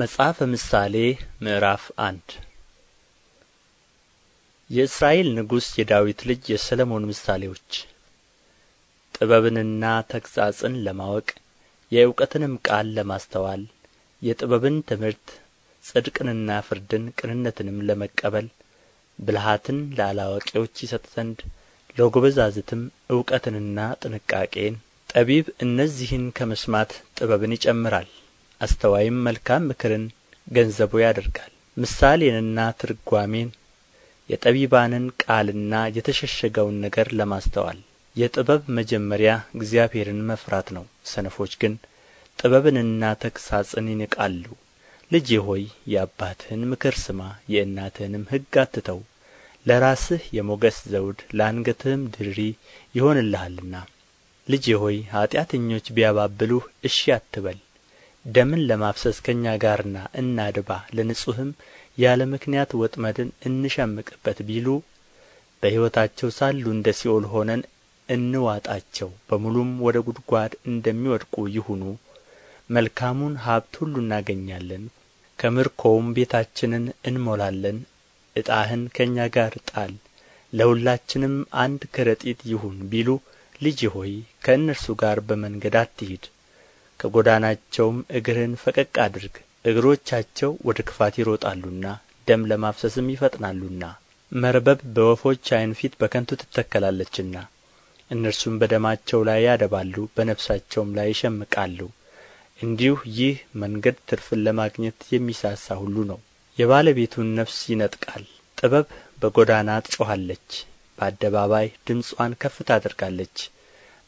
መጽሐፈ ምሳሌ ምዕራፍ አንድ የእስራኤል ንጉሥ የዳዊት ልጅ የሰለሞን ምሳሌዎች። ጥበብንና ተግሣጽን ለማወቅ የእውቀትንም ቃል ለማስተዋል የጥበብን ትምህርት ጽድቅንና ፍርድን ቅንነትንም ለመቀበል ብልሃትን ለአላዋቂዎች ይሰጥ ዘንድ ለጎበዛዝትም እውቀትንና ጥንቃቄን ጠቢብ እነዚህን ከመስማት ጥበብን ይጨምራል። አስተዋይም መልካም ምክርን ገንዘቡ ያደርጋል ምሳሌንና ትርጓሜን የጠቢባንን ቃልና የተሸሸገውን ነገር ለማስተዋል የጥበብ መጀመሪያ እግዚአብሔርን መፍራት ነው ሰነፎች ግን ጥበብንና ተግሣጽን ይንቃሉ ልጄ ሆይ የአባትህን ምክር ስማ የእናትህንም ሕግ አትተው ለራስህ የሞገስ ዘውድ ለአንገትህም ድሪ ይሆንልሃልና ልጄ ሆይ ኀጢአተኞች ቢያባብሉህ እሺ አትበል ደምን ለማፍሰስ ከእኛ ጋርና እናድባ ለንጹሕም ያለ ምክንያት ወጥመድን እንሸምቅበት ቢሉ በሕይወታቸው ሳሉ እንደ ሲኦል ሆነን እንዋጣቸው በሙሉም ወደ ጉድጓድ እንደሚወድቁ ይሁኑ መልካሙን ሀብት ሁሉ እናገኛለን ከምርኮውም ቤታችንን እንሞላለን ዕጣህን ከእኛ ጋር ጣል ለሁላችንም አንድ ከረጢት ይሁን ቢሉ ልጅ ሆይ ከእነርሱ ጋር በመንገድ አትሂድ ከጎዳናቸውም እግርህን ፈቀቅ አድርግ እግሮቻቸው ወደ ክፋት ይሮጣሉና ደም ለማፍሰስም ይፈጥናሉና መርበብ በወፎች ዓይን ፊት በከንቱ ትተከላለችና እነርሱም በደማቸው ላይ ያደባሉ በነፍሳቸውም ላይ ይሸምቃሉ። እንዲሁ ይህ መንገድ ትርፍን ለማግኘት የሚሳሳ ሁሉ ነው። የባለቤቱን ነፍስ ይነጥቃል። ጥበብ በጎዳና ትጮኻለች፣ በአደባባይ ድምጿን ከፍ ታደርጋለች።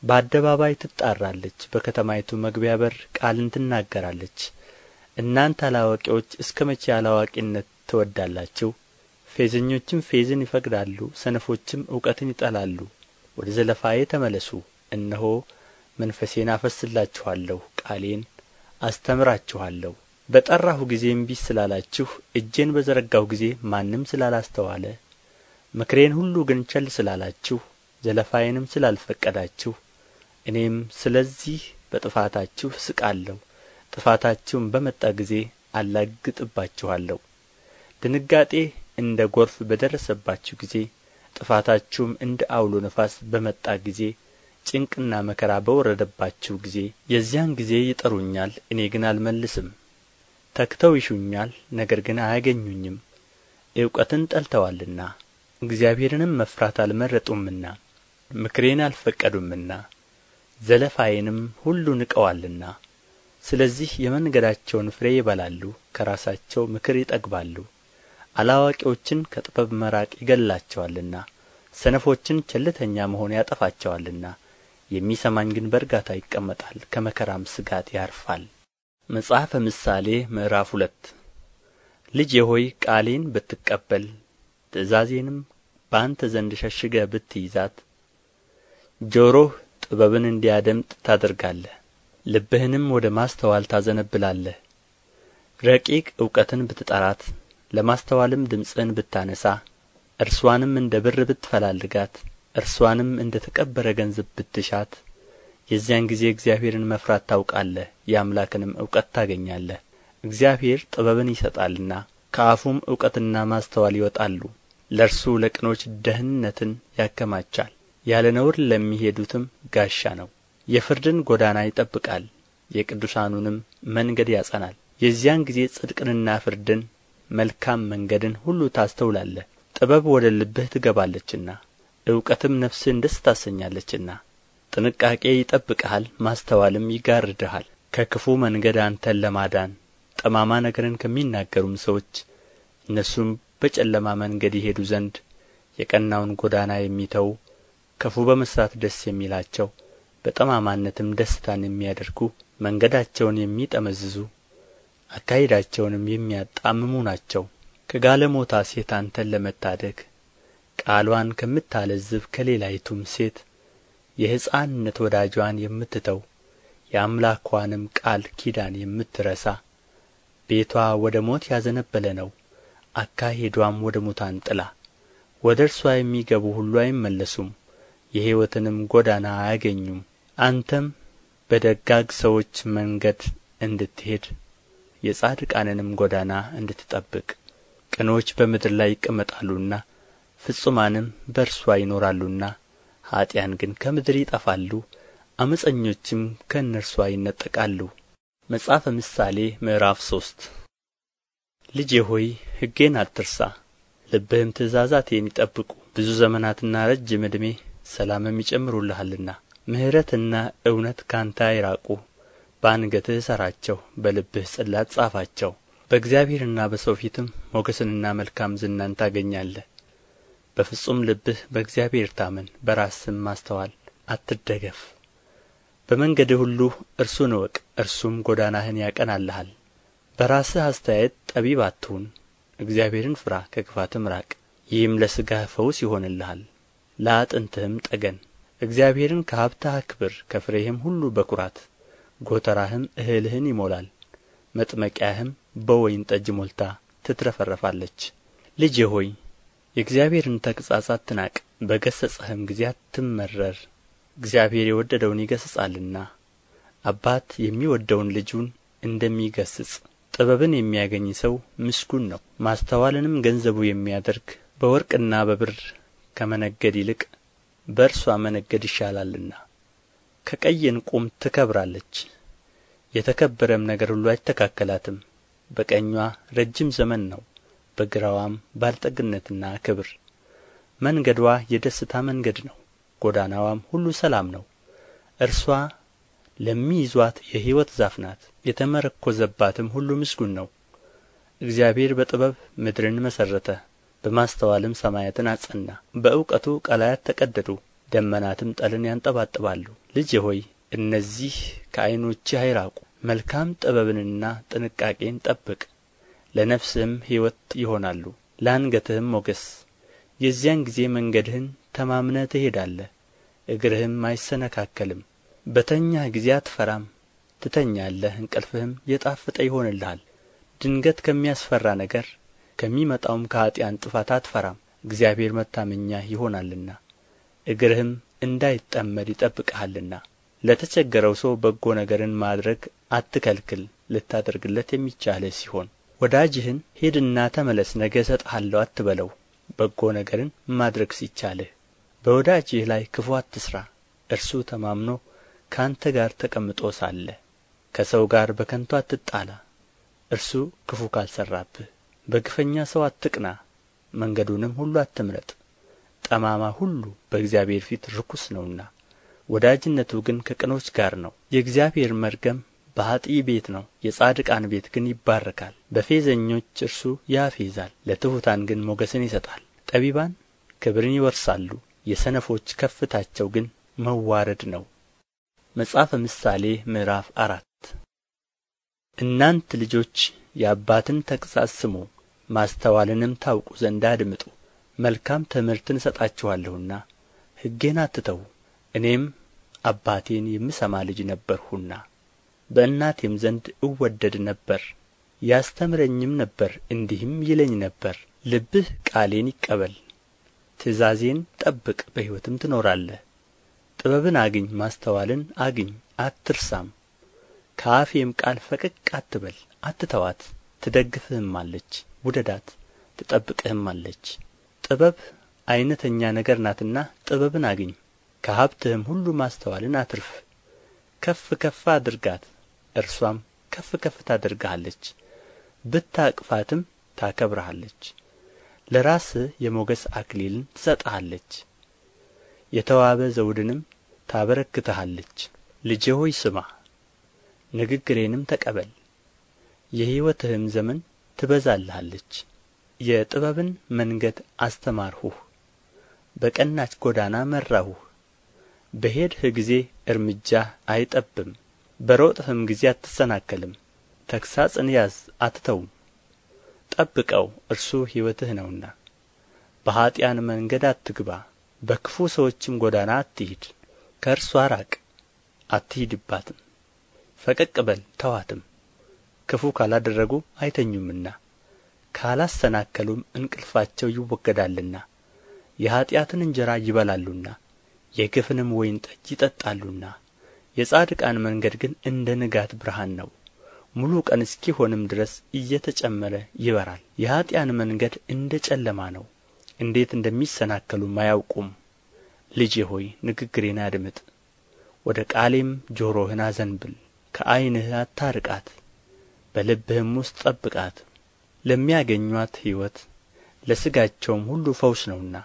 በአደባባይ ትጣራለች በከተማይቱ መግቢያ በር ቃልን ትናገራለች እናንተ አላዋቂዎች እስከ መቼ አላዋቂነት ትወዳላችሁ? ፌዘኞችም ፌዝን ይፈቅዳሉ ሰነፎችም እውቀትን ይጠላሉ ወደ ዘለፋዬ ተመለሱ እነሆ መንፈሴን አፈስላችኋለሁ ቃሌን አስተምራችኋለሁ በጠራሁ ጊዜ እምቢ ስላላችሁ እጄን በዘረጋሁ ጊዜ ማንም ስላላስተዋለ ምክሬን ሁሉ ግን ቸል ስላላችሁ ዘለፋዬንም ስላልፈቀዳችሁ እኔም ስለዚህ በጥፋታችሁ እስቃለሁ ጥፋታችሁም በመጣ ጊዜ አላግጥባችኋለሁ ድንጋጤ እንደ ጎርፍ በደረሰባችሁ ጊዜ ጥፋታችሁም እንደ አውሎ ነፋስ በመጣ ጊዜ ጭንቅና መከራ በወረደባችሁ ጊዜ የዚያን ጊዜ ይጠሩኛል፣ እኔ ግን አልመልስም። ተክተው ይሹኛል፣ ነገር ግን አያገኙኝም። እውቀትን ጠልተዋልና እግዚአብሔርንም መፍራት አልመረጡምና ምክሬን አልፈቀዱምና ዘለፋዬንም ሁሉ ንቀዋልና ስለዚህ የመንገዳቸውን ፍሬ ይበላሉ ከራሳቸው ምክር ይጠግባሉ አላዋቂዎችን ከጥበብ መራቅ ይገላቸዋልና፣ ሰነፎችን ቸልተኛ መሆን ያጠፋቸዋልና የሚሰማኝ ግን በእርጋታ ይቀመጣል ከመከራም ስጋት ያርፋል መጽሐፈ ምሳሌ ምዕራፍ ሁለት ልጄ ሆይ ቃሌን ብትቀበል ትእዛዜንም በአንተ ዘንድ ሸሽገህ ብትይዛት ጆሮህ ጥበብን እንዲያደምጥ ታደርጋለህ፣ ልብህንም ወደ ማስተዋል ታዘነብላለህ። ረቂቅ እውቀትን ብትጠራት፣ ለማስተዋልም ድምፅህን ብታነሣ፣ እርሷንም እንደ ብር ብትፈላልጋት፣ እርሷንም እንደ ተቀበረ ገንዘብ ብትሻት፣ የዚያን ጊዜ እግዚአብሔርን መፍራት ታውቃለህ፣ የአምላክንም እውቀት ታገኛለህ። እግዚአብሔር ጥበብን ይሰጣልና ከአፉም እውቀትና ማስተዋል ይወጣሉ። ለእርሱ ለቅኖች ደህንነትን ያከማቻል ያለ ነውር ለሚሄዱትም ጋሻ ነው የፍርድን ጎዳና ይጠብቃል የቅዱሳኑንም መንገድ ያጸናል የዚያን ጊዜ ጽድቅንና ፍርድን መልካም መንገድን ሁሉ ታስተውላለህ ጥበብ ወደ ልብህ ትገባለችና እውቀትም ነፍስህን ደስ ታሰኛለችና ጥንቃቄ ይጠብቅሃል ማስተዋልም ይጋርድሃል ከክፉ መንገድ አንተን ለማዳን ጠማማ ነገርን ከሚናገሩም ሰዎች እነሱም በጨለማ መንገድ ይሄዱ ዘንድ የቀናውን ጎዳና የሚተው ክፉ በመሥራት ደስ የሚላቸው በጠማማነትም ደስታን የሚያደርጉ መንገዳቸውን የሚጠመዝዙ አካሄዳቸውንም የሚያጣምሙ ናቸው ከጋለሞታ ሴት አንተን ለመታደግ ቃልዋን ከምታለዝብ ከሌላይቱም ሴት የሕፃንነት ወዳጇን የምትተው የአምላኳንም ቃል ኪዳን የምትረሳ ቤቷ ወደ ሞት ያዘነበለ ነው፣ አካሄዷም ወደ ሙታን ጥላ። ወደ እርሷ የሚገቡ ሁሉ አይመለሱም። የሕይወትንም ጎዳና አያገኙም አንተም በደጋግ ሰዎች መንገድ እንድትሄድ የጻድቃንንም ጎዳና እንድትጠብቅ ቅኖች በምድር ላይ ይቀመጣሉና ፍጹማንም በእርሷ ይኖራሉና ኀጥኣን ግን ከምድር ይጠፋሉ ዓመፀኞችም ከእነርሷ ይነጠቃሉ። መጽሐፈ ምሳሌ ምዕራፍ ሶስት ልጄ ሆይ ሕጌን አትርሳ፣ ልብህም ትእዛዛቴን ይጠብቁ። ብዙ ዘመናትና ረጅም ዕድሜ ሰላምም ይጨምሩልሃልና ምሕረትና እውነት ካንተ አይራቁ በአንገትህ እሰራቸው በልብህ ጽላት ጻፋቸው በእግዚአብሔርና በሰው ፊትም ሞገስንና መልካም ዝናን ታገኛለህ በፍጹም ልብህ በእግዚአብሔር ታመን በራስህም ማስተዋል አትደገፍ በመንገድህ ሁሉ እርሱን እወቅ እርሱም ጎዳናህን ያቀናልሃል በራስህ አስተያየት ጠቢብ አትሁን እግዚአብሔርን ፍራ ከክፋትም ራቅ ይህም ለሥጋህ ፈውስ ይሆንልሃል ለአጥንትህም ጠገን እግዚአብሔርን ከሀብትህ አክብር ከፍሬህም ሁሉ በኵራት ጐተራህም እህልህን ይሞላል መጥመቂያህም በወይን ጠጅ ሞልታ ትትረፈረፋለች ልጄ ሆይ የእግዚአብሔርን ተግሣጽ አትናቅ በገሠጸህም ጊዜ አትመረር እግዚአብሔር የወደደውን ይገሥጻልና አባት የሚወደውን ልጁን እንደሚገሥጽ ጥበብን የሚያገኝ ሰው ምስጉን ነው ማስተዋልንም ገንዘቡ የሚያደርግ በወርቅና በብር ከመነገድ ይልቅ በእርሷ መነገድ ይሻላልና። ከቀይ ዕንቁም ትከብራለች፣ የተከበረም ነገር ሁሉ አይተካከላትም። በቀኟ ረጅም ዘመን ነው፣ በግራዋም ባለጠግነትና ክብር። መንገዷ የደስታ መንገድ ነው፣ ጎዳናዋም ሁሉ ሰላም ነው። እርሷ ለሚይዟት የሕይወት ዛፍ ናት፣ የተመረኰዘባትም ሁሉ ምስጉን ነው። እግዚአብሔር በጥበብ ምድርን መሠረተ፣ በማስተዋልም ሰማያትን አጸና በእውቀቱ ቀላያት ተቀደዱ ደመናትም ጠልን ያንጠባጥባሉ ልጄ ሆይ እነዚህ ከዓይኖችህ አይራቁ መልካም ጥበብንና ጥንቃቄን ጠብቅ ለነፍስህም ሕይወት ይሆናሉ ለአንገትህም ሞገስ የዚያን ጊዜ መንገድህን ተማምነህ ትሄዳለህ እግርህም አይሰነካከልም በተኛህ ጊዜ አትፈራም ትተኛለህ እንቅልፍህም የጣፈጠ ይሆንልሃል ድንገት ከሚያስፈራ ነገር ከሚመጣውም ከኃጥኣን ጥፋት አትፈራም እግዚአብሔር መታመኛ ይሆናልና እግርህም እንዳይጠመድ ይጠብቅሃልና ለተቸገረው ሰው በጎ ነገርን ማድረግ አትከልክል ልታደርግለት የሚቻልህ ሲሆን ወዳጅህን ሄድና ተመለስ ነገ እሰጥሃለሁ አትበለው በጎ ነገርን ማድረግ ሲቻልህ በወዳጅህ ላይ ክፉ አትሥራ እርሱ ተማምኖ ከአንተ ጋር ተቀምጦ ሳለ ከሰው ጋር በከንቱ አትጣላ እርሱ ክፉ ካልሠራብህ በግፈኛ ሰው አትቅና መንገዱንም ሁሉ አትምረጥ ጠማማ ሁሉ በእግዚአብሔር ፊት ርኩስ ነውና ወዳጅነቱ ግን ከቅኖች ጋር ነው የእግዚአብሔር መርገም በኀጥእ ቤት ነው የጻድቃን ቤት ግን ይባረካል በፌዘኞች እርሱ ያፌዛል ለትሑታን ግን ሞገስን ይሰጣል ጠቢባን ክብርን ይወርሳሉ የሰነፎች ከፍታቸው ግን መዋረድ ነው መጽሐፈ ምሳሌ ምዕራፍ አራት እናንት ልጆች የአባትን ተግሣጽ ስሙ ማስተዋልንም ታውቁ ዘንድ አድምጡ መልካም ትምህርትን እሰጣችኋለሁና ሕጌን አትተዉ እኔም አባቴን የምሰማ ልጅ ነበርሁና በእናቴም ዘንድ እወደድ ነበር ያስተምረኝም ነበር እንዲህም ይለኝ ነበር ልብህ ቃሌን ይቀበል ትእዛዜን ጠብቅ በሕይወትም ትኖራለህ ጥበብን አግኝ ማስተዋልን አግኝ አትርሳም ከአፌም ቃል ፈቀቅ አትበል አትተዋት ትደግፍህማለች ውደዳት ትጠብቅህማለች ጥበብ ዓይነተኛ ነገር ናትና ጥበብን አግኝ ከሀብትህም ሁሉ ማስተዋልን አትርፍ ከፍ ከፍ አድርጋት እርሷም ከፍ ከፍ ታደርግሃለች ብታቅፋትም ታከብርሃለች ለራስህ የሞገስ አክሊልን ትሰጥሃለች የተዋበ ዘውድንም ታበረክትሃለች ልጄ ሆይ ስማ ንግግሬንም ተቀበል የሕይወትህም ዘመን ትበዛልሃለች የጥበብን መንገድ አስተማርሁህ በቀናች ጎዳና መራሁህ በሄድህ ጊዜ እርምጃህ አይጠብም በሮጥህም ጊዜ አትሰናከልም ተግሣጽን ያዝ አትተውም ጠብቀው እርሱ ሕይወትህ ነውና በኀጢአን መንገድ አትግባ በክፉ ሰዎችም ጎዳና አትሂድ ከእርሷ ራቅ አትሂድባትም ፈቀቅ በል ተዋትም ክፉ ካላደረጉ አይተኙምና ካላሰናከሉም እንቅልፋቸው ይወገዳልና የኃጢአትን እንጀራ ይበላሉና የግፍንም ወይን ጠጅ ይጠጣሉና የጻድቃን መንገድ ግን እንደ ንጋት ብርሃን ነው ሙሉ ቀን እስኪሆንም ድረስ እየተጨመረ ይበራል የኀጥኣን መንገድ እንደ ጨለማ ነው እንዴት እንደሚሰናከሉም አያውቁም ልጄ ሆይ ንግግሬን አድምጥ ወደ ቃሌም ጆሮህን አዘንብል ከዐይንህ አታርቃት በልብህም ውስጥ ጠብቃት ለሚያገኙአት ሕይወት ለሥጋቸውም ሁሉ ፈውስ ነውና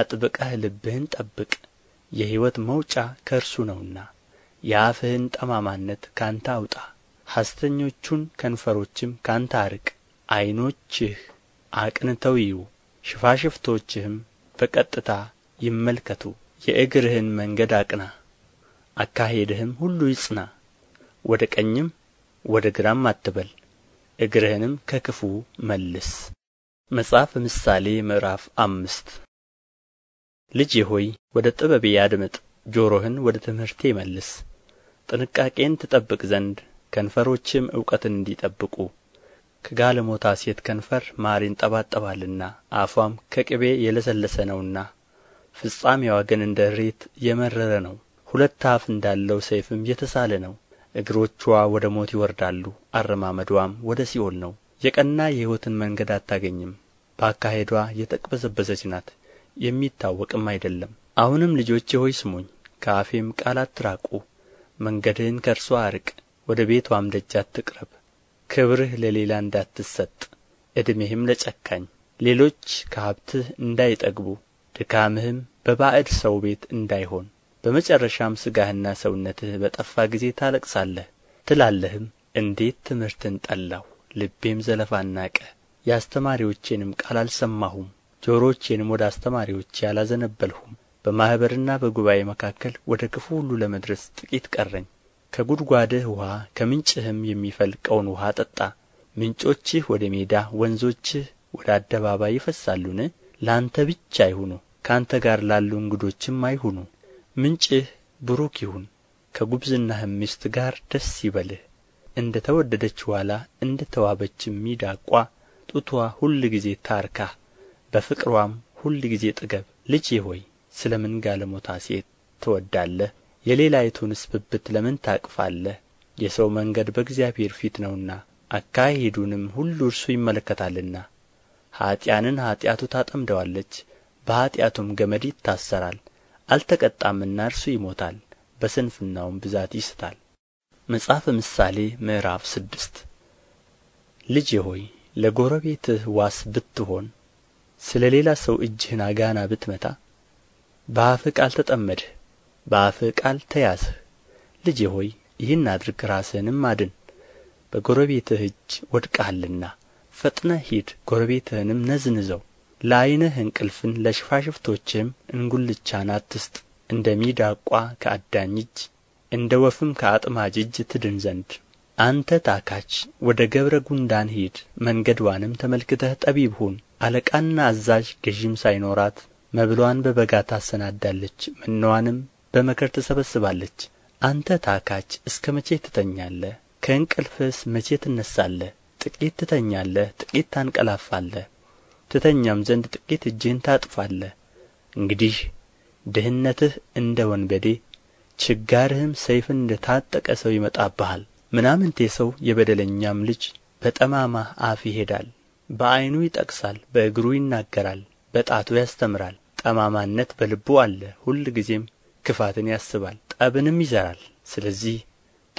አጥብቀህ ልብህን ጠብቅ የሕይወት መውጫ ከእርሱ ነውና የአፍህን ጠማማነት ካንተ አውጣ ሐስተኞቹን ከንፈሮችም ካንተ አርቅ ዐይኖችህ አቅንተው ይዩ ሽፋሽፍቶችህም በቀጥታ ይመልከቱ የእግርህን መንገድ አቅና አካሄድህም ሁሉ ይጽና ወደ ቀኝም ወደ ግራም አትበል እግርህንም ከክፉ መልስ መጽሐፈ ምሳሌ ምዕራፍ አምስት ልጄ ሆይ ወደ ጥበቤ አድምጥ ጆሮህን ወደ ትምህርቴ መልስ ጥንቃቄን ትጠብቅ ዘንድ ከንፈሮችም እውቀትን እንዲጠብቁ ከጋለሞታ ሴት ከንፈር ማር ይንጠባጠባልና አፏም ከቅቤ የለሰለሰ ነውና ፍጻሜዋ ግን እንደ እሬት የመረረ ነው ሁለት አፍ እንዳለው ሰይፍም የተሳለ ነው እግሮችዋ ወደ ሞት ይወርዳሉ አረማመድዋም ወደ ሲኦል ነው የቀና የሕይወትን መንገድ አታገኝም በአካሄዷ የተቅበዘበዘች ናት የሚታወቅም አይደለም አሁንም ልጆቼ ሆይ ስሙኝ ከአፌም ቃል አትራቁ መንገድህን ከእርሷ አርቅ ወደ ቤቷም ደጅ አትቅረብ ክብርህ ለሌላ እንዳትሰጥ ዕድሜህም ለጨካኝ ሌሎች ከሀብትህ እንዳይጠግቡ ድካምህም በባዕድ ሰው ቤት እንዳይሆን በመጨረሻም ሥጋህና ሰውነትህ በጠፋ ጊዜ ታለቅሳለህ ትላለህም እንዴት ትምህርትን ጠላሁ ልቤም ዘለፋን ናቀ የአስተማሪዎቼንም ቃል አልሰማሁም ጆሮቼንም ወደ አስተማሪዎቼ አላዘነበልሁም በማኅበርና በጉባኤ መካከል ወደ ክፉ ሁሉ ለመድረስ ጥቂት ቀረኝ ከጉድጓድህ ውኃ ከምንጭህም የሚፈልቀውን ውኃ ጠጣ ምንጮችህ ወደ ሜዳ ወንዞችህ ወደ አደባባይ ይፈሳሉን ለአንተ ብቻ አይሁኑ ከአንተ ጋር ላሉ እንግዶችም አይሁኑ ምንጭህ ቡሩክ ይሁን ከጉብዝናህም ሚስት ጋር ደስ ይበልህ እንደ ተወደደች ዋላ እንደ ተዋበችም ሚዳቋ ጊዜ ታርካ በፍቅሯም ሁል ጊዜ ጥገብ ልጄ ሆይ ስለ ምን ጋለሞታ ሴት ትወዳለህ የሌላይቱንስ ብብት ለምን ታቅፋለህ የሰው መንገድ በእግዚአብሔር ፊት ነውና አካሄዱንም ሁሉ እርሱ ይመለከታልና ኀጥኣንን ኃጢአቱ ታጠምደዋለች በኃጢአቱም ገመድ ይታሰራል አልተቀጣምና እርሱ ይሞታል በስንፍናውም ብዛት ይስታል መጽሐፈ ምሳሌ ምዕራፍ ስድስት ልጄ ሆይ ለጎረቤትህ ዋስ ብትሆን ስለ ሌላ ሰው እጅህን አጋና ብትመታ በአፍህ ቃል ተጠመድህ በአፍህ ቃል ተያዝህ ልጄ ሆይ ይህን አድርግ ራስህንም አድን በጎረቤትህ እጅ ወድቀሃልና ፈጥነህ ሂድ ጎረቤትህንም ነዝንዘው ለዓይንህ እንቅልፍን ለሽፋሽፍቶችህም እንጉልቻን አትስጥ እንደ ሚዳቋ ከአዳኝ እጅ እንደ ወፍም ከአጥማጅ እጅ ትድን ዘንድ አንተ ታካች ወደ ገብረ ጉንዳን ሂድ መንገድዋንም ተመልክተህ ጠቢብ ሁን አለቃና አዛዥ ገዢም ሳይኖራት መብሏን በበጋ ታሰናዳለች መኖዋንም በመከር ትሰበስባለች አንተ ታካች እስከ መቼ ትተኛለህ ከእንቅልፍስ መቼ ትነሣለህ ጥቂት ትተኛለህ ጥቂት ታንቀላፋለህ ትተኛም ዘንድ ጥቂት እጅህን ታጥፋለህ እንግዲህ ድህነትህ እንደ ወንበዴ ችጋርህም ሰይፍን እንደ ታጠቀ ሰው ይመጣብሃል ምናምንቴ ሰው የበደለኛም ልጅ በጠማማ አፍ ይሄዳል በዓይኑ ይጠቅሳል በእግሩ ይናገራል በጣቱ ያስተምራል ጠማማነት በልቡ አለ ጊዜም ክፋትን ያስባል ጠብንም ይዘራል ስለዚህ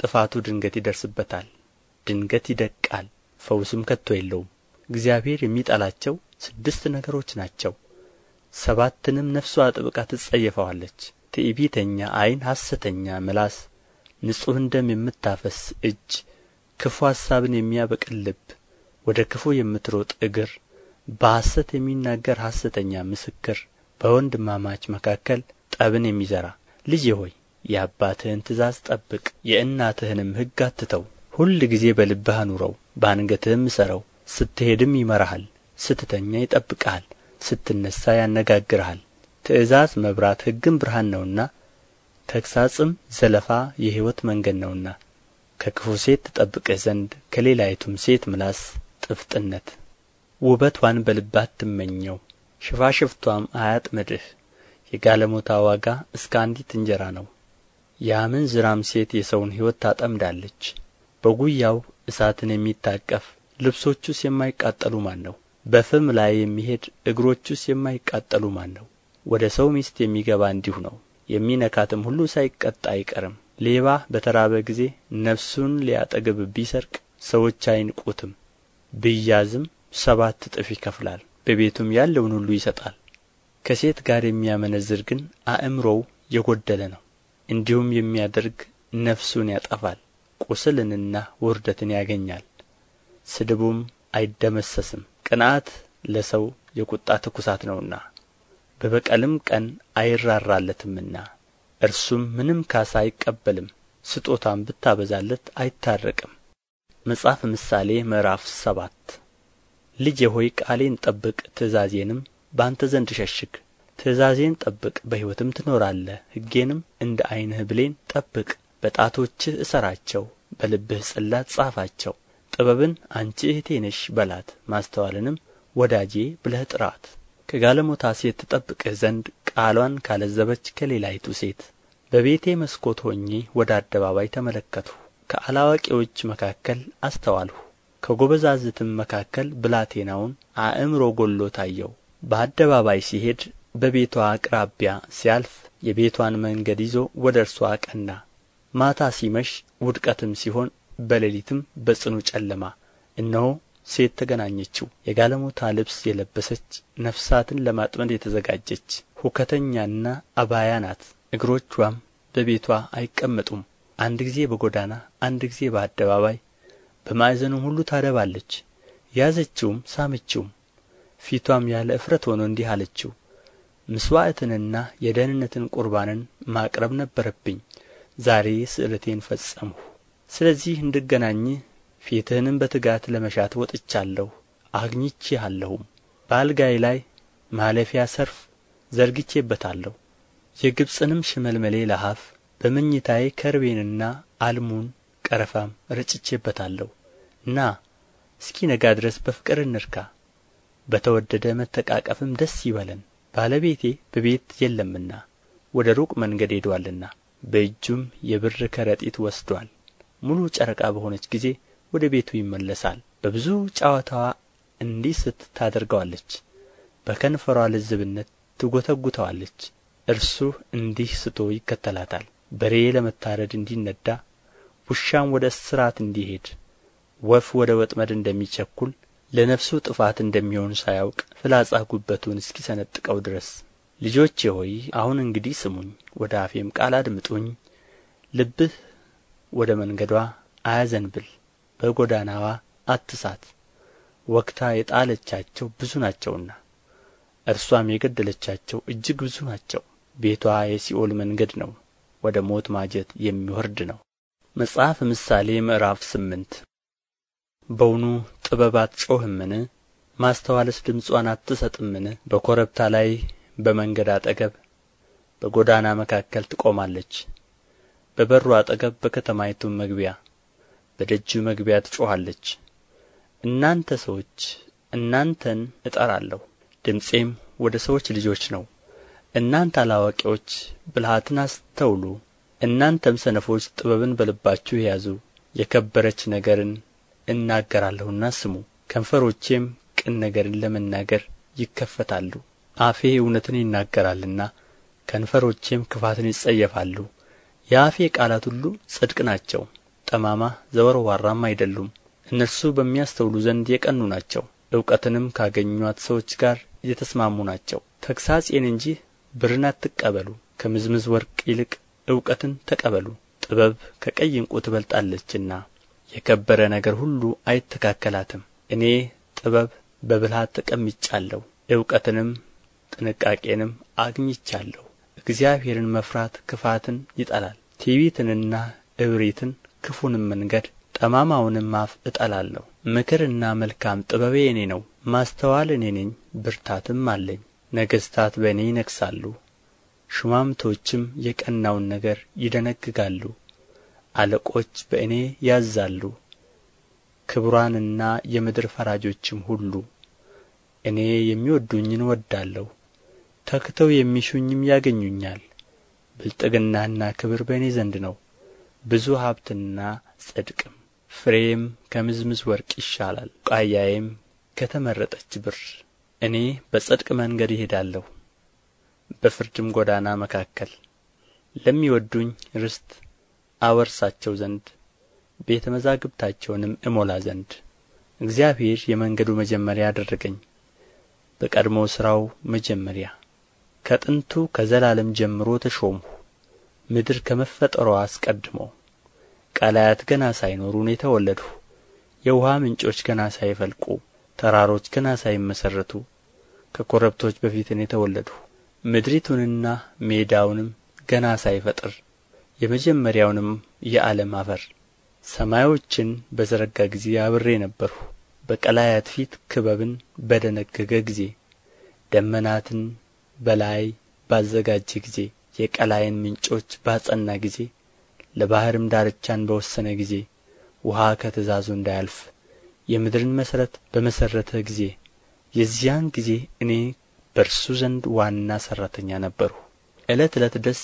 ጥፋቱ ድንገት ይደርስበታል ድንገት ይደቃል ፈውስም ከቶ የለውም እግዚአብሔር የሚጠላቸው ስድስት ነገሮች ናቸው ሰባትንም ነፍሱ አጥብቃ ትጸየፈዋለች ትዕቢተኛ ዓይን ሐሰተኛ ምላስ ንጹሕን ደም የምታፈስ እጅ ክፉ ሐሳብን የሚያበቅል ልብ ወደ ክፉ የምትሮጥ እግር በሐሰት የሚናገር ሐሰተኛ ምስክር በወንድማማች መካከል ጠብን የሚዘራ ልጄ ሆይ የአባትህን ትእዛዝ ጠብቅ የእናትህንም ሕግ አትተው ሁል ጊዜ በልብህ አኑረው በአንገትህም እሰረው ስትሄድም ይመራሃል ስትተኛ ይጠብቅሃል ስትነሣ ያነጋግርሃል ትእዛዝ መብራት ሕግም ብርሃን ነውና ተግሣጽም ዘለፋ የሕይወት መንገድ ነውና ከክፉ ሴት ትጠብቅህ ዘንድ ከሌላይቱም ሴት ምላስ ጥፍጥነት ውበትዋን በልባት ትመኘው ሽፋሽፍቷም አያጥምድህ የጋለሞታ ዋጋ እስከ አንዲት እንጀራ ነው የአመንዝራም ሴት የሰውን ሕይወት ታጠምዳለች በጉያው እሳትን የሚታቀፍ ልብሶቹስ የማይቃጠሉ ማን ነው በፍም ላይ የሚሄድ እግሮቹስ የማይቃጠሉ ማን ነው ወደ ሰው ሚስት የሚገባ እንዲሁ ነው የሚነካትም ሁሉ ሳይቀጣ አይቀርም ሌባ በተራበ ጊዜ ነፍሱን ሊያጠግብ ቢሰርቅ ሰዎች አይንቁትም ብያዝም ሰባት እጥፍ ይከፍላል በቤቱም ያለውን ሁሉ ይሰጣል ከሴት ጋር የሚያመነዝር ግን አእምሮው የጎደለ ነው እንዲሁም የሚያደርግ ነፍሱን ያጠፋል ቁስልንና ውርደትን ያገኛል ስድቡም አይደመሰስም ቅንዓት ለሰው የቁጣ ትኩሳት ነውና በበቀልም ቀን አይራራለትምና እርሱም ምንም ካሳ አይቀበልም ስጦታም ብታበዛለት አይታረቅም መጽሐፍ ምሳሌ ምዕራፍ ሰባት ልጄ ሆይ ቃሌን ጠብቅ ትእዛዜንም በአንተ ዘንድ ሸሽግ ትእዛዜን ጠብቅ በሕይወትም ትኖራለህ ሕጌንም እንደ ዐይንህ ብሌን ጠብቅ በጣቶችህ እሰራቸው በልብህ ጽላት ጻፋቸው ጥበብን አንቺ እህቴ ነሽ በላት ማስተዋልንም ወዳጄ ብለህ ጥራት ከጋለሞታ ሴት ትጠብቅህ ዘንድ ቃሏን ካለዘበች ከሌላይቱ ሴት በቤቴ መስኮት ሆኜ ወደ አደባባይ ተመለከትሁ ከአላዋቂዎች መካከል አስተዋልሁ ከጎበዛዝትም መካከል ብላቴናውን አእምሮ ጎሎ ታየው በአደባባይ ሲሄድ በቤቷ አቅራቢያ ሲያልፍ የቤቷን መንገድ ይዞ ወደ እርሷ አቀና ማታ ሲመሽ ውድቀትም ሲሆን በሌሊትም በጽኑ ጨለማ እነሆ ሴት ተገናኘችው የጋለሞታ ልብስ የለበሰች ነፍሳትን ለማጥመድ የተዘጋጀች ሁከተኛና አባያ ናት እግሮቿም በቤቷ አይቀመጡም አንድ ጊዜ በጎዳና አንድ ጊዜ በአደባባይ በማዕዘኑም ሁሉ ታደባለች ያዘችውም ሳመችውም ፊቷም ያለ እፍረት ሆኖ እንዲህ አለችው ምስዋዕትንና የደህንነትን ቁርባንን ማቅረብ ነበረብኝ ዛሬ ስእለቴን ፈጸምሁ ስለዚህ እንድገናኝህ ፊትህንም በትጋት ለመሻት ወጥቻለሁ አግኝቼሃለሁም በአልጋዬ ላይ ማለፊያ ሰርፍ ዘርግቼበታለሁ የግብጽንም ሽመልመሌ ለሐፍ በመኝታዬ ከርቤንና አልሙን ቀረፋም ረጭቼበታለሁ ና ነጋ ድረስ በፍቅር እንርካ በተወደደ መተቃቀፍም ደስ ይበለን ባለቤቴ በቤት የለምና ወደ ሩቅ መንገድ ሄዷልና በእጁም የብር ከረጢት ወስዷል። ሙሉ ጨረቃ በሆነች ጊዜ ወደ ቤቱ ይመለሳል በብዙ ጨዋታዋ እንዲስት ታደርገዋለች በከንፈሯ ልዝብነት ትጎተጉተዋለች እርሱ እንዲህ ስቶ ይከተላታል በሬ ለመታረድ እንዲነዳ ውሻም ወደ እስራት እንዲሄድ ወፍ ወደ ወጥመድ እንደሚቸኩል ለነፍሱ ጥፋት እንደሚሆን ሳያውቅ ፍላጻ ጉበቱን እስኪሰነጥቀው ድረስ ልጆቼ ሆይ አሁን እንግዲህ ስሙኝ ወደ አፌም ቃል አድምጡኝ ልብህ ወደ መንገድዋ አያዘንብል በጎዳናዋ አትሳት ወግታ የጣለቻቸው ብዙ ናቸውና እርሷም የገደለቻቸው እጅግ ብዙ ናቸው ቤቷ የሲኦል መንገድ ነው ወደ ሞት ማጀት የሚወርድ ነው መጽሐፍ ምሳሌ ምዕራፍ ስምንት በውኑ ጥበብ አትጮህምን ማስተዋለስ ድምጿን አትሰጥምን በኮረብታ ላይ በመንገድ አጠገብ በጎዳና መካከል ትቆማለች በበሩ አጠገብ በከተማይቱም መግቢያ በደጁ መግቢያ ትጮኻለች እናንተ ሰዎች እናንተን እጠራለሁ ድምፄም ወደ ሰዎች ልጆች ነው እናንተ አላዋቂዎች ብልሃትን አስተውሉ እናንተም ሰነፎች ጥበብን በልባችሁ ያዙ የከበረች ነገርን እናገራለሁና ስሙ ከንፈሮቼም ቅን ነገርን ለመናገር ይከፈታሉ አፌ እውነትን ይናገራልና ከንፈሮቼም ክፋትን ይጸየፋሉ የአፌ ቃላት ሁሉ ጽድቅ ናቸው ጠማማ ዘወርዋራም አይደሉም እነርሱ በሚያስተውሉ ዘንድ የቀኑ ናቸው እውቀትንም ካገኟት ሰዎች ጋር የተስማሙ ናቸው ተግሣጼን እንጂ ብርን አትቀበሉ ከምዝምዝ ወርቅ ይልቅ እውቀትን ተቀበሉ ጥበብ ከቀይ ዕንቁ ትበልጣለችና የከበረ ነገር ሁሉ አይተካከላትም እኔ ጥበብ በብልሃት ተቀምጫለሁ እውቀትንም ጥንቃቄንም አግኝቻለሁ እግዚአብሔርን መፍራት ክፋትን ይጠላል ትዕቢትንና እብሪትን ክፉንም መንገድ ጠማማውንም አፍ እጠላለሁ ምክርና መልካም ጥበብ እኔ ነው ማስተዋል እኔ ነኝ ብርታትም አለኝ ነገሥታት በእኔ ይነግሣሉ ሹማምቶችም የቀናውን ነገር ይደነግጋሉ አለቆች በእኔ ያዛሉ ክቡራንና የምድር ፈራጆችም ሁሉ እኔ የሚወዱኝን ወዳለሁ ተክተው የሚሹኝም ያገኙኛል ብልጥግናና ክብር በእኔ ዘንድ ነው ብዙ ሀብትና ጽድቅም ፍሬም ከምዝምዝ ወርቅ ይሻላል ቡቃያዬም ከተመረጠች ብር እኔ በጽድቅ መንገድ እሄዳለሁ በፍርድም ጎዳና መካከል ለሚወዱኝ ርስት አወርሳቸው ዘንድ ቤተ መዛግብታቸውንም እሞላ ዘንድ እግዚአብሔር የመንገዱ መጀመሪያ አደረገኝ በቀድሞ ሥራው መጀመሪያ ከጥንቱ ከዘላለም ጀምሮ ተሾምሁ ምድር ከመፈጠሯ አስቀድሞ ቀላያት ገና ሳይኖሩ እኔ የውሃ ምንጮች ገና ሳይፈልቁ ተራሮች ገና ሳይመሠረቱ ከኮረብቶች በፊት እኔ ምድሪቱንና ሜዳውንም ገና ሳይፈጥር የመጀመሪያውንም የዓለም አፈር ሰማዮችን በዘረጋ ጊዜ አብሬ ነበርሁ በቀላያት ፊት ክበብን በደነገገ ጊዜ ደመናትን በላይ ባዘጋጀ ጊዜ የቀላይን ምንጮች ባጸና ጊዜ ለባሕርም ዳርቻን በወሰነ ጊዜ ውኃ ከትእዛዙ እንዳያልፍ የምድርን መሠረት በመሠረተ ጊዜ የዚያን ጊዜ እኔ በእርሱ ዘንድ ዋና ሠራተኛ ነበርሁ ዕለት ዕለት ደስ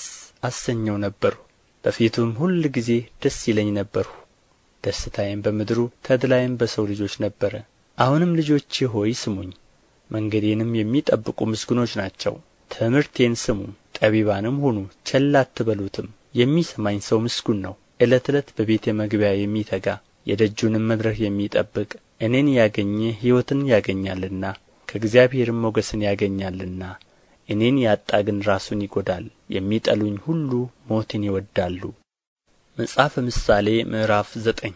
አሰኘው ነበርሁ በፊቱም ሁል ጊዜ ደስ ይለኝ ነበርሁ ደስታዬም በምድሩ ተድላዬም በሰው ልጆች ነበረ አሁንም ልጆቼ ሆይ ስሙኝ መንገዴንም የሚጠብቁ ምስጉኖች ናቸው። ትምህርቴን ስሙ፣ ጠቢባንም ሁኑ፣ ቸል አትበሉትም። የሚሰማኝ ሰው ምስጉን ነው። ዕለት ዕለት በቤቴ መግቢያ የሚተጋ የደጁንም መድረክ የሚጠብቅ እኔን ያገኘ ሕይወትን ያገኛልና ከእግዚአብሔርም ሞገስን ያገኛልና። እኔን ያጣ ግን ራሱን ይጐዳል። የሚጠሉኝ ሁሉ ሞትን ይወዳሉ። መጽሐፈ ምሳሌ ምዕራፍ ዘጠኝ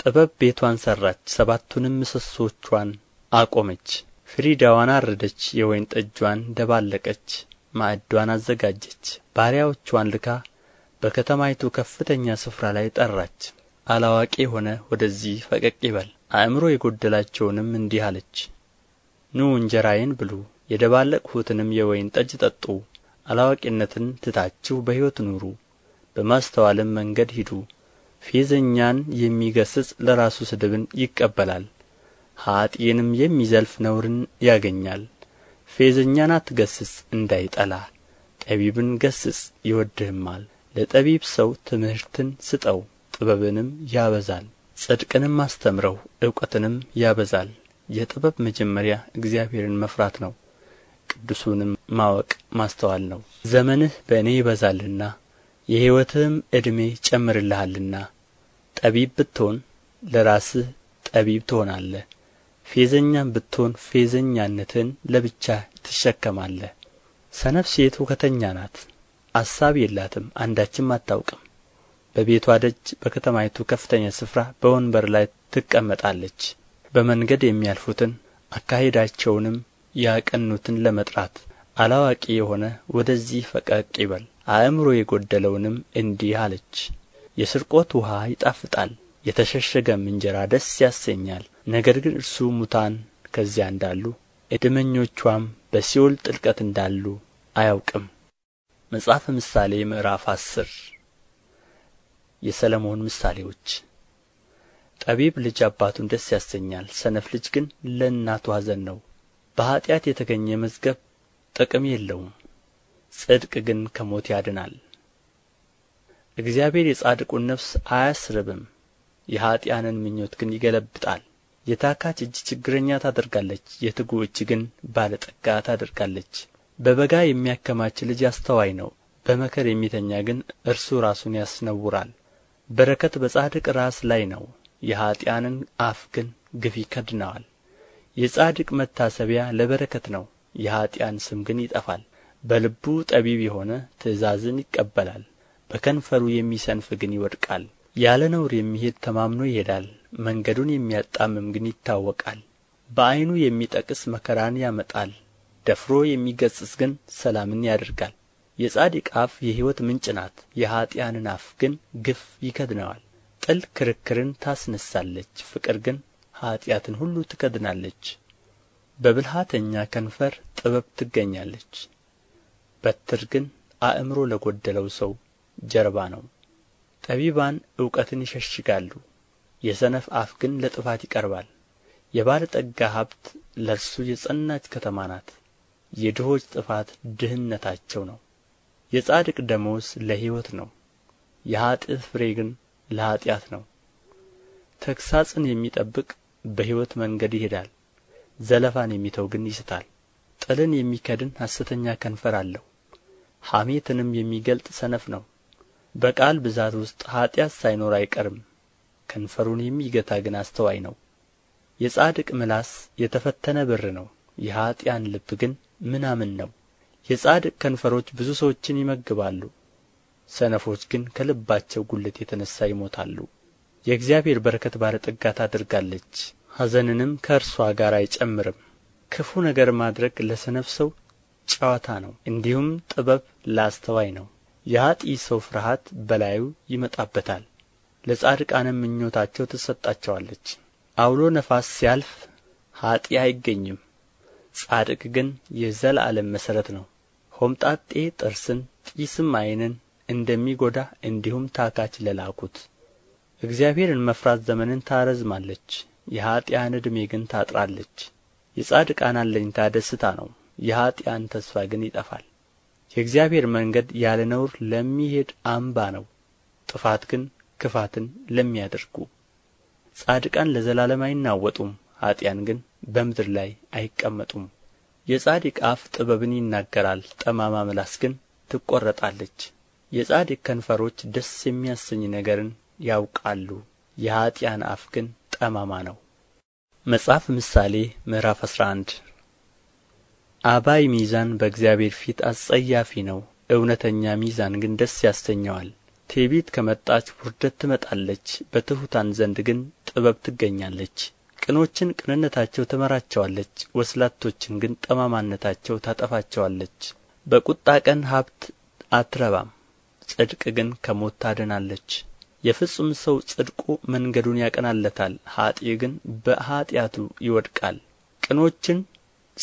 ጥበብ ቤቷን ሠራች፣ ሰባቱንም ምሰሶቿን አቆመች ፍሪዳዋን አረደች የወይን ጠጅዋን ደባለቀች ማዕድዋን አዘጋጀች ባሪያዎችዋን ልካ በከተማይቱ ከፍተኛ ስፍራ ላይ ጠራች አላዋቂ የሆነ ወደዚህ ፈቀቅ ይበል አእምሮ የጎደላቸውንም እንዲህ አለች ኑ እንጀራዬን ብሉ የደባለቅሁትንም የወይን ጠጅ ጠጡ አላዋቂነትን ትታችሁ በሕይወት ኑሩ በማስተዋልም መንገድ ሂዱ ፌዘኛን የሚገስጽ ለራሱ ስድብን ይቀበላል ኀጥእንም የሚዘልፍ ነውርን ያገኛል ፌዘኛን አትገሥጽ እንዳይጠላ ጠቢብን ገሥጽ ይወድህማል ለጠቢብ ሰው ትምህርትን ስጠው ጥበብንም ያበዛል ጽድቅንም አስተምረው እውቀትንም ያበዛል የጥበብ መጀመሪያ እግዚአብሔርን መፍራት ነው ቅዱሱንም ማወቅ ማስተዋል ነው ዘመንህ በእኔ ይበዛልና የሕይወትህም ዕድሜ ጨምርልሃልና ጠቢብ ብትሆን ለራስህ ጠቢብ ትሆናለህ ፌዘኛም ብትሆን ፌዘኛነትህን ለብቻህ ትሸከማለህ ሰነፍ ሴት ሁከተኛ ናት አሳብ የላትም አንዳችም አታውቅም በቤቷ ደጅ በከተማይቱ ከፍተኛ ስፍራ በወንበር ላይ ትቀመጣለች በመንገድ የሚያልፉትን አካሄዳቸውንም ያቀኑትን ለመጥራት አላዋቂ የሆነ ወደዚህ ፈቀቅ ይበል አእምሮ የጎደለውንም እንዲህ አለች የስርቆት ውኃ ይጣፍጣል የተሸሸገም እንጀራ ደስ ያሰኛል ነገር ግን እርሱ ሙታን ከዚያ እንዳሉ እድመኞቿም በሲኦል ጥልቀት እንዳሉ አያውቅም መጽሐፈ ምሳሌ ምዕራፍ አስር የሰለሞን ምሳሌዎች ጠቢብ ልጅ አባቱን ደስ ያሰኛል፣ ሰነፍ ልጅ ግን ለእናቱ ሐዘን ነው። በኀጢአት የተገኘ መዝገብ ጥቅም የለውም፣ ጽድቅ ግን ከሞት ያድናል። እግዚአብሔር የጻድቁን ነፍስ አያስርብም፣ የኀጢአንን ምኞት ግን ይገለብጣል። የታካች እጅ ችግረኛ ታደርጋለች የትጉ እጅ ግን ባለጠጋ ታደርጋለች በበጋ የሚያከማች ልጅ አስተዋይ ነው በመከር የሚተኛ ግን እርሱ ራሱን ያስነውራል በረከት በጻድቅ ራስ ላይ ነው የኀጥኣንን አፍ ግን ግፍ ይከድነዋል የጻድቅ መታሰቢያ ለበረከት ነው የኀጥኣን ስም ግን ይጠፋል በልቡ ጠቢብ የሆነ ትእዛዝን ይቀበላል በከንፈሩ የሚሰንፍ ግን ይወድቃል ያለ ነውር የሚሄድ ተማምኖ ይሄዳል መንገዱን የሚያጣምም ግን ይታወቃል በዓይኑ የሚጠቅስ መከራን ያመጣል ደፍሮ የሚገጽስ ግን ሰላምን ያደርጋል የጻድቅ አፍ የሕይወት ምንጭ ናት የኀጥኣንን አፍ ግን ግፍ ይከድነዋል ጥል ክርክርን ታስነሳለች ፍቅር ግን ኀጢአትን ሁሉ ትከድናለች በብልሃተኛ ከንፈር ጥበብ ትገኛለች በትር ግን አእምሮ ለጐደለው ሰው ጀርባ ነው ጠቢባን እውቀትን ይሸሽጋሉ የሰነፍ አፍ ግን ለጥፋት ይቀርባል የባለጠጋ ሀብት ለእርሱ የጸናች ከተማ ናት የድሆች ጥፋት ድህነታቸው ነው የጻድቅ ደሞስ ለሕይወት ነው የኃጥእ ፍሬ ግን ለኃጢአት ነው ተግሣጽን የሚጠብቅ በሕይወት መንገድ ይሄዳል ዘለፋን የሚተው ግን ይስታል ጥልን የሚከድን ሐሰተኛ ከንፈር አለው ሐሜትንም የሚገልጥ ሰነፍ ነው በቃል ብዛት ውስጥ ኀጢአት ሳይኖር አይቀርም ከንፈሩን የሚገታ ግን አስተዋይ ነው የጻድቅ ምላስ የተፈተነ ብር ነው የኀጥኣን ልብ ግን ምናምን ነው የጻድቅ ከንፈሮች ብዙ ሰዎችን ይመግባሉ ሰነፎች ግን ከልባቸው ጉለት የተነሳ ይሞታሉ የእግዚአብሔር በረከት ባለጠጋ ታደርጋለች ሐዘንንም ከእርሷ ጋር አይጨምርም ክፉ ነገር ማድረግ ለሰነፍ ሰው ጨዋታ ነው እንዲሁም ጥበብ ለአስተዋይ ነው የኀጢ ሰው ፍርሃት በላዩ ይመጣበታል ለጻድቃንም ምኞታቸው ትሰጣቸዋለች አውሎ ነፋስ ሲያልፍ ኃጥእ አይገኝም ጻድቅ ግን የዘላለም መሠረት ነው ሆምጣጤ ጥርስን ጢስም ዓይንን እንደሚጐዳ እንዲሁም ታካች ለላኩት እግዚአብሔርን መፍራት ዘመንን ታረዝማለች የኀጥኣን ዕድሜ ግን ታጥራለች የጻድቃን አለኝታ ደስታ ነው የኀጥኣን ተስፋ ግን ይጠፋል የእግዚአብሔር መንገድ ያለ ነውር ለሚሄድ አምባ ነው ጥፋት ግን ክፋትን ለሚያደርጉ ጻድቃን ለዘላለም አይናወጡም ኀጥኣን ግን በምድር ላይ አይቀመጡም የጻድቅ አፍ ጥበብን ይናገራል ጠማማ ምላስ ግን ትቈረጣለች የጻድቅ ከንፈሮች ደስ የሚያሰኝ ነገርን ያውቃሉ የኀጥኣን አፍ ግን ጠማማ ነው መጽሐፍ ምሳሌ ምዕራፍ 11 አባይ ሚዛን በእግዚአብሔር ፊት አስጸያፊ ነው እውነተኛ ሚዛን ግን ደስ ያሰኘዋል ትዕቢት ከመጣች ውርደት ትመጣለች፣ በትሑታን ዘንድ ግን ጥበብ ትገኛለች። ቅኖችን ቅንነታቸው ትመራቸዋለች፣ ወስላቶችን ግን ጠማማነታቸው ታጠፋቸዋለች። በቁጣ ቀን ሀብት አትረባም፣ ጽድቅ ግን ከሞት ታድናለች። የፍጹም ሰው ጽድቁ መንገዱን ያቀናለታል፣ ኀጢእ ግን በኀጢአቱ ይወድቃል። ቅኖችን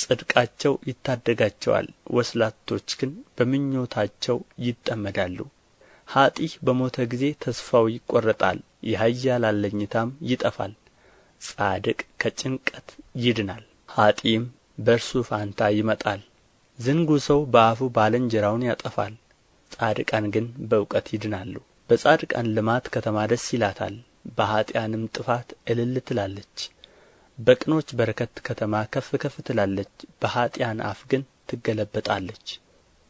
ጽድቃቸው ይታደጋቸዋል፣ ወስላቶች ግን በምኞታቸው ይጠመዳሉ። ኀጢህ በሞተ ጊዜ ተስፋው ይቈረጣል የኃያል አለኝታም ይጠፋል ጻድቅ ከጭንቀት ይድናል ኀጢም በእርሱ ፋንታ ይመጣል ዝንጉ ሰው በአፉ ባልንጀራውን ያጠፋል ጻድቃን ግን በእውቀት ይድናሉ በጻድቃን ልማት ከተማ ደስ ይላታል በኀጢአንም ጥፋት እልል ትላለች በቅኖች በረከት ከተማ ከፍ ከፍ ትላለች በኀጢአን አፍ ግን ትገለበጣለች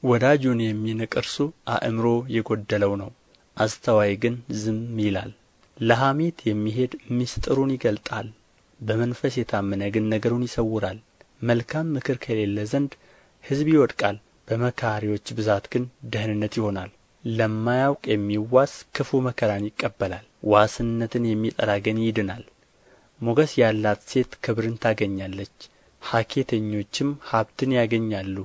ወዳጁን የሚንቅ እርሱ አእምሮ የጎደለው ነው አስተዋይ ግን ዝም ይላል ለሐሜት የሚሄድ ምስጢሩን ይገልጣል በመንፈስ የታመነ ግን ነገሩን ይሰውራል መልካም ምክር ከሌለ ዘንድ ሕዝብ ይወድቃል በመካሪዎች ብዛት ግን ደህንነት ይሆናል ለማያውቅ የሚዋስ ክፉ መከራን ይቀበላል ዋስነትን የሚጠላ ግን ይድናል ሞገስ ያላት ሴት ክብርን ታገኛለች ሐኬተኞችም ሀብትን ያገኛሉ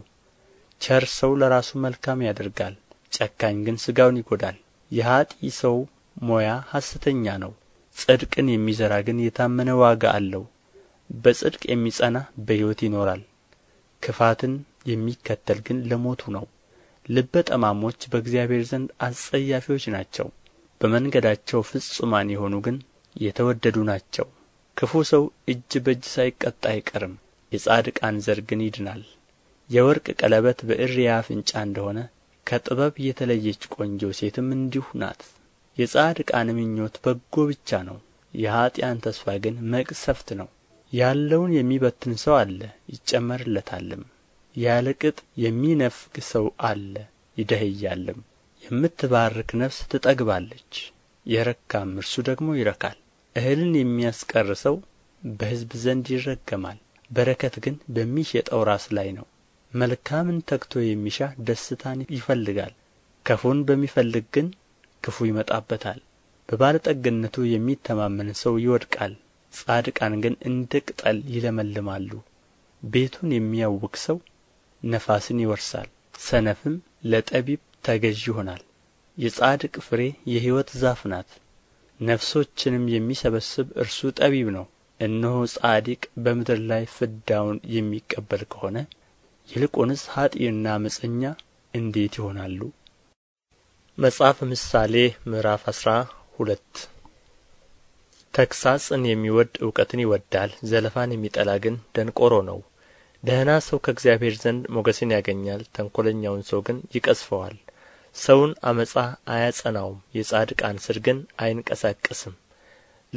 ቸር ሰው ለራሱ መልካም ያደርጋል ጨካኝ ግን ሥጋውን ይጐዳል የኀጢ ሰው ሞያ ሐሰተኛ ነው ጽድቅን የሚዘራ ግን የታመነ ዋጋ አለው በጽድቅ የሚጸና በሕይወት ይኖራል ክፋትን የሚከተል ግን ለሞቱ ነው ልበ ጠማሞች በእግዚአብሔር ዘንድ አስጸያፊዎች ናቸው በመንገዳቸው ፍጹማን የሆኑ ግን የተወደዱ ናቸው ክፉ ሰው እጅ በእጅ ሳይቀጣ አይቀርም የጻድቃን ዘር ግን ይድናል የወርቅ ቀለበት በእርያ አፍንጫ እንደሆነ ከጥበብ የተለየች ቆንጆ ሴትም እንዲሁ ናት የጻድቃን ምኞት በጎ ብቻ ነው የኀጥኣን ተስፋ ግን መቅሰፍት ነው ያለውን የሚበትን ሰው አለ ይጨመርለታልም ያለ ቅጥ የሚነፍግ ሰው አለ ይደህያልም። የምትባርክ ነፍስ ትጠግባለች የረካም እርሱ ደግሞ ይረካል እህልን የሚያስቀር ሰው በሕዝብ ዘንድ ይረገማል በረከት ግን በሚሸጠው ራስ ላይ ነው መልካምን ተግቶ የሚሻ ደስታን ይፈልጋል ክፉን በሚፈልግ ግን ክፉ ይመጣበታል በባለጠግነቱ የሚተማመን ሰው ይወድቃል ጻድቃን ግን እንደ ቅጠል ይለመልማሉ ቤቱን የሚያውክ ሰው ነፋስን ይወርሳል ሰነፍም ለጠቢብ ተገዥ ይሆናል የጻድቅ ፍሬ የሕይወት ዛፍ ናት ነፍሶችንም የሚሰበስብ እርሱ ጠቢብ ነው እነሆ ጻድቅ በምድር ላይ ፍዳውን የሚቀበል ከሆነ ይልቁንስ ኀጥእና ዓመፀኛ እንዴት ይሆናሉ መጽሐፍ ምሳሌ ምዕራፍ አስራ ሁለት ተግሣጽን የሚወድ እውቀትን ይወዳል፣ ዘለፋን የሚጠላ ግን ደንቆሮ ነው። ደህና ሰው ከእግዚአብሔር ዘንድ ሞገስን ያገኛል፣ ተንኰለኛውን ሰው ግን ይቀስፈዋል። ሰውን አመጻ አያጸናውም፣ የጻድቃን ስር ግን አይንቀሳቀስም።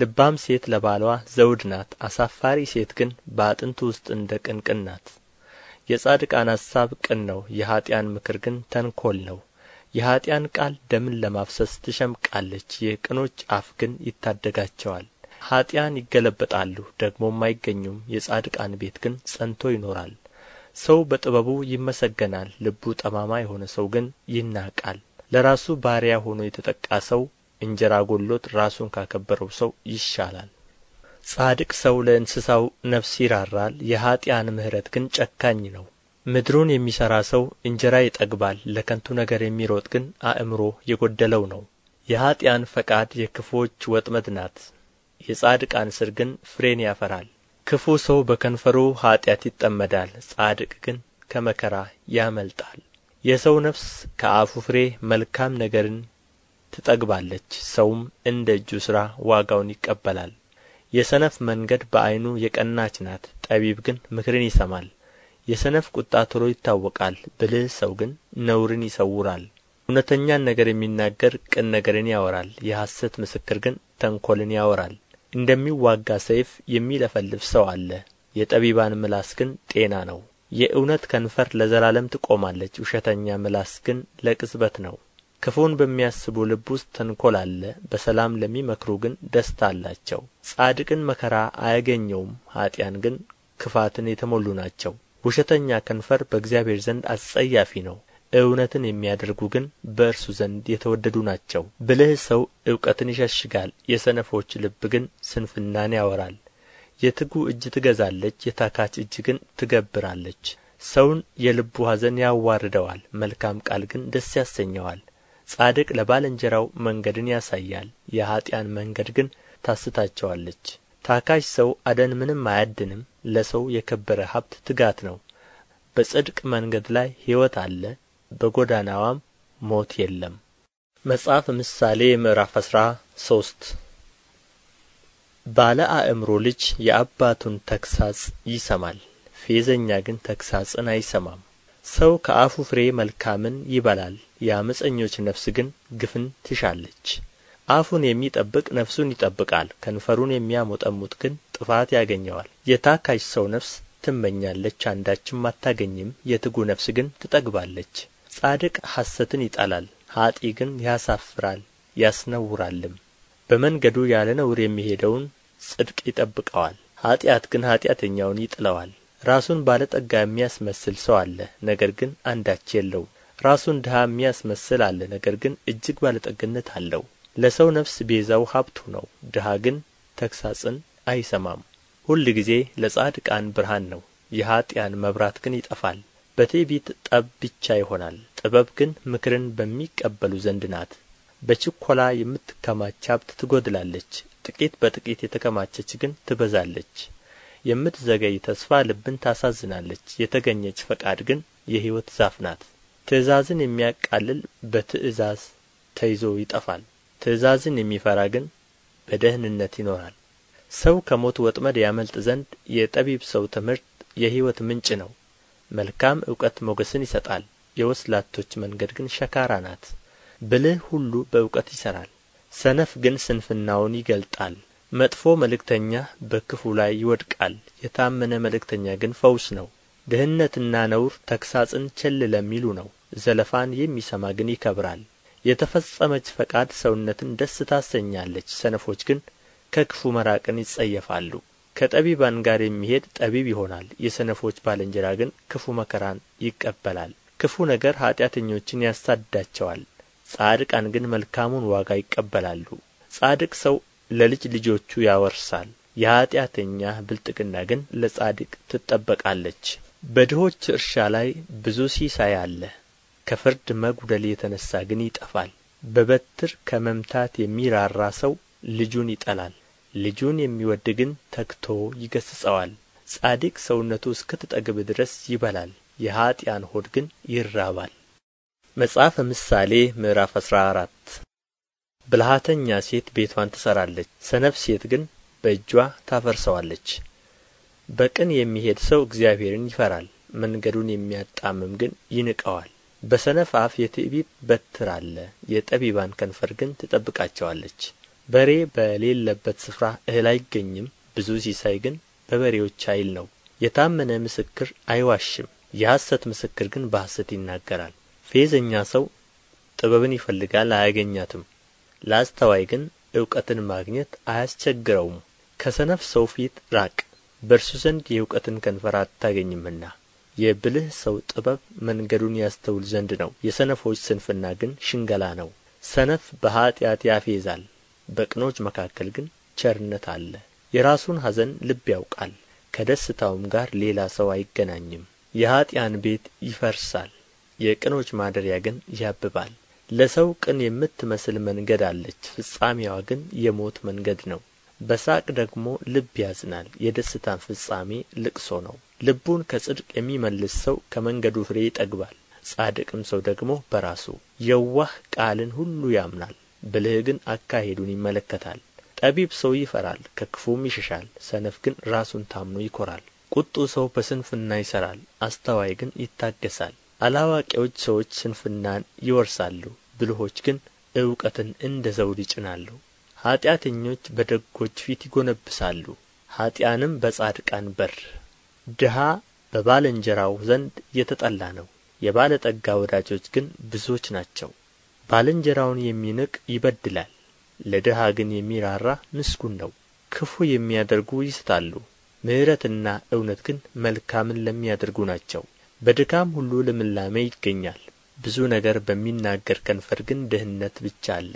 ልባም ሴት ለባሏ ዘውድ ናት፣ አሳፋሪ ሴት ግን በአጥንቱ ውስጥ እንደ ቅንቅን ናት። የጻድቃን አሳብ ቅን ነው፣ የኀጥኣን ምክር ግን ተንኰል ነው። የኀጥኣን ቃል ደምን ለማፍሰስ ትሸምቃለች፣ የቅኖች አፍ ግን ይታደጋቸዋል። ኀጥኣን ይገለበጣሉ ደግሞም አይገኙም፣ የጻድቃን ቤት ግን ጸንቶ ይኖራል። ሰው በጥበቡ ይመሰገናል፣ ልቡ ጠማማ የሆነ ሰው ግን ይናቃል። ለራሱ ባሪያ ሆኖ የተጠቃ ሰው እንጀራ ጎሎት ራሱን ካከበረው ሰው ይሻላል። ጻድቅ ሰው ለእንስሳው ነፍስ ይራራል፣ የኀጥኣን ምሕረት ግን ጨካኝ ነው። ምድሩን የሚሠራ ሰው እንጀራ ይጠግባል፣ ለከንቱ ነገር የሚሮጥ ግን አእምሮ የጐደለው ነው። የኀጥኣን ፈቃድ የክፉዎች ወጥመድ ናት፣ የጻድቃን ስር ግን ፍሬን ያፈራል። ክፉ ሰው በከንፈሩ ኀጢአት ይጠመዳል፣ ጻድቅ ግን ከመከራ ያመልጣል። የሰው ነፍስ ከአፉ ፍሬ መልካም ነገርን ትጠግባለች፣ ሰውም እንደ እጁ ሥራ ዋጋውን ይቀበላል። የሰነፍ መንገድ በዓይኑ የቀናች ናት ጠቢብ ግን ምክርን ይሰማል የሰነፍ ቁጣ ቶሎ ይታወቃል ብልህ ሰው ግን ነውርን ይሰውራል እውነተኛን ነገር የሚናገር ቅን ነገርን ያወራል የሐሰት ምስክር ግን ተንኰልን ያወራል እንደሚዋጋ ሰይፍ የሚለፈልፍ ሰው አለ የጠቢባን ምላስ ግን ጤና ነው የእውነት ከንፈር ለዘላለም ትቆማለች ውሸተኛ ምላስ ግን ለቅጽበት ነው ክፉን በሚያስቡ ልብ ውስጥ ተንኰል አለ በሰላም ለሚመክሩ ግን ደስታ አላቸው ጻድቅን መከራ አያገኘውም ኀጢያን ግን ክፋትን የተሞሉ ናቸው ውሸተኛ ከንፈር በእግዚአብሔር ዘንድ አስጸያፊ ነው እውነትን የሚያደርጉ ግን በእርሱ ዘንድ የተወደዱ ናቸው ብልህ ሰው እውቀትን ይሸሽጋል የሰነፎች ልብ ግን ስንፍናን ያወራል የትጉ እጅ ትገዛለች የታካች እጅ ግን ትገብራለች ሰውን የልቡ ሐዘን ያዋርደዋል መልካም ቃል ግን ደስ ያሰኘዋል ጻድቅ ለባልንጀራው መንገድን ያሳያል የኀጥኣን መንገድ ግን ታስታቸዋለች ታካሽ ሰው አደን ምንም አያድንም ለሰው የከበረ ሀብት ትጋት ነው በጽድቅ መንገድ ላይ ሕይወት አለ በጎዳናዋም ሞት የለም መጽሐፍ ምሳሌ ምዕራፍ አስራ ሶስት ባለ አእምሮ ልጅ የአባቱን ተግሣጽ ይሰማል ፌዘኛ ግን ተግሣጽን አይሰማም ሰው ከአፉ ፍሬ መልካምን ይበላል የአመፀኞች ነፍስ ግን ግፍን ትሻለች አፉን የሚጠብቅ ነፍሱን ይጠብቃል ከንፈሩን የሚያሞጠሙጥ ግን ጥፋት ያገኘዋል የታካች ሰው ነፍስ ትመኛለች አንዳችም አታገኝም የትጉ ነፍስ ግን ትጠግባለች ጻድቅ ሐሰትን ይጠላል ኀጢ ግን ያሳፍራል ያስነውራልም በመንገዱ ያለ ነውር የሚሄደውን ጽድቅ ይጠብቀዋል ኀጢአት ግን ኀጢአተኛውን ይጥለዋል ራሱን ባለጠጋ የሚያስመስል ሰው አለ፣ ነገር ግን አንዳች የለውም። ራሱን ድሃ የሚያስመስል አለ፣ ነገር ግን እጅግ ባለጠግነት አለው። ለሰው ነፍስ ቤዛው ሀብቱ ነው፣ ድሃ ግን ተክሳጽን አይሰማም። ጊዜ ለጻድቃን ብርሃን ነው፣ የኀጥኣን መብራት ግን ይጠፋል። በትዕቢት ጠብ ብቻ ይሆናል፣ ጥበብ ግን ምክርን በሚቀበሉ ዘንድ ናት። በችኰላ የምትከማች ሀብት ትጐድላለች፣ ጥቂት በጥቂት የተከማቸች ግን ትበዛለች። የምትዘገይ ተስፋ ልብን ታሳዝናለች፣ የተገኘች ፈቃድ ግን የሕይወት ዛፍ ናት። ትእዛዝን የሚያቃልል በትእዛዝ ተይዞ ይጠፋል፣ ትእዛዝን የሚፈራ ግን በደህንነት ይኖራል። ሰው ከሞት ወጥመድ ያመልጥ ዘንድ የጠቢብ ሰው ትምህርት የሕይወት ምንጭ ነው። መልካም እውቀት ሞገስን ይሰጣል፣ የወስላቶች መንገድ ግን ሸካራ ናት። ብልህ ሁሉ በእውቀት ይሠራል፣ ሰነፍ ግን ስንፍናውን ይገልጣል። መጥፎ መልእክተኛ በክፉ ላይ ይወድቃል የታመነ መልእክተኛ ግን ፈውስ ነው ድህነትና ነውር ተግሣጽን ቸል ለሚሉ ነው ዘለፋን የሚሰማ ግን ይከብራል የተፈጸመች ፈቃድ ሰውነትን ደስ ታሰኛለች ሰነፎች ግን ከክፉ መራቅን ይጸየፋሉ ከጠቢባን ጋር የሚሄድ ጠቢብ ይሆናል የሰነፎች ባልንጀራ ግን ክፉ መከራን ይቀበላል ክፉ ነገር ኃጢአተኞችን ያሳድዳቸዋል ጻድቃን ግን መልካሙን ዋጋ ይቀበላሉ ጻድቅ ሰው ለልጅ ልጆቹ ያወርሳል የኃጢአተኛ ብልጥግና ግን ለጻድቅ ትጠበቃለች በድሆች እርሻ ላይ ብዙ ሲሳይ አለ ከፍርድ መጉደል የተነሳ ግን ይጠፋል በበትር ከመምታት የሚራራ ሰው ልጁን ይጠላል ልጁን የሚወድ ግን ተግቶ ይገሥጸዋል ጻድቅ ሰውነቱ እስክትጠግብ ድረስ ይበላል የኀጢአን ሆድ ግን ይራባል መጽሐፈ ምሳሌ ምዕራፍ አስራ አራት ብልሃተኛ ሴት ቤቷን ትሠራለች ሰነፍ ሴት ግን በእጅዋ ታፈርሰዋለች በቅን የሚሄድ ሰው እግዚአብሔርን ይፈራል መንገዱን የሚያጣምም ግን ይንቀዋል በሰነፍ አፍ የትዕቢት በትር አለ የጠቢባን ከንፈር ግን ትጠብቃቸዋለች በሬ በሌለበት ስፍራ እህል አይገኝም ብዙ ሲሳይ ግን በበሬዎች ኃይል ነው የታመነ ምስክር አይዋሽም የሐሰት ምስክር ግን በሐሰት ይናገራል ፌዘኛ ሰው ጥበብን ይፈልጋል አያገኛትም ለአስተዋይ ግን እውቀትን ማግኘት አያስቸግረውም ከሰነፍ ሰው ፊት ራቅ በእርሱ ዘንድ የእውቀትን ከንፈር አታገኝምና የብልህ ሰው ጥበብ መንገዱን ያስተውል ዘንድ ነው የሰነፎች ስንፍና ግን ሽንገላ ነው ሰነፍ በኃጢአት ያፌዛል በቅኖች መካከል ግን ቸርነት አለ የራሱን ሐዘን ልብ ያውቃል ከደስታውም ጋር ሌላ ሰው አይገናኝም የኀጢአን ቤት ይፈርሳል የቅኖች ማደሪያ ግን ያብባል ለሰው ቅን የምትመስል መንገድ አለች ፍጻሜዋ ግን የሞት መንገድ ነው በሳቅ ደግሞ ልብ ያዝናል የደስታን ፍጻሜ ልቅሶ ነው ልቡን ከጽድቅ የሚመልስ ሰው ከመንገዱ ፍሬ ይጠግባል ጻድቅም ሰው ደግሞ በራሱ የዋህ ቃልን ሁሉ ያምናል ብልህ ግን አካሄዱን ይመለከታል ጠቢብ ሰው ይፈራል ከክፉም ይሸሻል ሰነፍ ግን ራሱን ታምኖ ይኮራል። ቁጡ ሰው በስንፍና ይሠራል አስተዋይ ግን ይታገሳል። አላዋቂዎች ሰዎች ስንፍናን ይወርሳሉ ብልሆች ግን እውቀትን እንደ ዘውድ ይጭናሉ ኀጢአተኞች በደጎች ፊት ይጎነብሳሉ ኀጢአንም በጻድቃን በር ድሀ በባልንጀራው ዘንድ የተጠላ ነው የባለጠጋ ወዳጆች ግን ብዙዎች ናቸው ባልንጀራውን የሚንቅ ይበድላል ለድሀ ግን የሚራራ ምስጉን ነው ክፉ የሚያደርጉ ይስታሉ ምሕረትና እውነት ግን መልካምን ለሚያደርጉ ናቸው በድካም ሁሉ ልምላሜ ይገኛል፣ ብዙ ነገር በሚናገር ከንፈር ግን ድህነት ብቻ አለ።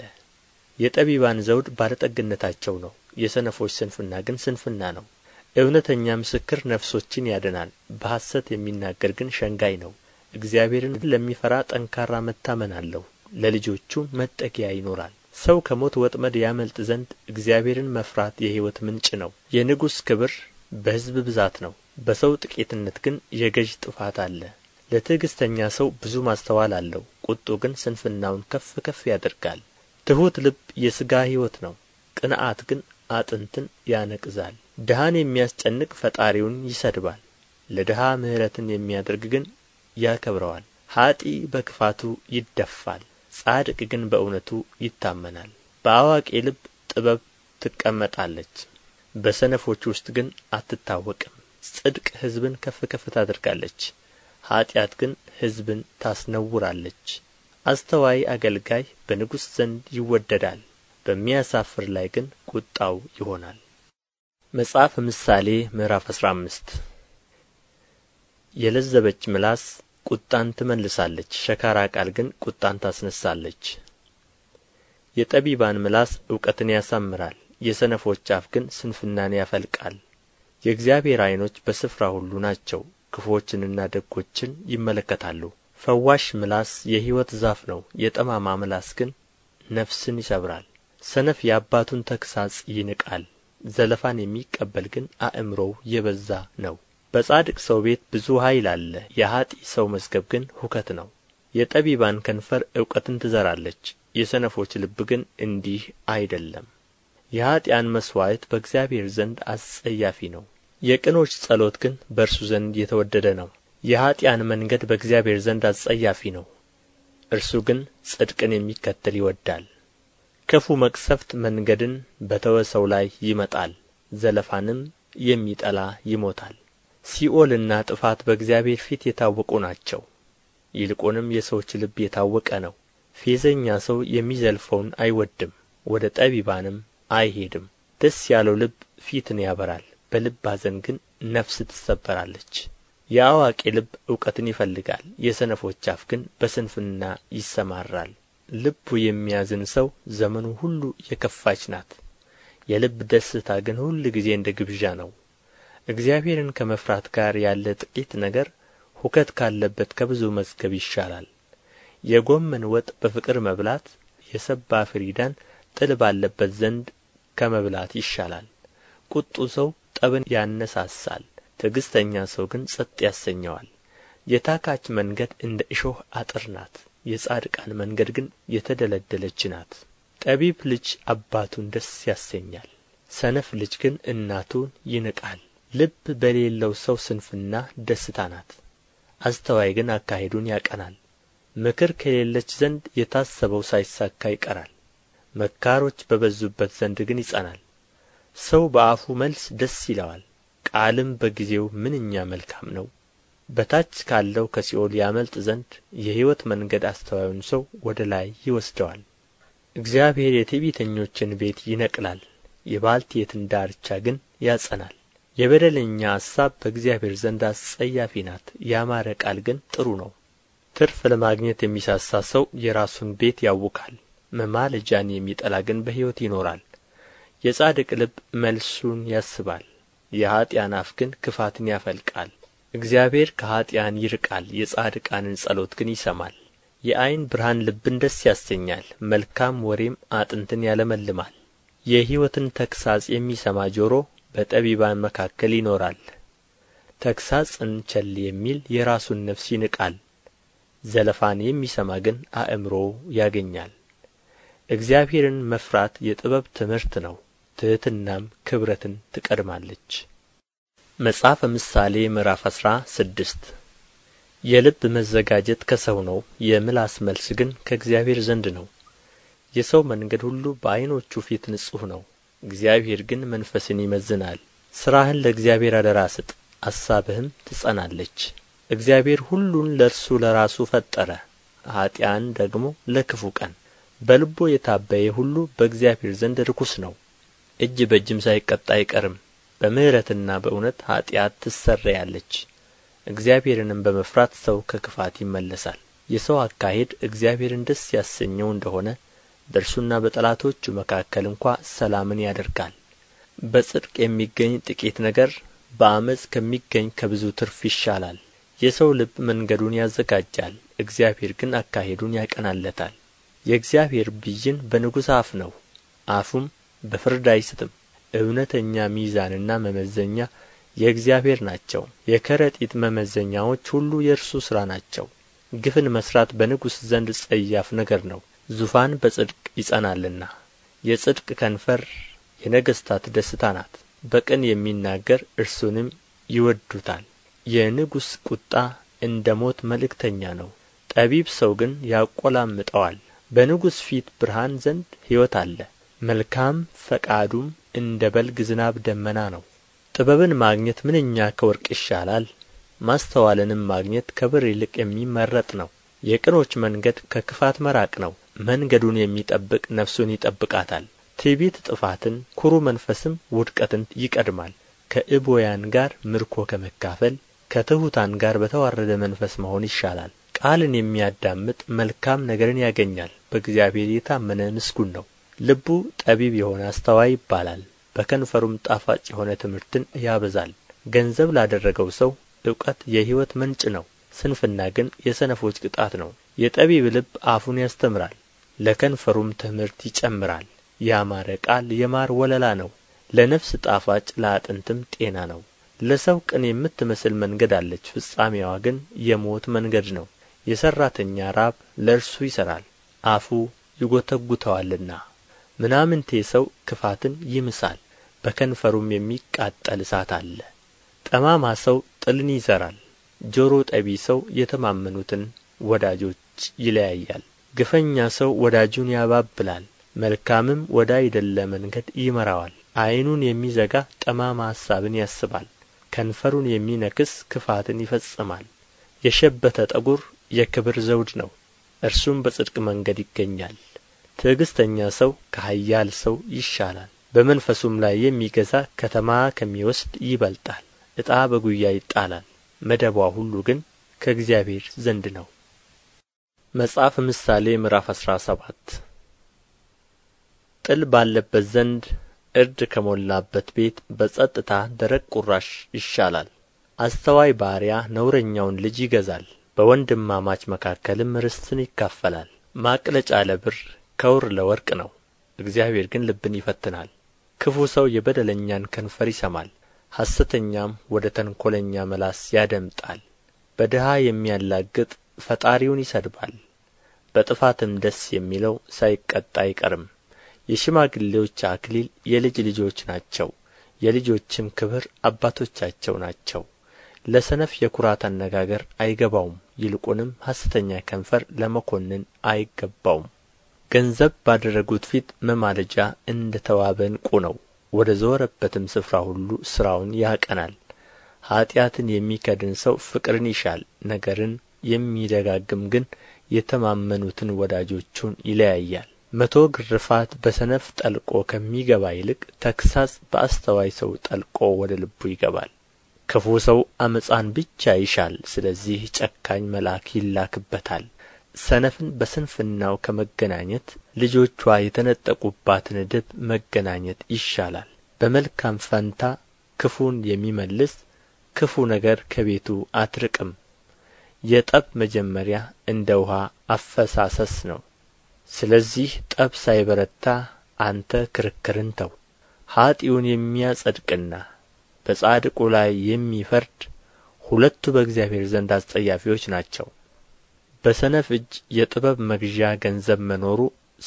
የጠቢባን ዘውድ ባለጠግነታቸው ነው፣ የሰነፎች ስንፍና ግን ስንፍና ነው። እውነተኛ ምስክር ነፍሶችን ያድናል፣ በሐሰት የሚናገር ግን ሸንጋይ ነው። እግዚአብሔርን ለሚፈራ ጠንካራ መታመን አለው፣ ለልጆቹ መጠጊያ ይኖራል። ሰው ከሞት ወጥመድ ያመልጥ ዘንድ እግዚአብሔርን መፍራት የሕይወት ምንጭ ነው። የንጉሥ ክብር በሕዝብ ብዛት ነው፣ በሰው ጥቂትነት ግን የገዥ ጥፋት አለ ለትዕግሥተኛ ሰው ብዙ ማስተዋል አለው ቁጡ ግን ስንፍናውን ከፍ ከፍ ያደርጋል ትሑት ልብ የሥጋ ሕይወት ነው ቅንዓት ግን አጥንትን ያነቅዛል ድሃን የሚያስጨንቅ ፈጣሪውን ይሰድባል ለድሃ ምሕረትን የሚያደርግ ግን ያከብረዋል ኀጥእ በክፋቱ ይደፋል ጻድቅ ግን በእውነቱ ይታመናል በአዋቂ ልብ ጥበብ ትቀመጣለች በሰነፎች ውስጥ ግን አትታወቅም ጽድቅ ሕዝብን ከፍ ከፍ ታደርጋለች ኃጢአት ግን ሕዝብን ታስነውራለች አስተዋይ አገልጋይ በንጉሥ ዘንድ ይወደዳል በሚያሳፍር ላይ ግን ቁጣው ይሆናል። መጽሐፈ ምሳሌ ምዕራፍ አስራ አምስት የለዘበች ምላስ ቁጣን ትመልሳለች፣ ሸካራ ቃል ግን ቁጣን ታስነሳለች። የጠቢባን ምላስ እውቀትን ያሳምራል፣ የሰነፎች አፍ ግን ስንፍናን ያፈልቃል። የእግዚአብሔር ዓይኖች በስፍራ ሁሉ ናቸው፣ ክፉዎችንና ደጎችን ይመለከታሉ። ፈዋሽ ምላስ የሕይወት ዛፍ ነው፣ የጠማማ ምላስ ግን ነፍስን ይሰብራል። ሰነፍ የአባቱን ተግሣጽ ይንቃል፣ ዘለፋን የሚቀበል ግን አእምሮው የበዛ ነው። በጻድቅ ሰው ቤት ብዙ ኃይል አለ፣ የኀጢ ሰው መዝገብ ግን ሁከት ነው። የጠቢባን ከንፈር እውቀትን ትዘራለች፣ የሰነፎች ልብ ግን እንዲህ አይደለም። የኀጥኣን መሥዋዕት በእግዚአብሔር ዘንድ አስጸያፊ ነው የቅኖች ጸሎት ግን በእርሱ ዘንድ የተወደደ ነው የኀጥኣን መንገድ በእግዚአብሔር ዘንድ አስጸያፊ ነው እርሱ ግን ጽድቅን የሚከተል ይወዳል ክፉ መቅሰፍት መንገድን በተወ ሰው ላይ ይመጣል ዘለፋንም የሚጠላ ይሞታል ሲኦልና ጥፋት በእግዚአብሔር ፊት የታወቁ ናቸው ይልቁንም የሰዎች ልብ የታወቀ ነው ፌዘኛ ሰው የሚዘልፈውን አይወድም ወደ ጠቢባንም አይሄድም። ደስ ያለው ልብ ፊትን ያበራል፣ በልብ ሐዘን ግን ነፍስ ትሰበራለች። የአዋቂ ልብ እውቀትን ይፈልጋል፣ የሰነፎች አፍ ግን በስንፍና ይሰማራል። ልቡ የሚያዝን ሰው ዘመኑ ሁሉ የከፋች ናት፣ የልብ ደስታ ግን ሁል ጊዜ እንደ ግብዣ ነው። እግዚአብሔርን ከመፍራት ጋር ያለ ጥቂት ነገር ሁከት ካለበት ከብዙ መዝገብ ይሻላል። የጎመን ወጥ በፍቅር መብላት የሰባ ፍሪዳን ጥል ባለበት ዘንድ ከመብላት ይሻላል። ቁጡ ሰው ጠብን ያነሳሳል፣ ትዕግሥተኛ ሰው ግን ጸጥ ያሰኘዋል። የታካች መንገድ እንደ እሾህ አጥር ናት፣ የጻድቃን መንገድ ግን የተደለደለች ናት። ጠቢብ ልጅ አባቱን ደስ ያሰኛል፣ ሰነፍ ልጅ ግን እናቱን ይንቃል። ልብ በሌለው ሰው ስንፍና ደስታ ናት፣ አስተዋይ ግን አካሄዱን ያቀናል። ምክር ከሌለች ዘንድ የታሰበው ሳይሳካ ይቀራል። መካሮች በበዙበት ዘንድ ግን ይጸናል ሰው በአፉ መልስ ደስ ይለዋል ቃልም በጊዜው ምንኛ መልካም ነው በታች ካለው ከሲኦል ያመልጥ ዘንድ የሕይወት መንገድ አስተዋዩን ሰው ወደ ላይ ይወስደዋል እግዚአብሔር የትዕቢተኞችን ቤት ይነቅላል የባልቴትን ዳርቻ ግን ያጸናል የበደለኛ ሐሳብ በእግዚአብሔር ዘንድ አስጸያፊ ናት ያማረ ቃል ግን ጥሩ ነው ትርፍ ለማግኘት የሚሳሳ ሰው የራሱን ቤት ያውካል መማለጃን የሚጠላ ግን በሕይወት ይኖራል። የጻድቅ ልብ መልሱን ያስባል፣ የኀጥኣን አፍ ግን ክፋትን ያፈልቃል። እግዚአብሔር ከኀጥኣን ይርቃል፣ የጻድቃንን ጸሎት ግን ይሰማል። የዐይን ብርሃን ልብን ደስ ያሰኛል፣ መልካም ወሬም አጥንትን ያለመልማል። የሕይወትን ተግሣጽ የሚሰማ ጆሮ በጠቢባን መካከል ይኖራል። ተግሣጽን ቸል የሚል የራሱን ነፍስ ይንቃል፣ ዘለፋን የሚሰማ ግን አእምሮ ያገኛል። እግዚአብሔርን መፍራት የጥበብ ትምህርት ነው፣ ትሕትናም ክብረትን ትቀድማለች። መጽሐፈ ምሳሌ ምዕራፍ አስራ ስድስት የልብ መዘጋጀት ከሰው ነው፣ የምላስ መልስ ግን ከእግዚአብሔር ዘንድ ነው። የሰው መንገድ ሁሉ በዐይኖቹ ፊት ንጹሕ ነው፣ እግዚአብሔር ግን መንፈስን ይመዝናል። ሥራህን ለእግዚአብሔር አደራ ስጥ፣ አሳብህም ትጸናለች። እግዚአብሔር ሁሉን ለእርሱ ለራሱ ፈጠረ፣ ኀጢአን ደግሞ ለክፉ ቀን በልቦ የታበየ ሁሉ በእግዚአብሔር ዘንድ ርኩስ ነው። እጅ በእጅም ሳይቀጣ አይቀርም። በምሕረትና በእውነት ኃጢአት ትሰረያለች። እግዚአብሔርንም በመፍራት ሰው ከክፋት ይመለሳል። የሰው አካሄድ እግዚአብሔርን ደስ ያሰኘው እንደሆነ በእርሱና በጠላቶቹ መካከል እንኳ ሰላምን ያደርጋል። በጽድቅ የሚገኝ ጥቂት ነገር በአመፅ ከሚገኝ ከብዙ ትርፍ ይሻላል። የሰው ልብ መንገዱን ያዘጋጃል፣ እግዚአብሔር ግን አካሄዱን ያቀናለታል። የእግዚአብሔር ብይን በንጉሥ አፍ ነው አፉም በፍርድ አይስትም እውነተኛ ሚዛንና መመዘኛ የእግዚአብሔር ናቸው የከረጢት መመዘኛዎች ሁሉ የእርሱ ሥራ ናቸው ግፍን መሥራት በንጉሥ ዘንድ ጸያፍ ነገር ነው ዙፋን በጽድቅ ይጸናልና የጽድቅ ከንፈር የነገሥታት ደስታ ናት በቅን የሚናገር እርሱንም ይወዱታል የንጉሥ ቁጣ እንደ ሞት መልእክተኛ ነው ጠቢብ ሰው ግን ያቈላምጠዋል በንጉሥ ፊት ብርሃን ዘንድ ሕይወት አለ መልካም ፈቃዱም እንደ በልግ ዝናብ ደመና ነው ጥበብን ማግኘት ምንኛ ከወርቅ ይሻላል ማስተዋልንም ማግኘት ከብር ይልቅ የሚመረጥ ነው የቅኖች መንገድ ከክፋት መራቅ ነው መንገዱን የሚጠብቅ ነፍሱን ይጠብቃታል ትዕቢት ጥፋትን ኩሩ መንፈስም ውድቀትን ይቀድማል ከእቦያን ጋር ምርኮ ከመካፈል ከትሑታን ጋር በተዋረደ መንፈስ መሆን ይሻላል ቃልን የሚያዳምጥ መልካም ነገርን ያገኛል በእግዚአብሔር የታመነ ምስጉን ነው ልቡ ጠቢብ የሆነ አስተዋይ ይባላል በከንፈሩም ጣፋጭ የሆነ ትምህርትን ያበዛል ገንዘብ ላደረገው ሰው እውቀት የሕይወት ምንጭ ነው ስንፍና ግን የሰነፎች ቅጣት ነው የጠቢብ ልብ አፉን ያስተምራል ለከንፈሩም ትምህርት ይጨምራል ያማረ ቃል የማር ወለላ ነው ለነፍስ ጣፋጭ ለአጥንትም ጤና ነው ለሰው ቅን የምትመስል መንገድ አለች ፍጻሜዋ ግን የሞት መንገድ ነው የሠራተኛ ራብ ለእርሱ ይሠራል አፉ ይጐተጕተዋልና ምናምንቴ ሰው ክፋትን ይምሳል በከንፈሩም የሚቃጠል እሳት አለ ጠማማ ሰው ጥልን ይዘራል ጆሮ ጠቢ ሰው የተማመኑትን ወዳጆች ይለያያል ግፈኛ ሰው ወዳጁን ያባብላል መልካምም ወዳይደለ መንገድ ይመራዋል ዐይኑን የሚዘጋ ጠማማ ሐሳብን ያስባል ከንፈሩን የሚነክስ ክፋትን ይፈጽማል የሸበተ ጠጉር የክብር ዘውድ ነው እርሱም በጽድቅ መንገድ ይገኛል ትዕግስተኛ ሰው ከኃያል ሰው ይሻላል በመንፈሱም ላይ የሚገዛ ከተማ ከሚወስድ ይበልጣል ዕጣ በጉያ ይጣላል መደቧ ሁሉ ግን ከእግዚአብሔር ዘንድ ነው። መጽሐፍ ምሳሌ ምዕራፍ አስራ ሰባት ጥል ባለበት ዘንድ እርድ ከሞላበት ቤት በጸጥታ ደረቅ ቁራሽ ይሻላል። አስተዋይ ባሪያ ነውረኛውን ልጅ ይገዛል፣ በወንድማማች መካከልም ርስትን ይካፈላል። ማቅለጫ ለብር ከውር ለወርቅ ነው፣ እግዚአብሔር ግን ልብን ይፈትናል። ክፉ ሰው የበደለኛን ከንፈር ይሰማል፣ ሐሰተኛም ወደ ተንኰለኛ መላስ ያደምጣል። በድሃ የሚያላግጥ ፈጣሪውን ይሰድባል፣ በጥፋትም ደስ የሚለው ሳይቀጣ አይቀርም። የሽማግሌዎች አክሊል የልጅ ልጆች ናቸው፣ የልጆችም ክብር አባቶቻቸው ናቸው። ለሰነፍ የኩራት አነጋገር አይገባውም ይልቁንም ሐሰተኛ ከንፈር ለመኮንን አይገባውም ገንዘብ ባደረጉት ፊት መማለጃ እንደ ተዋበ ዕንቍ ነው ወደ ዞረበትም ስፍራ ሁሉ ሥራውን ያቀናል ኀጢአትን የሚከድን ሰው ፍቅርን ይሻል ነገርን የሚደጋግም ግን የተማመኑትን ወዳጆቹን ይለያያል መቶ ግርፋት በሰነፍ ጠልቆ ከሚገባ ይልቅ ተግሣጽ በአስተዋይ ሰው ጠልቆ ወደ ልቡ ይገባል ክፉ ሰው አመፃን ብቻ ይሻል ስለዚህ ጨካኝ መልአክ ይላክበታል ሰነፍን በስንፍናው ከመገናኘት ልጆቿ የተነጠቁባትን ድብ መገናኘት ይሻላል በመልካም ፈንታ ክፉን የሚመልስ ክፉ ነገር ከቤቱ አትርቅም የጠብ መጀመሪያ እንደ ውሃ አፈሳሰስ ነው ስለዚህ ጠብ ሳይበረታ አንተ ክርክርን ተው ኀጢውን የሚያጸድቅና በጻድቁ ላይ የሚፈርድ ሁለቱ በእግዚአብሔር ዘንድ አስጸያፊዎች ናቸው በሰነፍ እጅ የጥበብ መግዣ ገንዘብ መኖሩ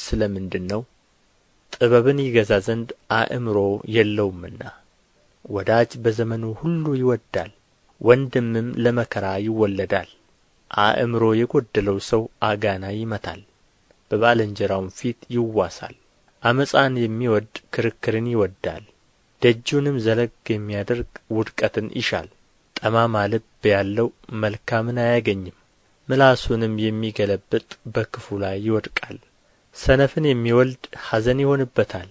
ስለ ምንድን ነው ጥበብን ይገዛ ዘንድ አእምሮ የለውምና ወዳጅ በዘመኑ ሁሉ ይወዳል ወንድምም ለመከራ ይወለዳል አእምሮ የጎደለው ሰው አጋና ይመታል በባልንጀራውም ፊት ይዋሳል አመፃን የሚወድ ክርክርን ይወዳል ደጁንም ዘለግ የሚያደርግ ውድቀትን ይሻል ጠማማ ልብ ያለው መልካምን አያገኝም ምላሱንም የሚገለብጥ በክፉ ላይ ይወድቃል ሰነፍን የሚወልድ ሐዘን ይሆንበታል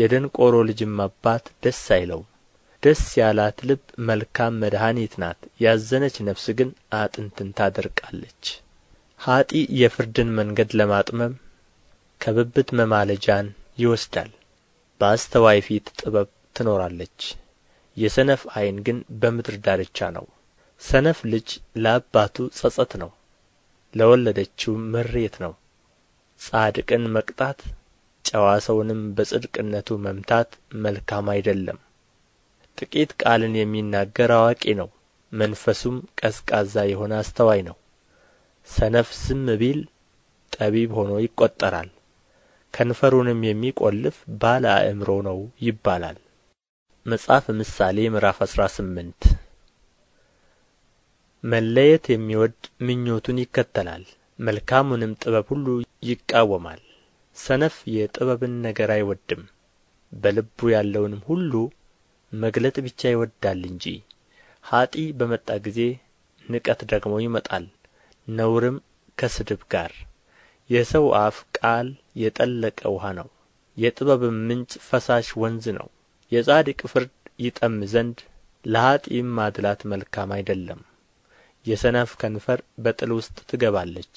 የደንቆሮ ልጅም አባት ደስ አይለውም ደስ ያላት ልብ መልካም መድኃኒት ናት ያዘነች ነፍስ ግን አጥንትን ታደርቃለች ኀጢ የፍርድን መንገድ ለማጥመም ከብብት መማለጃን ይወስዳል በአስተዋይ ፊት ጥበብ ትኖራለች የሰነፍ ዐይን ግን በምድር ዳርቻ ነው ሰነፍ ልጅ ለአባቱ ጸጸት ነው ለወለደችውም ምሬት ነው ጻድቅን መቅጣት ጨዋ ሰውንም በጽድቅነቱ መምታት መልካም አይደለም ጥቂት ቃልን የሚናገር አዋቂ ነው መንፈሱም ቀዝቃዛ የሆነ አስተዋይ ነው ሰነፍ ዝም ቢል ጠቢብ ሆኖ ይቈጠራል ከንፈሩንም የሚቈልፍ ባለ አእምሮ ነው ይባላል መጽሐፈ ምሳሌ ምዕራፍ 18 መለየት የሚወድ ምኞቱን ይከተላል፣ መልካሙንም ጥበብ ሁሉ ይቃወማል። ሰነፍ የጥበብን ነገር አይወድም፣ በልቡ ያለውንም ሁሉ መግለጥ ብቻ ይወዳል እንጂ። ኀጢ በመጣ ጊዜ ንቀት ደግሞ ይመጣል፣ ነውርም ከስድብ ጋር። የሰው አፍ ቃል የጠለቀ ውሃ ነው፣ የጥበብም ምንጭ ፈሳሽ ወንዝ ነው። የጻድቅ ፍርድ ይጠም ዘንድ ለኀጥእም ማድላት መልካም አይደለም የሰነፍ ከንፈር በጥል ውስጥ ትገባለች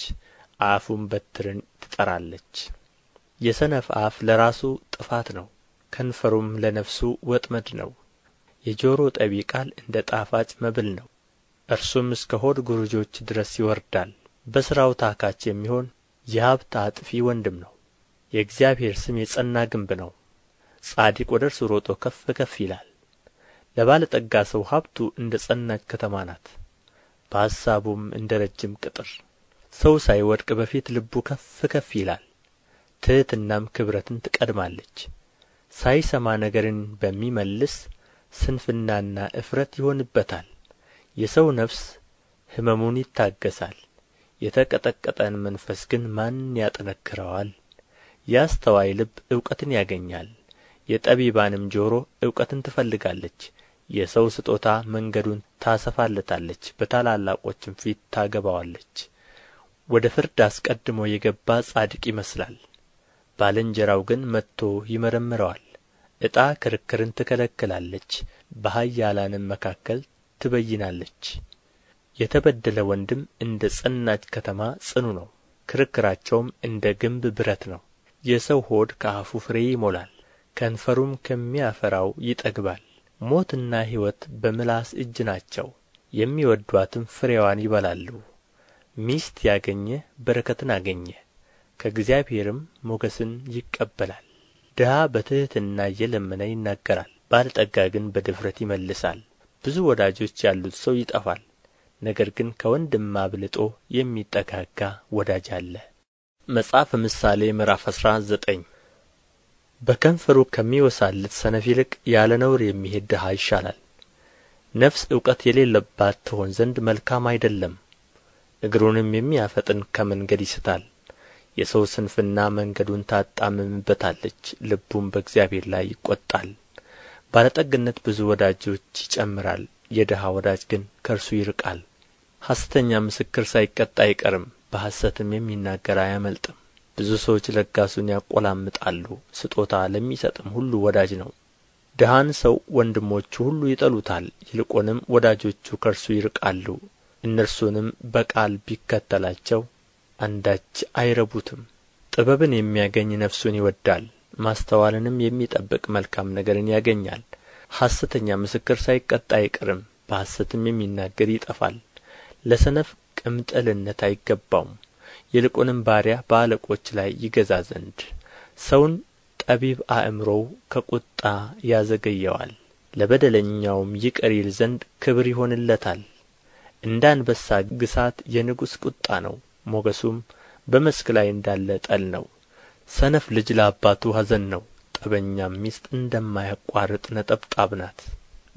አፉም በትርን ትጠራለች የሰነፍ አፍ ለራሱ ጥፋት ነው ከንፈሩም ለነፍሱ ወጥመድ ነው የጆሮ ጠቢ ቃል እንደ ጣፋጭ መብል ነው እርሱም እስከ ሆድ ጉርጆች ድረስ ይወርዳል በሥራው ታካች የሚሆን የሀብት አጥፊ ወንድም ነው የእግዚአብሔር ስም የጸና ግንብ ነው ጻድቅ ወደ እርሱ ሮጦ ከፍ ከፍ ይላል ለባለጠጋ ሰው ሀብቱ እንደ ጸናች ከተማ ናት በሐሳቡም እንደ ረጅም ቅጥር ሰው ሳይወድቅ በፊት ልቡ ከፍ ከፍ ይላል ትሕትናም ክብረትን ትቀድማለች ሳይሰማ ነገርን በሚመልስ ስንፍናና እፍረት ይሆንበታል የሰው ነፍስ ሕመሙን ይታገሳል። የተቀጠቀጠን መንፈስ ግን ማን ያጠነክረዋል የአስተዋይ ልብ እውቀትን ያገኛል የጠቢባንም ጆሮ እውቀትን ትፈልጋለች የሰው ስጦታ መንገዱን ታሰፋለታለች በታላላቆችም ፊት ታገባዋለች ወደ ፍርድ አስቀድሞ የገባ ጻድቅ ይመስላል ባልንጀራው ግን መጥቶ ይመረምረዋል ዕጣ ክርክርን ትከለክላለች በኃያላንም መካከል ትበይናለች የተበደለ ወንድም እንደ ጸናች ከተማ ጽኑ ነው ክርክራቸውም እንደ ግንብ ብረት ነው የሰው ሆድ ከአፉ ፍሬ ይሞላል ከንፈሩም ከሚያፈራው ይጠግባል። ሞትና ሕይወት በምላስ እጅ ናቸው፣ የሚወዷትም ፍሬዋን ይበላሉ። ሚስት ያገኘ በረከትን አገኘ፣ ከእግዚአብሔርም ሞገስን ይቀበላል። ድሀ በትሕትና እየለመነ ይናገራል፣ ባለጠጋ ግን በድፍረት ይመልሳል። ብዙ ወዳጆች ያሉት ሰው ይጠፋል፣ ነገር ግን ከወንድም አብልጦ የሚጠጋጋ ወዳጅ አለ። መጽሐፈ ምሳሌ ምዕራፍ አስራ ዘጠኝ በከንፈሩ ከሚወሳልት ሰነፍ ይልቅ ያለ ነውር የሚሄድ ድሃ ይሻላል ነፍስ እውቀት የሌለባት ትሆን ዘንድ መልካም አይደለም እግሩንም የሚያፈጥን ከመንገድ ይስታል የሰው ስንፍና መንገዱን ታጣምምበታለች ልቡም በእግዚአብሔር ላይ ይቈጣል ባለጠግነት ብዙ ወዳጆች ይጨምራል የድሃ ወዳጅ ግን ከእርሱ ይርቃል ሐሰተኛ ምስክር ሳይቀጣ አይቀርም በሐሰትም የሚናገር አያመልጥም ብዙ ሰዎች ለጋሱን ያቆላምጣሉ። ስጦታ ለሚሰጥም ሁሉ ወዳጅ ነው ድሃን ሰው ወንድሞቹ ሁሉ ይጠሉታል ይልቁንም ወዳጆቹ ከእርሱ ይርቃሉ እነርሱንም በቃል ቢከተላቸው አንዳች አይረቡትም ጥበብን የሚያገኝ ነፍሱን ይወዳል ማስተዋልንም የሚጠብቅ መልካም ነገርን ያገኛል ሐሰተኛ ምስክር ሳይቀጣ አይቀርም በሐሰትም የሚናገር ይጠፋል ለሰነፍ ቅምጥልነት አይገባውም ይልቁንም ባሪያ በአለቆች ላይ ይገዛ ዘንድ። ሰውን ጠቢብ አእምሮው ከቁጣ ያዘገየዋል፣ ለበደለኛውም ይቅር ይል ዘንድ ክብር ይሆንለታል። እንደ አንበሳ ግሳት የንጉሥ ቁጣ ነው፣ ሞገሱም በመስክ ላይ እንዳለ ጠል ነው። ሰነፍ ልጅ ለአባቱ ሐዘን ነው፣ ጠበኛም ሚስት እንደማያቋርጥ ነጠብጣብ ናት።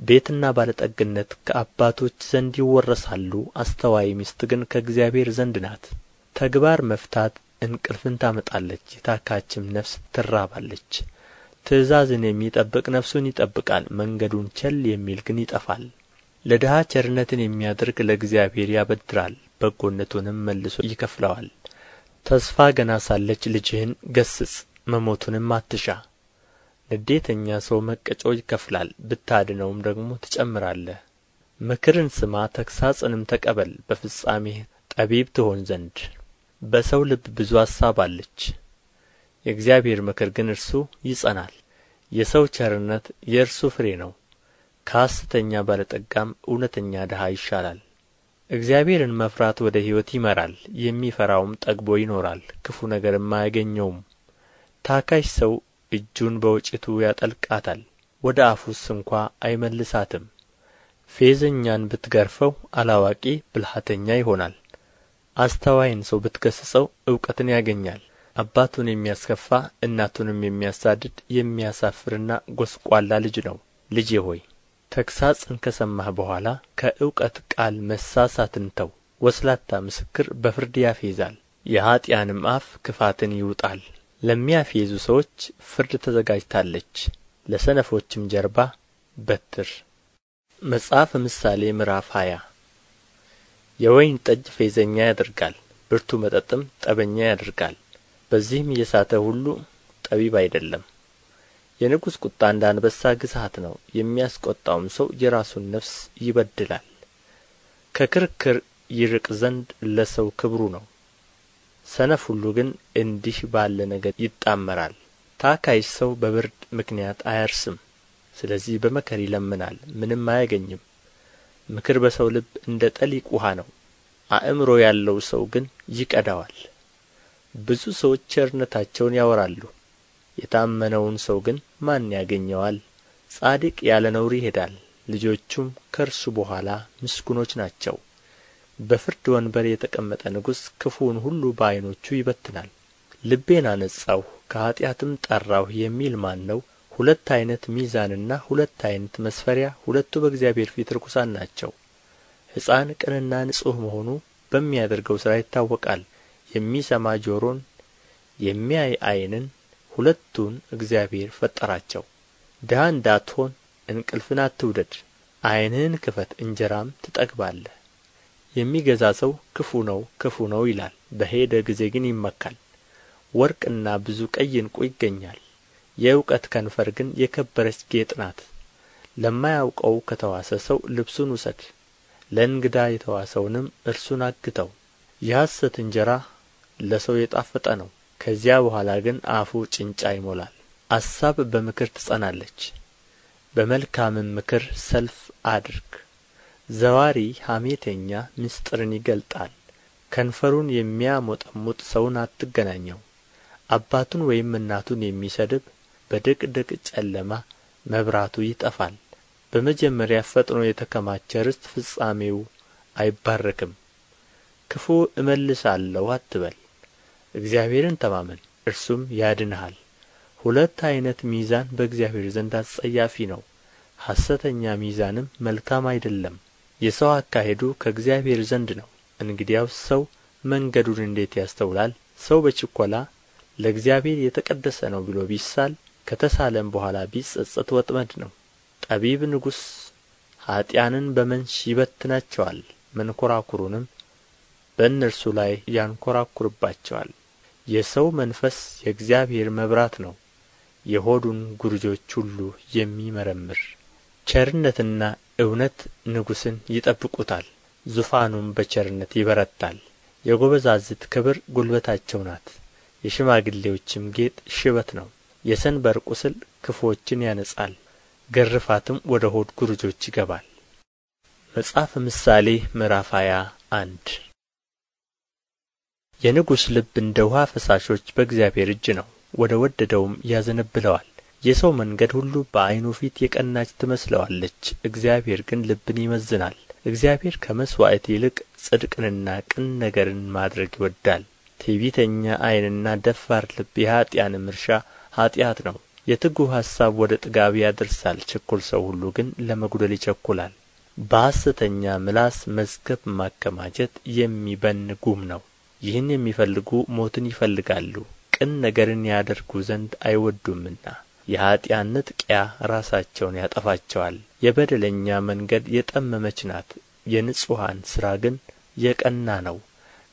ቤትና ባለጠግነት ከአባቶች ዘንድ ይወረሳሉ፣ አስተዋይ ሚስት ግን ከእግዚአብሔር ዘንድ ናት። ተግባር መፍታት እንቅልፍን ታመጣለች የታካችም ነፍስ ትራባለች ትእዛዝን የሚጠብቅ ነፍሱን ይጠብቃል መንገዱን ቸል የሚል ግን ይጠፋል ለድሃ ቸርነትን የሚያደርግ ለእግዚአብሔር ያበድራል በጎነቱንም መልሶ ይከፍለዋል ተስፋ ገና ሳለች ልጅህን ገስጽ መሞቱንም አትሻ ንዴተኛ ሰው መቀጮ ይከፍላል ብታድነውም ደግሞ ትጨምራለህ ምክርን ስማ ተግሣጽንም ተቀበል በፍጻሜህ ጠቢብ ትሆን ዘንድ በሰው ልብ ብዙ አሳብ አለች፣ የእግዚአብሔር ምክር ግን እርሱ ይጸናል። የሰው ቸርነት የእርሱ ፍሬ ነው፣ ከሐሰተኛ ባለጠጋም እውነተኛ ድሃ ይሻላል። እግዚአብሔርን መፍራት ወደ ሕይወት ይመራል፣ የሚፈራውም ጠግቦ ይኖራል፣ ክፉ ነገርም አያገኘውም። ታካሽ ሰው እጁን በወጭቱ ያጠልቃታል፣ ወደ አፉስ እንኳ አይመልሳትም። ፌዘኛን ብትገርፈው አላዋቂ ብልሃተኛ ይሆናል። አስተዋይን ሰው ብትገሥጸው እውቀትን ያገኛል አባቱን የሚያስከፋ እናቱንም የሚያሳድድ የሚያሳፍርና ጐስቋላ ልጅ ነው ልጄ ሆይ ተግሣጽን ከሰማህ በኋላ ከእውቀት ቃል መሳሳትን ተው ወስላታ ምስክር በፍርድ ያፌዛል የኀጢአንም አፍ ክፋትን ይውጣል ለሚያፌዙ ሰዎች ፍርድ ተዘጋጅታለች ለሰነፎችም ጀርባ በትር መጽሐፈ ምሳሌ ምዕራፍ ሃያ የወይን ጠጅ ፌዘኛ ያደርጋል ብርቱ መጠጥም ጠበኛ ያደርጋል በዚህም የሳተ ሁሉ ጠቢብ አይደለም የንጉሥ ቁጣ እንደ አንበሳ ግሣት ነው የሚያስቆጣውም ሰው የራሱን ነፍስ ይበድላል ከክርክር ይርቅ ዘንድ ለሰው ክብሩ ነው ሰነፍ ሁሉ ግን እንዲህ ባለ ነገር ይጣመራል ታካይ ሰው በብርድ ምክንያት አያርስም ስለዚህ በመከር ይለምናል ምንም አያገኝም ምክር በሰው ልብ እንደ ጠሊቅ ውሃ ነው፣ አእምሮ ያለው ሰው ግን ይቀዳዋል። ብዙ ሰዎች ቸርነታቸውን ያወራሉ፣ የታመነውን ሰው ግን ማን ያገኘዋል? ጻድቅ ያለ ነውር ይሄዳል፣ ልጆቹም ከእርሱ በኋላ ምስጉኖች ናቸው። በፍርድ ወንበር የተቀመጠ ንጉሥ ክፉውን ሁሉ በዐይኖቹ ይበትናል። ልቤን አነጻሁ ከኀጢአትም ጠራሁ የሚል ማን ነው? ሁለት አይነት ሚዛንና ሁለት አይነት መስፈሪያ ሁለቱ በእግዚአብሔር ፊት ርኩሳን ናቸው ሕፃን ቅንና ንጹሕ መሆኑ በሚያደርገው ሥራ ይታወቃል የሚሰማ ጆሮን የሚያይ አይንን ሁለቱን እግዚአብሔር ፈጠራቸው ድሀ እንዳትሆን እንቅልፍን አትውደድ ዓይንህን ክፈት እንጀራም ትጠግባለህ የሚገዛ ሰው ክፉ ነው ክፉ ነው ይላል በሄደ ጊዜ ግን ይመካል ወርቅና ብዙ ቀይ ዕንቁ ይገኛል የእውቀት ከንፈር ግን የከበረች ጌጥ ናት። ለማያውቀው ከተዋሰ ሰው ልብሱን ውሰድ፣ ለእንግዳ የተዋሰውንም እርሱን አግተው። የሐሰት እንጀራ ለሰው የጣፈጠ ነው፣ ከዚያ በኋላ ግን አፉ ጭንጫ ይሞላል። አሳብ በምክር ትጸናለች፣ በመልካምም ምክር ሰልፍ አድርግ። ዘዋሪ ሐሜተኛ ምስጢርን ይገልጣል፣ ከንፈሩን የሚያሞጠሙጥ ሰውን አትገናኘው። አባቱን ወይም እናቱን የሚሰድብ በድቅድቅ ጨለማ መብራቱ ይጠፋል። በመጀመሪያ ፈጥኖ የተከማቸ ርስት ፍጻሜው አይባረክም። ክፉ እመልሳለሁ አትበል፣ እግዚአብሔርን ተማመን እርሱም ያድንሃል። ሁለት አይነት ሚዛን በእግዚአብሔር ዘንድ አስጸያፊ ነው፣ ሐሰተኛ ሚዛንም መልካም አይደለም። የሰው አካሄዱ ከእግዚአብሔር ዘንድ ነው። እንግዲያው ሰው መንገዱን እንዴት ያስተውላል? ሰው በችኰላ ለእግዚአብሔር የተቀደሰ ነው ብሎ ቢሳል ከተሳለም በኋላ ቢጸጸት ወጥመድ ነው ጠቢብ ንጉሥ ኀጥኣንን በመንሽ ይበትናቸዋል መንኰራኵሩንም በእነርሱ ላይ ያንኰራኵርባቸዋል የሰው መንፈስ የእግዚአብሔር መብራት ነው የሆዱን ጉርጆች ሁሉ የሚመረምር ቸርነትና እውነት ንጉሥን ይጠብቁታል ዙፋኑም በቸርነት ይበረታል የጐበዛዝት ክብር ጒልበታቸው ናት የሽማግሌዎችም ጌጥ ሽበት ነው የሰንበር ቁስል ክፉዎችን ያነጻል ግርፋትም ወደ ሆድ ጉርጆች ይገባል መጽሐፈ ምሳሌ ምዕራፍ ሃያ አንድ የንጉሥ ልብ እንደ ውኃ ፈሳሾች በእግዚአብሔር እጅ ነው፣ ወደ ወደደውም ያዘነብለዋል። የሰው መንገድ ሁሉ በአይኑ ፊት የቀናች ትመስለዋለች፣ እግዚአብሔር ግን ልብን ይመዝናል። እግዚአብሔር ከመሥዋዕት ይልቅ ጽድቅንና ቅን ነገርን ማድረግ ይወዳል። ትዕቢተኛ አይንና ደፋር ልብ የኀጢአንም እርሻ ኃጢአት ነው። የትጉህ ሐሳብ ወደ ጥጋብ ያደርሳል፣ ችኩል ሰው ሁሉ ግን ለመጉደል ይቸኩላል። በሐሰተኛ ምላስ መዝገብ ማከማቸት የሚበን ጉም ነው። ይህን የሚፈልጉ ሞትን ይፈልጋሉ፣ ቅን ነገርን ያደርጉ ዘንድ አይወዱምና። የኀጢአን ንጥቂያ ራሳቸውን ያጠፋቸዋል። የበደለኛ መንገድ የጠመመች ናት፣ የንጹሐን ሥራ ግን የቀና ነው።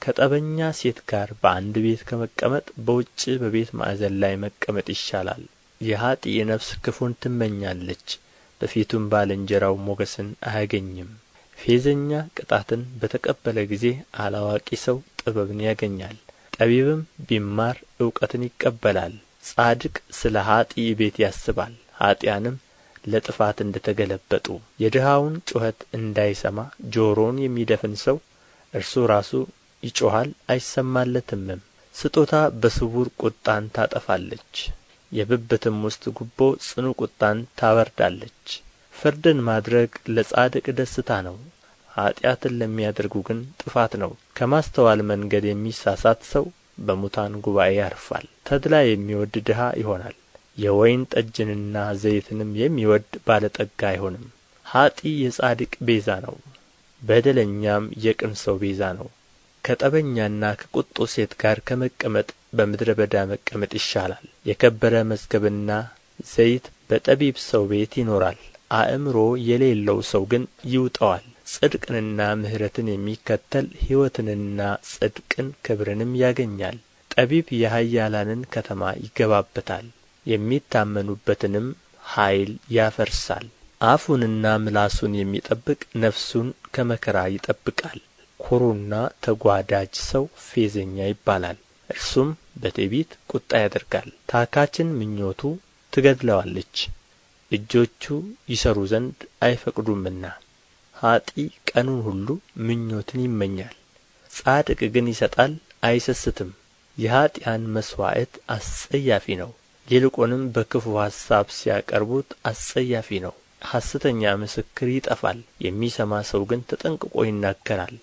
ከጠበኛ ሴት ጋር በአንድ ቤት ከመቀመጥ በውጭ በቤት ማዕዘን ላይ መቀመጥ ይሻላል። የኀጥእ ነፍስ ክፉን ትመኛለች፣ በፊቱም ባልንጀራው ሞገስን አያገኝም። ፌዘኛ ቅጣትን በተቀበለ ጊዜ አላዋቂ ሰው ጥበብን ያገኛል፣ ጠቢብም ቢማር እውቀትን ይቀበላል። ጻድቅ ስለ ኀጥእ ቤት ያስባል፣ ኀጢያንም ለጥፋት እንደ ተገለበጡ። የድሃውን ጩኸት እንዳይሰማ ጆሮውን የሚደፍን ሰው እርሱ ራሱ ይጮኻል አይሰማለትምም ስጦታ በስውር ቁጣን ታጠፋለች የብብትም ውስጥ ጉቦ ጽኑ ቁጣን ታበርዳለች ፍርድን ማድረግ ለጻድቅ ደስታ ነው ኀጢአትን ለሚያደርጉ ግን ጥፋት ነው ከማስተዋል መንገድ የሚሳሳት ሰው በሙታን ጉባኤ ያርፋል ተድላ የሚወድ ድሃ ይሆናል የወይን ጠጅንና ዘይትንም የሚወድ ባለጠጋ አይሆንም ኀጢ የጻድቅ ቤዛ ነው በደለኛም የቅን ሰው ቤዛ ነው ከጠበኛና ከቁጡ ሴት ጋር ከመቀመጥ በምድረ በዳ መቀመጥ ይሻላል። የከበረ መዝገብና ዘይት በጠቢብ ሰው ቤት ይኖራል፣ አእምሮ የሌለው ሰው ግን ይውጠዋል። ጽድቅንና ምሕረትን የሚከተል ሕይወትንና ጽድቅን ክብርንም ያገኛል። ጠቢብ የኃያላንን ከተማ ይገባበታል፣ የሚታመኑበትንም ኃይል ያፈርሳል። አፉንና ምላሱን የሚጠብቅ ነፍሱን ከመከራ ይጠብቃል። ኵሩና ተጓዳጅ ሰው ፌዘኛ ይባላል እርሱም በትዕቢት ቁጣ ያደርጋል ታካችን ምኞቱ ትገድለዋለች እጆቹ ይሰሩ ዘንድ አይፈቅዱምና ኀጢ ቀኑን ሁሉ ምኞትን ይመኛል ጻድቅ ግን ይሰጣል አይሰስትም የኀጢአን መሥዋዕት አስጸያፊ ነው ይልቁንም በክፉ ሐሳብ ሲያቀርቡት አስጸያፊ ነው ሐሰተኛ ምስክር ይጠፋል የሚሰማ ሰው ግን ተጠንቅቆ ይናገራል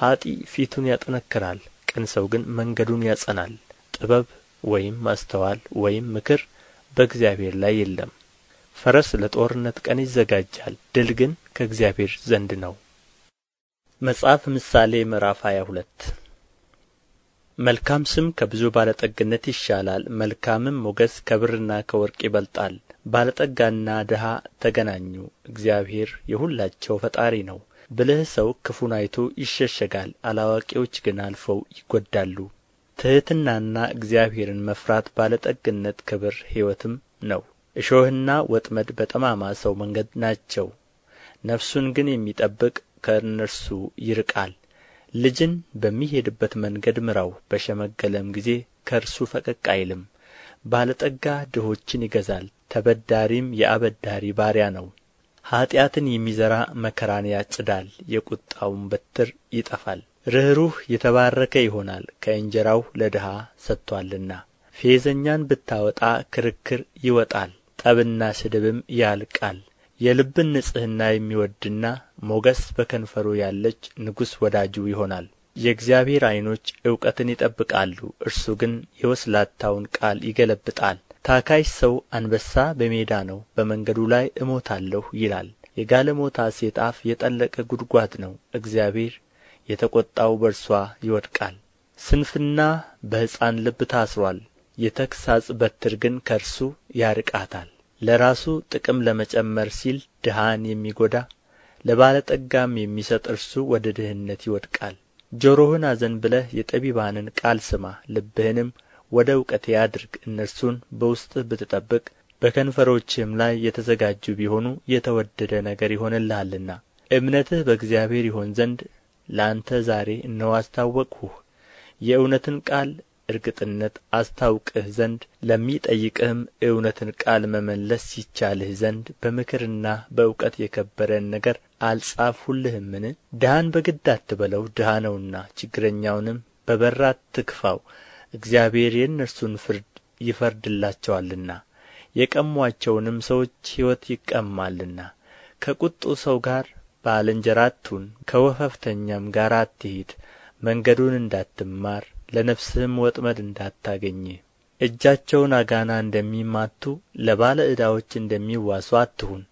ኀጢ ፊቱን ያጠነክራል ቅን ሰው ግን መንገዱን ያጸናል ጥበብ ወይም ማስተዋል ወይም ምክር በእግዚአብሔር ላይ የለም ፈረስ ለጦርነት ቀን ይዘጋጃል ድል ግን ከእግዚአብሔር ዘንድ ነው መጽሐፍ ምሳሌ ምዕራፍ ሃያ ሁለት መልካም ስም ከብዙ ባለጠግነት ይሻላል መልካምም ሞገስ ከብርና ከወርቅ ይበልጣል ባለጠጋና ድሃ ተገናኙ እግዚአብሔር የሁላቸው ፈጣሪ ነው ብልህ ሰው ክፉን አይቶ ይሸሸጋል አላዋቂዎች ግን አልፈው ይጐዳሉ ትሕትናና እግዚአብሔርን መፍራት ባለጠግነት ክብር ሕይወትም ነው እሾህና ወጥመድ በጠማማ ሰው መንገድ ናቸው ነፍሱን ግን የሚጠብቅ ከእነርሱ ይርቃል ልጅን በሚሄድበት መንገድ ምራው በሸመገለም ጊዜ ከእርሱ ፈቀቅ አይልም ባለጠጋ ድሆችን ይገዛል ተበዳሪም የአበዳሪ ባሪያ ነው ኃጢአትን የሚዘራ መከራን ያጭዳል የቁጣውን በትር ይጠፋል ርኅሩህ የተባረከ ይሆናል ከእንጀራው ለድሀ ሰጥቶአልና ፌዘኛን ብታወጣ ክርክር ይወጣል ጠብና ስድብም ያልቃል የልብን ንጽሕና የሚወድና ሞገስ በከንፈሩ ያለች ንጉሥ ወዳጁ ይሆናል የእግዚአብሔር ዐይኖች እውቀትን ይጠብቃሉ እርሱ ግን የወስላታውን ቃል ይገለብጣል ታካች ሰው አንበሳ በሜዳ ነው በመንገዱ ላይ እሞታለሁ ይላል የጋለሞታ ሴት አፍ የጠለቀ ጉድጓድ ነው እግዚአብሔር የተቈጣው በእርሷ ይወድቃል ስንፍና በሕፃን ልብ ታስሯል። የተግሣጽ በትር ግን ከእርሱ ያርቃታል ለራሱ ጥቅም ለመጨመር ሲል ድሃን የሚጐዳ ለባለጠጋም የሚሰጥ እርሱ ወደ ድህነት ይወድቃል ጆሮህን አዘንብለህ የጠቢባንን ቃል ስማ ልብህንም ወደ እውቀቴ አድርግ እነርሱን በውስጥህ ብትጠብቅ በከንፈሮችህም ላይ የተዘጋጁ ቢሆኑ የተወደደ ነገር ይሆንልሃልና እምነትህ በእግዚአብሔር ይሆን ዘንድ ለአንተ ዛሬ እነሆ አስታወቅሁህ የእውነትን ቃል እርግጥነት አስታውቅህ ዘንድ ለሚጠይቅህም እውነትን ቃል መመለስ ይቻልህ ዘንድ በምክርና በእውቀት የከበረን ነገር አልጻፍሁልህምን ድሃን በግድ አትበለው ድሃ ነውና ችግረኛውንም በበራት ትክፋው እግዚአብሔር የእነርሱን ፍርድ ይፈርድላቸዋልና የቀሙአቸውንም ሰዎች ሕይወት ይቀማልና ከቍጡ ሰው ጋር ባልንጀራ አትሁን ከወፈፍተኛም ጋር አትሂድ መንገዱን እንዳትማር ለነፍስህም ወጥመድ እንዳታገኝ። እጃቸውን አጋና እንደሚማቱ ለባለ ዕዳዎች እንደሚዋሱ አትሁን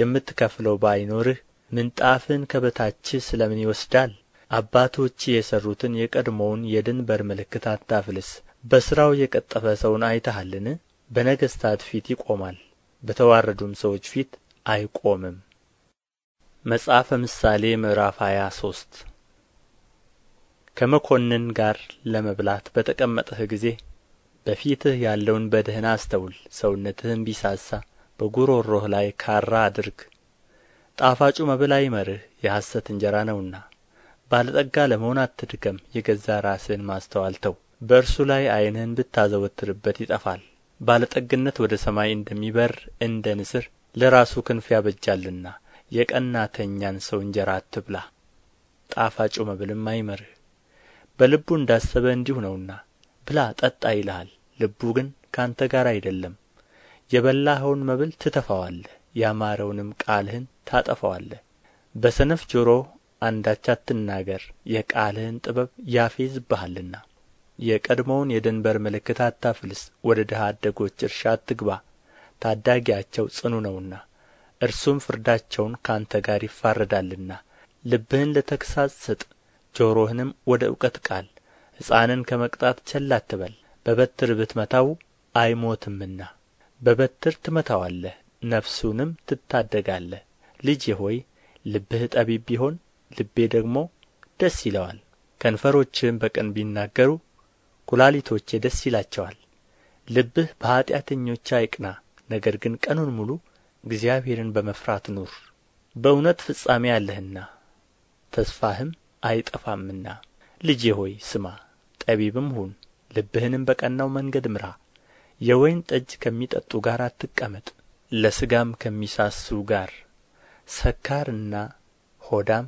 የምትከፍለው ባይኖርህ ምንጣፍህን ከበታችህ ስለ ምን ይወስዳል አባቶች የሠሩትን የቀድሞውን የድንበር ምልክት አታፍልስ በሥራው የቀጠፈ ሰውን አይተሃልን በነገሥታት ፊት ይቆማል በተዋረዱም ሰዎች ፊት አይቆምም መጽሐፈ ምሳሌ ምዕራፍ ሃያ ሶስት ከመኮንን ጋር ለመብላት በተቀመጠህ ጊዜ በፊትህ ያለውን በድህን አስተውል ሰውነትህም ቢሳሳ በጉሮሮህ ላይ ካራ አድርግ ጣፋጩ መብል አይመርህ የሐሰት እንጀራ ነውና ባለጠጋ ለመሆን አትድከም የገዛ ራስህን ማስተዋል ተው በእርሱ ላይ ዓይንህን ብታዘወትርበት ይጠፋል ባለጠግነት ወደ ሰማይ እንደሚበር እንደ ንስር ለራሱ ክንፍ ያበጃልና የቀናተኛን ሰው እንጀራ አትብላ ጣፋጩ መብልም አይመርህ በልቡ እንዳሰበ እንዲሁ ነውና ብላ ጠጣ ይልሃል ልቡ ግን ካንተ ጋር አይደለም የበላኸውን መብል ትተፋዋለህ ያማረውንም ቃልህን ታጠፋዋለህ በሰነፍ ጆሮ አንዳች አትናገር የቃልህን ጥበብ ያፌዝብሃልና የቀድሞውን የድንበር ምልክት አታፍልስ ወደ ድሀ አደጎች እርሻ አትግባ ታዳጊያቸው ጽኑ ነውና እርሱም ፍርዳቸውን ከአንተ ጋር ይፋረዳልና ልብህን ለተግሣጽ ስጥ ጆሮህንም ወደ እውቀት ቃል ሕፃንን ከመቅጣት ቸል አትበል በበትር ብትመታው አይሞትምና በበትር ትመታዋለህ ነፍሱንም ትታደጋለህ ልጄ ሆይ ልብህ ጠቢብ ቢሆን ልቤ ደግሞ ደስ ይለዋል ከንፈሮችህም በቀን ቢናገሩ ኩላሊቶቼ ደስ ይላቸዋል ልብህ በኃጢአተኞች አይቅና ነገር ግን ቀኑን ሙሉ እግዚአብሔርን በመፍራት ኑር በእውነት ፍጻሜ አለህና ተስፋህም አይጠፋምና ልጄ ሆይ ስማ ጠቢብም ሁን ልብህንም በቀናው መንገድ ምራ የወይን ጠጅ ከሚጠጡ ጋር አትቀመጥ ለሥጋም ከሚሳሱ ጋር ሰካርና ሆዳም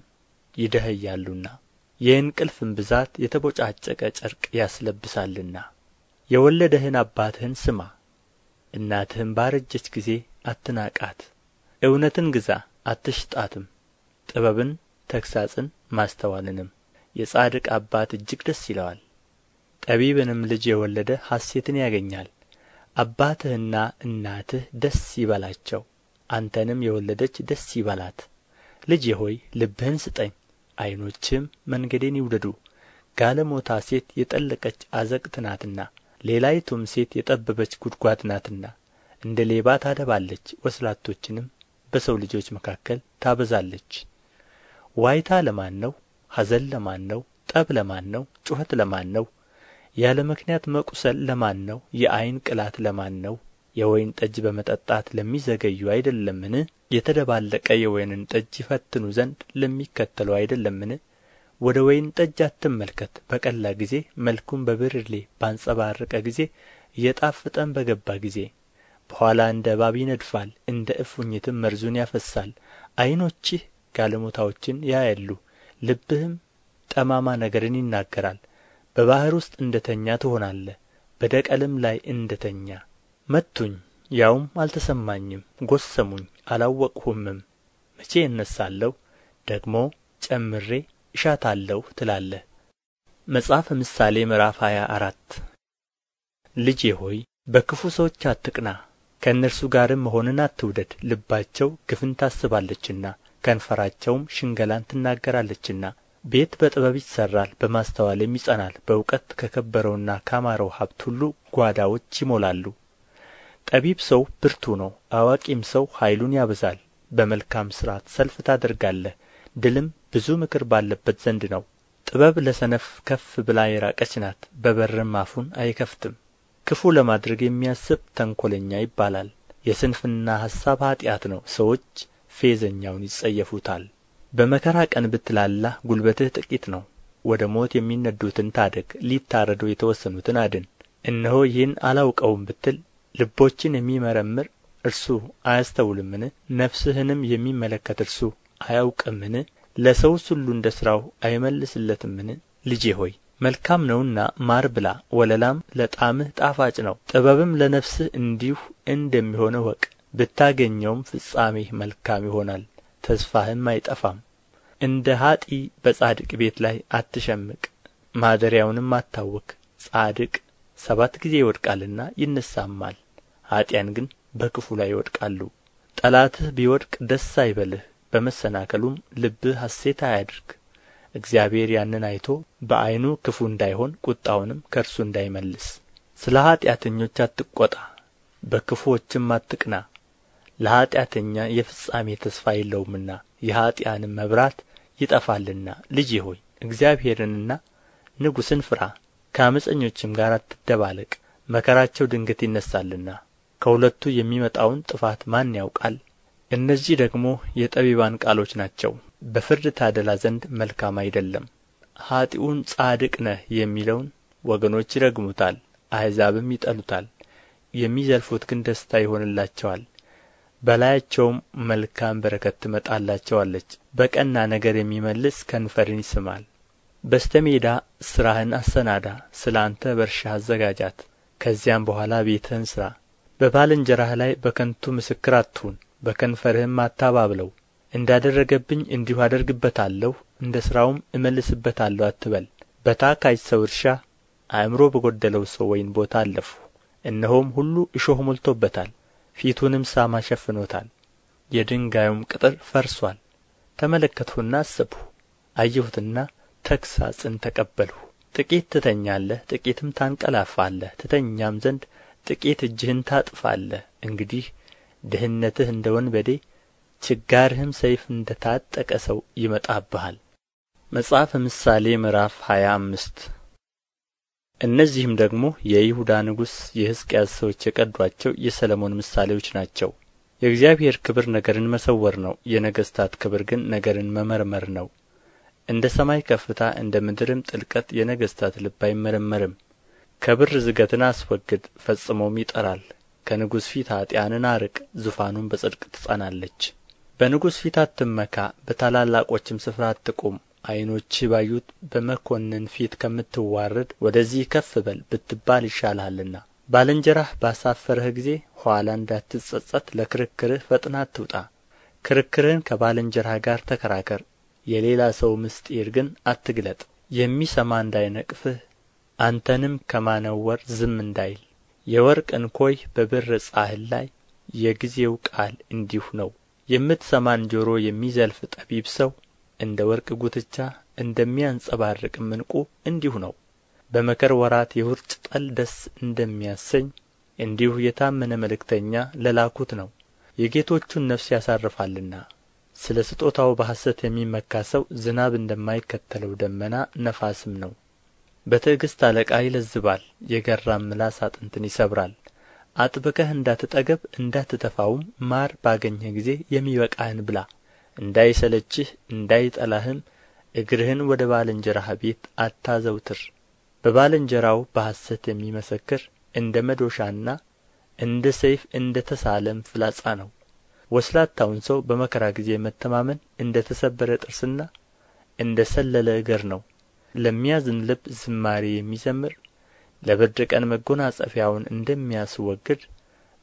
ይደኸያሉና የእንቅልፍም ብዛት የተቦጫጨቀ ጨርቅ ያስለብሳልና የወለደህን አባትህን ስማ እናትህም ባረጀች ጊዜ አትናቃት እውነትን ግዛ አትሽጣትም ጥበብን ተግሣጽን ማስተዋልንም የጻድቅ አባት እጅግ ደስ ይለዋል ጠቢብንም ልጅ የወለደ ሐሴትን ያገኛል አባትህና እናትህ ደስ ይበላቸው አንተንም የወለደች ደስ ይበላት ልጄ ሆይ ልብህን ስጠኝ ዓይኖችህም መንገዴን ይውደዱ ጋለሞታ ሴት የጠለቀች አዘቅት ናትና ሌላይቱም ሴት የጠበበች ጕድጓድ ናትና እንደ ሌባ ታደባለች ወስላቶችንም በሰው ልጆች መካከል ታበዛለች ዋይታ ለማን ነው ሐዘን ለማን ነው ጠብ ለማን ነው ጩኸት ለማን ነው ያለ ምክንያት መቍሰል ለማን ነው የዐይን ቅላት ለማን ነው የወይን ጠጅ በመጠጣት ለሚዘገዩ አይደለምን የተደባለቀ የወይንን ጠጅ ይፈትኑ ዘንድ ለሚከተሉ አይደለምን ወደ ወይን ጠጅ አትመልከት በቀላ ጊዜ መልኩም በብርሌ ባንጸባረቀ ጊዜ እየጣፍጠን በገባ ጊዜ በኋላ እንደ እባብ ይነድፋል እንደ እፉኝትም መርዙን ያፈሳል አይኖችህ ጋለሞታዎችን ያያሉ ልብህም ጠማማ ነገርን ይናገራል በባሕር ውስጥ እንደ ተኛ ትሆናለህ በደቀልም ላይ እንደ ተኛ መቱኝ ያውም አልተሰማኝም ጎሰሙኝ አላወቅሁምም መቼ እነሳለሁ ደግሞ ጨምሬ እሻታለሁ ትላለህ መጽሐፈ ምሳሌ ምዕራፍ ሃያ አራት ልጄ ሆይ በክፉ ሰዎች አትቅና ከእነርሱ ጋርም መሆንን አትውደድ ልባቸው ግፍን ታስባለችና ከንፈራቸውም ሽንገላን ትናገራለችና ቤት በጥበብ ይሠራል በማስተዋልም ይጸናል በእውቀት ከከበረውና ካማረው ሀብት ሁሉ ጓዳዎች ይሞላሉ ጠቢብ ሰው ብርቱ ነው አዋቂም ሰው ኃይሉን ያበዛል በመልካም ሥርዓት ሰልፍ ታደርጋለህ ድልም ብዙ ምክር ባለበት ዘንድ ነው ጥበብ ለሰነፍ ከፍ ብላ የራቀች ናት በበርም አፉን አይከፍትም ክፉ ለማድረግ የሚያስብ ተንኰለኛ ይባላል የስንፍና ሐሳብ ኀጢአት ነው ሰዎች ፌዘኛውን ይጸየፉታል በመከራ ቀን ብትላላ ጉልበትህ ጥቂት ነው ወደ ሞት የሚነዱትን ታደግ ሊታረዱ የተወሰኑትን አድን እነሆ ይህን አላውቀውም ብትል ልቦችን የሚመረምር እርሱ አያስተውልምን ነፍስህንም የሚመለከት እርሱ አያውቅምን ለሰውስ ሁሉ እንደ ሥራው አይመልስለትምን ልጄ ሆይ መልካም ነውና ማር ብላ ወለላም ለጣምህ ጣፋጭ ነው ጥበብም ለነፍስህ እንዲሁ እንደሚሆን እወቅ ብታገኘውም ፍጻሜህ መልካም ይሆናል ተስፋህም አይጠፋም እንደ ኀጢ በጻድቅ ቤት ላይ አትሸምቅ ማደሪያውንም አታውክ ጻድቅ ሰባት ጊዜ ይወድቃልና ይነሳማል። ኀጥኣን ግን በክፉ ላይ ይወድቃሉ ጠላትህ ቢወድቅ ደስ አይበልህ በመሰናከሉም ልብህ ሐሴት አያድርግ እግዚአብሔር ያንን አይቶ በዐይኑ ክፉ እንዳይሆን ቁጣውንም ከእርሱ እንዳይመልስ ስለ ኀጢአተኞች አትቈጣ በክፉዎችም አትቅና ለኀጢአተኛ የፍጻሜ ተስፋ የለውምና የኀጢአንም መብራት ይጠፋልና ልጄ ሆይ እግዚአብሔርንና ንጉሥን ፍራ ከዓመፀኞችም ጋር አትደባለቅ መከራቸው ድንገት ይነሣልና ከሁለቱ የሚመጣውን ጥፋት ማን ያውቃል እነዚህ ደግሞ የጠቢባን ቃሎች ናቸው በፍርድ ታደላ ዘንድ መልካም አይደለም ኀጢኡን ጻድቅ ነህ የሚለውን ወገኖች ይረግሙታል አሕዛብም ይጠሉታል የሚዘልፉት ግን ደስታ ይሆንላቸዋል በላያቸውም መልካም በረከት ትመጣላቸዋለች በቀና ነገር የሚመልስ ከንፈርን ይስማል በስተ ሜዳ ሥራህን አሰናዳ ስለ አንተ በእርሻህ አዘጋጃት ከዚያም በኋላ ቤትህን ሥራ በባልንጀራህ ላይ በከንቱ ምስክር አትሁን፣ በከንፈርህም አታባብለው። እንዳደረገብኝ እንዲሁ አደርግበታለሁ፣ እንደ ሥራውም እመልስበታለሁ አትበል። በታካች ሰው እርሻ፣ አእምሮ በጐደለው ሰው ወይን ቦታ አለፉ እነሆም ሁሉ እሾህ ሞልቶበታል፣ ፊቱንም ሳማ ሸፍኖታል፣ የድንጋዩም ቅጥር ፈርሷል። ተመለከትሁና አሰብሁ፣ አየሁትና ተግሣጽን ተቀበልሁ። ጥቂት ትተኛለህ፣ ጥቂትም ታንቀላፋለህ፣ ትተኛም ዘንድ ጥቂት እጅህን ታጥፋለህ እንግዲህ ድህነትህ እንደ ወንበዴ ችጋርህም ሰይፍ እንደ ታጠቀ ሰው ይመጣብሃል መጽሐፈ ምሳሌ ምዕራፍ ሃያ አምስት እነዚህም ደግሞ የይሁዳ ንጉሥ የሕዝቅያስ ሰዎች የቀዷቸው የሰለሞን ምሳሌዎች ናቸው የእግዚአብሔር ክብር ነገርን መሰወር ነው የነገሥታት ክብር ግን ነገርን መመርመር ነው እንደ ሰማይ ከፍታ እንደ ምድርም ጥልቀት የነገሥታት ልብ አይመረመርም ከብር ዝገትን አስወግድ ፈጽሞም ይጠራል ከንጉሥ ፊት ኀጥኣንን አርቅ ዙፋኑን በጽድቅ ትጸናለች በንጉሥ ፊት አትመካ በታላላቆችም ስፍራ አትቁም ዐይኖችህ ባዩት በመኰንን ፊት ከምትዋረድ ወደዚህ ከፍ በል ብትባል ይሻልሃልና ባልንጀራህ ባሳፈረህ ጊዜ ኋላ እንዳትጸጸት ለክርክርህ ፈጥና አትውጣ ክርክርህን ከባልንጀራህ ጋር ተከራከር የሌላ ሰው ምስጢር ግን አትግለጥ የሚሰማ እንዳይነቅፍህ አንተንም ከማነወር ዝም እንዳይል የወርቅ እንኮይ በብር ጻሕል ላይ የጊዜው ቃል እንዲሁ ነው የምትሰማን ጆሮ የሚዘልፍ ጠቢብ ሰው እንደ ወርቅ ጉትቻ እንደሚያንጸባርቅም እንቁ እንዲሁ ነው በመከር ወራት የውርጭ ጠል ደስ እንደሚያሰኝ እንዲሁ የታመነ መልእክተኛ ለላኩት ነው የጌቶቹን ነፍስ ያሳርፋልና ስለ ስጦታው በሐሰት የሚመካ ሰው ዝናብ እንደማይከተለው ደመና ነፋስም ነው በትዕግሥት አለቃ ይለዝባል የገራም ምላስ አጥንትን ይሰብራል አጥብቀህ እንዳትጠገብ እንዳትተፋውም ማር ባገኘህ ጊዜ የሚበቃህን ብላ እንዳይሰለችህ እንዳይጠላህም እግርህን ወደ ባልንጀራህ ቤት አታዘውትር በባልንጀራው በሐሰት የሚመሰክር እንደ መዶሻና እንደ ሰይፍ እንደ ተሳለም ፍላጻ ነው ወስላታውን ሰው በመከራ ጊዜ መተማመን እንደ ተሰበረ ጥርስና እንደ ሰለለ እግር ነው ለሚያዝን ልብ ዝማሬ የሚዘምር ለብርድ ቀን መጎናጸፊያውን እንደሚያስወግድ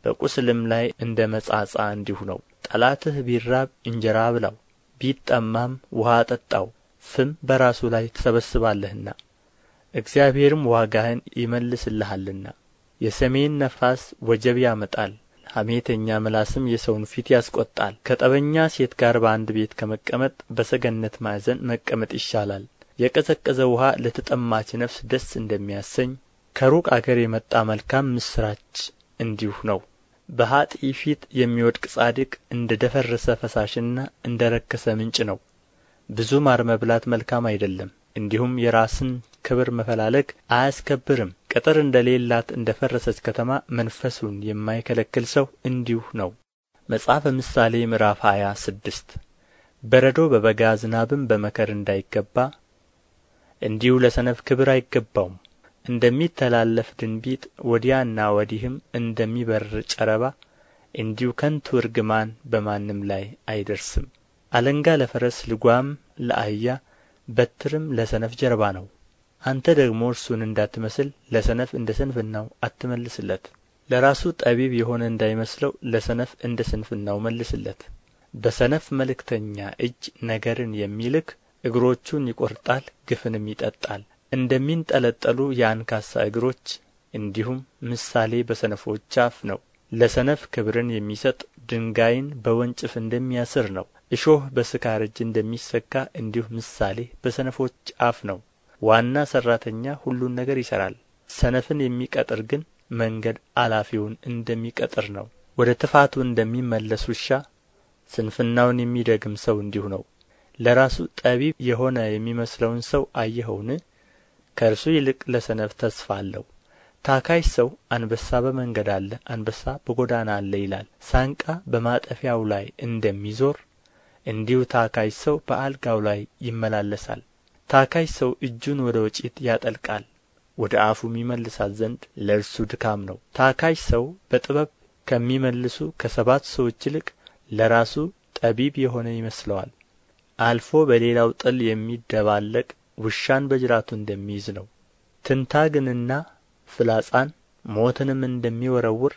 በቁስልም ላይ እንደ መጻጻ እንዲሁ ነው። ጠላትህ ቢራብ እንጀራ ብላው ቢጠማም ውሃ አጠጣው፣ ፍም በራሱ ላይ ትሰበስባለህና እግዚአብሔርም ዋጋህን ይመልስልሃልና። የሰሜን ነፋስ ወጀብ ያመጣል፣ ሐሜተኛ ምላስም የሰውን ፊት ያስቈጣል። ከጠበኛ ሴት ጋር በአንድ ቤት ከመቀመጥ በሰገነት ማዕዘን መቀመጥ ይሻላል። የቀዘቀዘ ውሃ ለተጠማች ነፍስ ደስ እንደሚያሰኝ ከሩቅ አገር የመጣ መልካም ምስራች እንዲሁ ነው በኀጥእ ፊት የሚወድቅ ጻድቅ እንደ ደፈረሰ ፈሳሽና እንደ ረከሰ ምንጭ ነው ብዙ ማር መብላት መልካም አይደለም እንዲሁም የራስን ክብር መፈላለግ አያስከብርም ቅጥር እንደሌላት እንደ ፈረሰች ከተማ መንፈሱን የማይከለክል ሰው እንዲሁ ነው መጽሐፈ ምሳሌ ምዕራፍ ሃያ ስድስት በረዶ በበጋ ዝናብም በመከር እንዳይገባ እንዲሁ ለሰነፍ ክብር አይገባውም እንደሚተላለፍ ድንቢጥ ወዲያና ወዲህም እንደሚበርር ጨረባ እንዲሁ ከንቱ እርግማን በማንም ላይ አይደርስም። አለንጋ ለፈረስ ልጓም ለአህያ በትርም ለሰነፍ ጀርባ ነው። አንተ ደግሞ እርሱን እንዳትመስል ለሰነፍ እንደ ስንፍናው አትመልስለት። ለራሱ ጠቢብ የሆነ እንዳይመስለው ለሰነፍ እንደ ስንፍናው መልስለት። በሰነፍ መልእክተኛ እጅ ነገርን የሚልክ እግሮቹን ይቈርጣል ግፍንም ይጠጣል እንደሚንጠለጠሉ የአንካሳ እግሮች እንዲሁም ምሳሌ በሰነፎች አፍ ነው ለሰነፍ ክብርን የሚሰጥ ድንጋይን በወንጭፍ እንደሚያስር ነው እሾህ በስካር እጅ እንደሚሰካ እንዲሁ ምሳሌ በሰነፎች አፍ ነው ዋና ሠራተኛ ሁሉን ነገር ይሠራል ሰነፍን የሚቀጥር ግን መንገድ አላፊውን እንደሚቀጥር ነው ወደ ትፋቱ እንደሚመለስ ውሻ ስንፍናውን የሚደግም ሰው እንዲሁ ነው ለራሱ ጠቢብ የሆነ የሚመስለውን ሰው አየኸውን ከእርሱ ይልቅ ለሰነፍ ተስፋ አለው ታካሽ ሰው አንበሳ በመንገድ አለ አንበሳ በጎዳና አለ ይላል ሳንቃ በማጠፊያው ላይ እንደሚዞር እንዲሁ ታካይ ሰው በአልጋው ላይ ይመላለሳል ታካሽ ሰው እጁን ወደ ወጪት ያጠልቃል ወደ አፉም ይመልሳት ዘንድ ለእርሱ ድካም ነው ታካች ሰው በጥበብ ከሚመልሱ ከሰባት ሰዎች ይልቅ ለራሱ ጠቢብ የሆነ ይመስለዋል አልፎ በሌላው ጥል የሚደባለቅ ውሻን በጅራቱ እንደሚይዝ ነው። ትንታግንና ፍላጻን ሞትንም እንደሚወረውር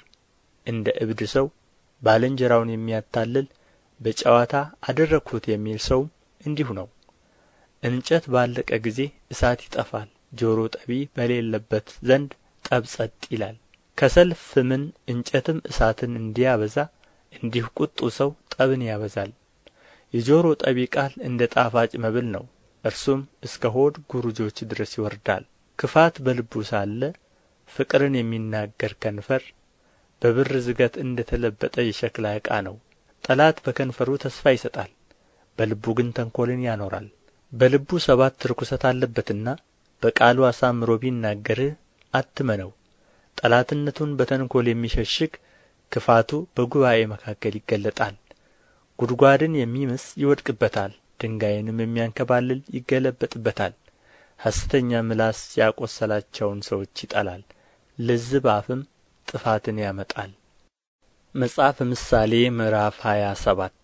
እንደ እብድ ሰው ባልንጀራውን የሚያታልል በጨዋታ አደረግሁት የሚል ሰውም እንዲሁ ነው። እንጨት ባለቀ ጊዜ እሳት ይጠፋል፣ ጆሮ ጠቢ በሌለበት ዘንድ ጠብ ጸጥ ይላል። ከሰል ፍምን እንጨትም እሳትን እንዲያበዛ እንዲሁ ቁጡ ሰው ጠብን ያበዛል። የጆሮ ጠቢ ቃል እንደ ጣፋጭ መብል ነው እርሱም እስከ ሆድ ጉርጆች ድረስ ይወርዳል ክፋት በልቡ ሳለ ፍቅርን የሚናገር ከንፈር በብር ዝገት እንደ ተለበጠ የሸክላ ዕቃ ነው ጠላት በከንፈሩ ተስፋ ይሰጣል በልቡ ግን ተንኰልን ያኖራል በልቡ ሰባት ርኵሰት አለበትና በቃሉ አሳምሮ ቢናገርህ አትመነው ጠላትነቱን በተንኰል የሚሸሽግ ክፋቱ በጉባኤ መካከል ይገለጣል ጕድጓድን የሚምስ ይወድቅበታል ድንጋይንም የሚያንከባልል ይገለበጥበታል ሐሰተኛ ምላስ ያቈሰላቸውን ሰዎች ይጠላል ልዝብ አፍም ጥፋትን ያመጣል መጽሐፈ ምሳሌ ምዕራፍ ሃያ ሰባት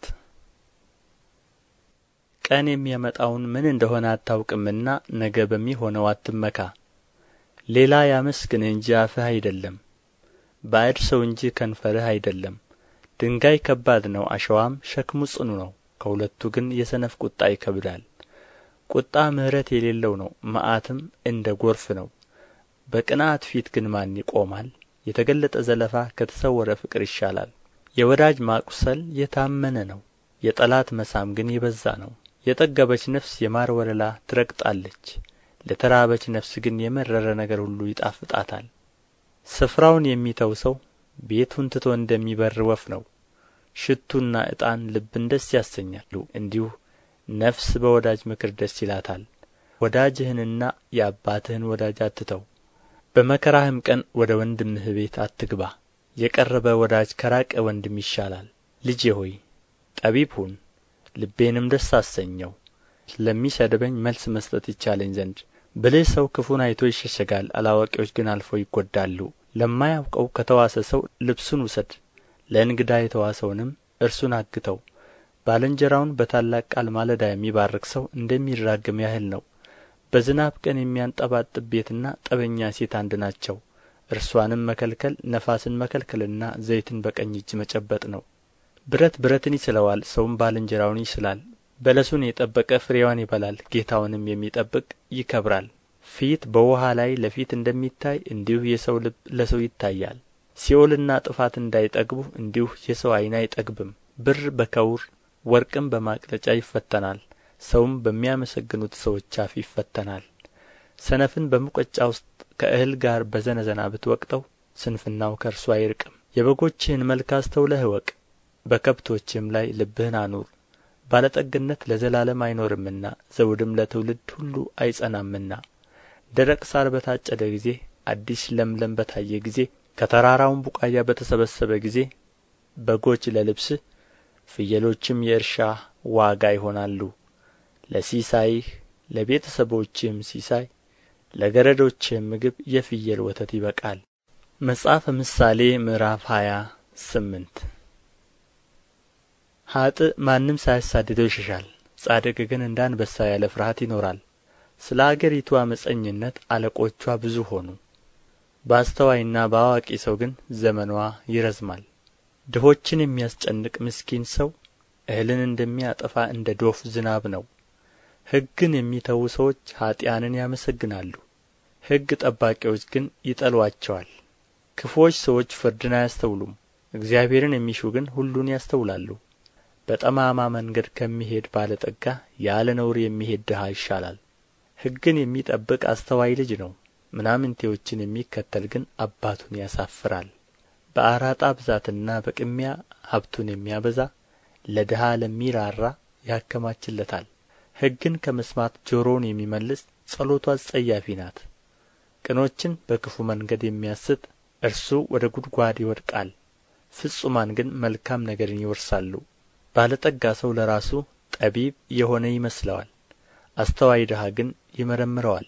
ቀን የሚያመጣውን ምን እንደሆነ አታውቅምና ነገ በሚሆነው አትመካ። ሌላ ያመስግን እንጂ አፍህ አይደለም፣ ባዕድ ሰው እንጂ ከንፈርህ አይደለም። ድንጋይ ከባድ ነው አሸዋም ሸክሙ ጽኑ ነው ከሁለቱ ግን የሰነፍ ቁጣ ይከብዳል ቁጣ ምሕረት የሌለው ነው መዓትም እንደ ጎርፍ ነው በቅንዓት ፊት ግን ማን ይቆማል የተገለጠ ዘለፋ ከተሰወረ ፍቅር ይሻላል የወዳጅ ማቁሰል የታመነ ነው የጠላት መሳም ግን የበዛ ነው የጠገበች ነፍስ የማር ወለላ ትረግጣለች ለተራበች ነፍስ ግን የመረረ ነገር ሁሉ ይጣፍጣታል ስፍራውን የሚተው ሰው ቤቱን ትቶ እንደሚበር ወፍ ነው ሽቱና ዕጣን ልብን ደስ ያሰኛሉ እንዲሁ ነፍስ በወዳጅ ምክር ደስ ይላታል ወዳጅህንና የአባትህን ወዳጅ አትተው በመከራህም ቀን ወደ ወንድምህ ቤት አትግባ የቀረበ ወዳጅ ከራቀ ወንድም ይሻላል ልጄ ሆይ ጠቢብ ሁን ልቤንም ደስ አሰኘው ለሚሰድበኝ መልስ መስጠት ይቻለኝ ዘንድ ብልህ ሰው ክፉን አይቶ ይሸሸጋል አላዋቂዎች ግን አልፈው ይጐዳሉ ለማያውቀው ከተዋሰ ሰው ልብሱን ውሰድ ለእንግዳ የተዋሰውንም እርሱን አግተው ባልንጀራውን በታላቅ ቃል ማለዳ የሚባርክ ሰው እንደሚራገም ያህል ነው በዝናብ ቀን የሚያንጠባጥብ ቤትና ጠበኛ ሴት አንድ ናቸው እርሷንም መከልከል ነፋስን መከልከልና ዘይትን በቀኝ እጅ መጨበጥ ነው ብረት ብረትን ይስለዋል ሰውም ባልንጀራውን ይስላል በለሱን የጠበቀ ፍሬዋን ይበላል ጌታውንም የሚጠብቅ ይከብራል ፊት በውኃ ላይ ለፊት እንደሚታይ እንዲሁ የሰው ልብ ለሰው ይታያል ሲኦልና ጥፋት እንዳይጠግቡ እንዲሁ የሰው ዓይን አይጠግብም ብር በከውር ወርቅም በማቅለጫ ይፈተናል ሰውም በሚያመሰግኑት ሰዎች አፍ ይፈተናል ሰነፍን በሙቀጫ ውስጥ ከእህል ጋር በዘነዘና ብትወቅጠው ስንፍናው ከእርሱ አይርቅም የበጎችህን መልክ አስተውለህ እወቅ በከብቶችህም ላይ ልብህን አኑር ባለጠግነት ለዘላለም አይኖርምና ዘውድም ለትውልድ ሁሉ አይጸናምና ደረቅ ሣር በታጨደ ጊዜ አዲስ ለምለም በታየ ጊዜ ከተራራውም ቡቃያ በተሰበሰበ ጊዜ በጎች ለልብስ ፍየሎችም የእርሻ ዋጋ ይሆናሉ ለሲሳይህ ለቤተ ሲሳይ ለገረዶችህም ምግብ የፍየል ወተት ይበቃል። መጽሐፈ ምሳሌ ምዕራፍ ሃያ ስምንት ኀጥእ ማንም ሳያሳድደው ይሸሻል፣ ጻድቅ ግን እንደ አንበሳ ያለ ፍርሃት ይኖራል። ስለ አገሪቱ ዓመፀኝነት አለቆቿ ብዙ ሆኑ በአስተዋይና በአዋቂ ሰው ግን ዘመኗ ይረዝማል ድሆችን የሚያስጨንቅ ምስኪን ሰው እህልን እንደሚያጠፋ እንደ ዶፍ ዝናብ ነው። ሕግን የሚተዉ ሰዎች ኀጢአንን ያመሰግናሉ፣ ሕግ ጠባቂዎች ግን ይጠሏቸዋል። ክፉዎች ሰዎች ፍርድን አያስተውሉም፣ እግዚአብሔርን የሚሹ ግን ሁሉን ያስተውላሉ። በጠማማ መንገድ ከሚሄድ ባለጠጋ ያለ ነውር የሚሄድ ድሃ ይሻላል። ሕግን የሚጠብቅ አስተዋይ ልጅ ነው ምናምንቴዎችን የሚከተል ግን አባቱን ያሳፍራል በአራጣ ብዛትና በቅሚያ ሀብቱን የሚያበዛ ለድሀ ለሚራራ ያከማችለታል ሕግን ከመስማት ጆሮውን የሚመልስ ጸሎቱ አስጸያፊ ናት ቅኖችን በክፉ መንገድ የሚያስት እርሱ ወደ ጉድጓድ ይወድቃል ፍጹማን ግን መልካም ነገርን ይወርሳሉ ባለጠጋ ሰው ለራሱ ጠቢብ የሆነ ይመስለዋል አስተዋይ ድሀ ግን ይመረምረዋል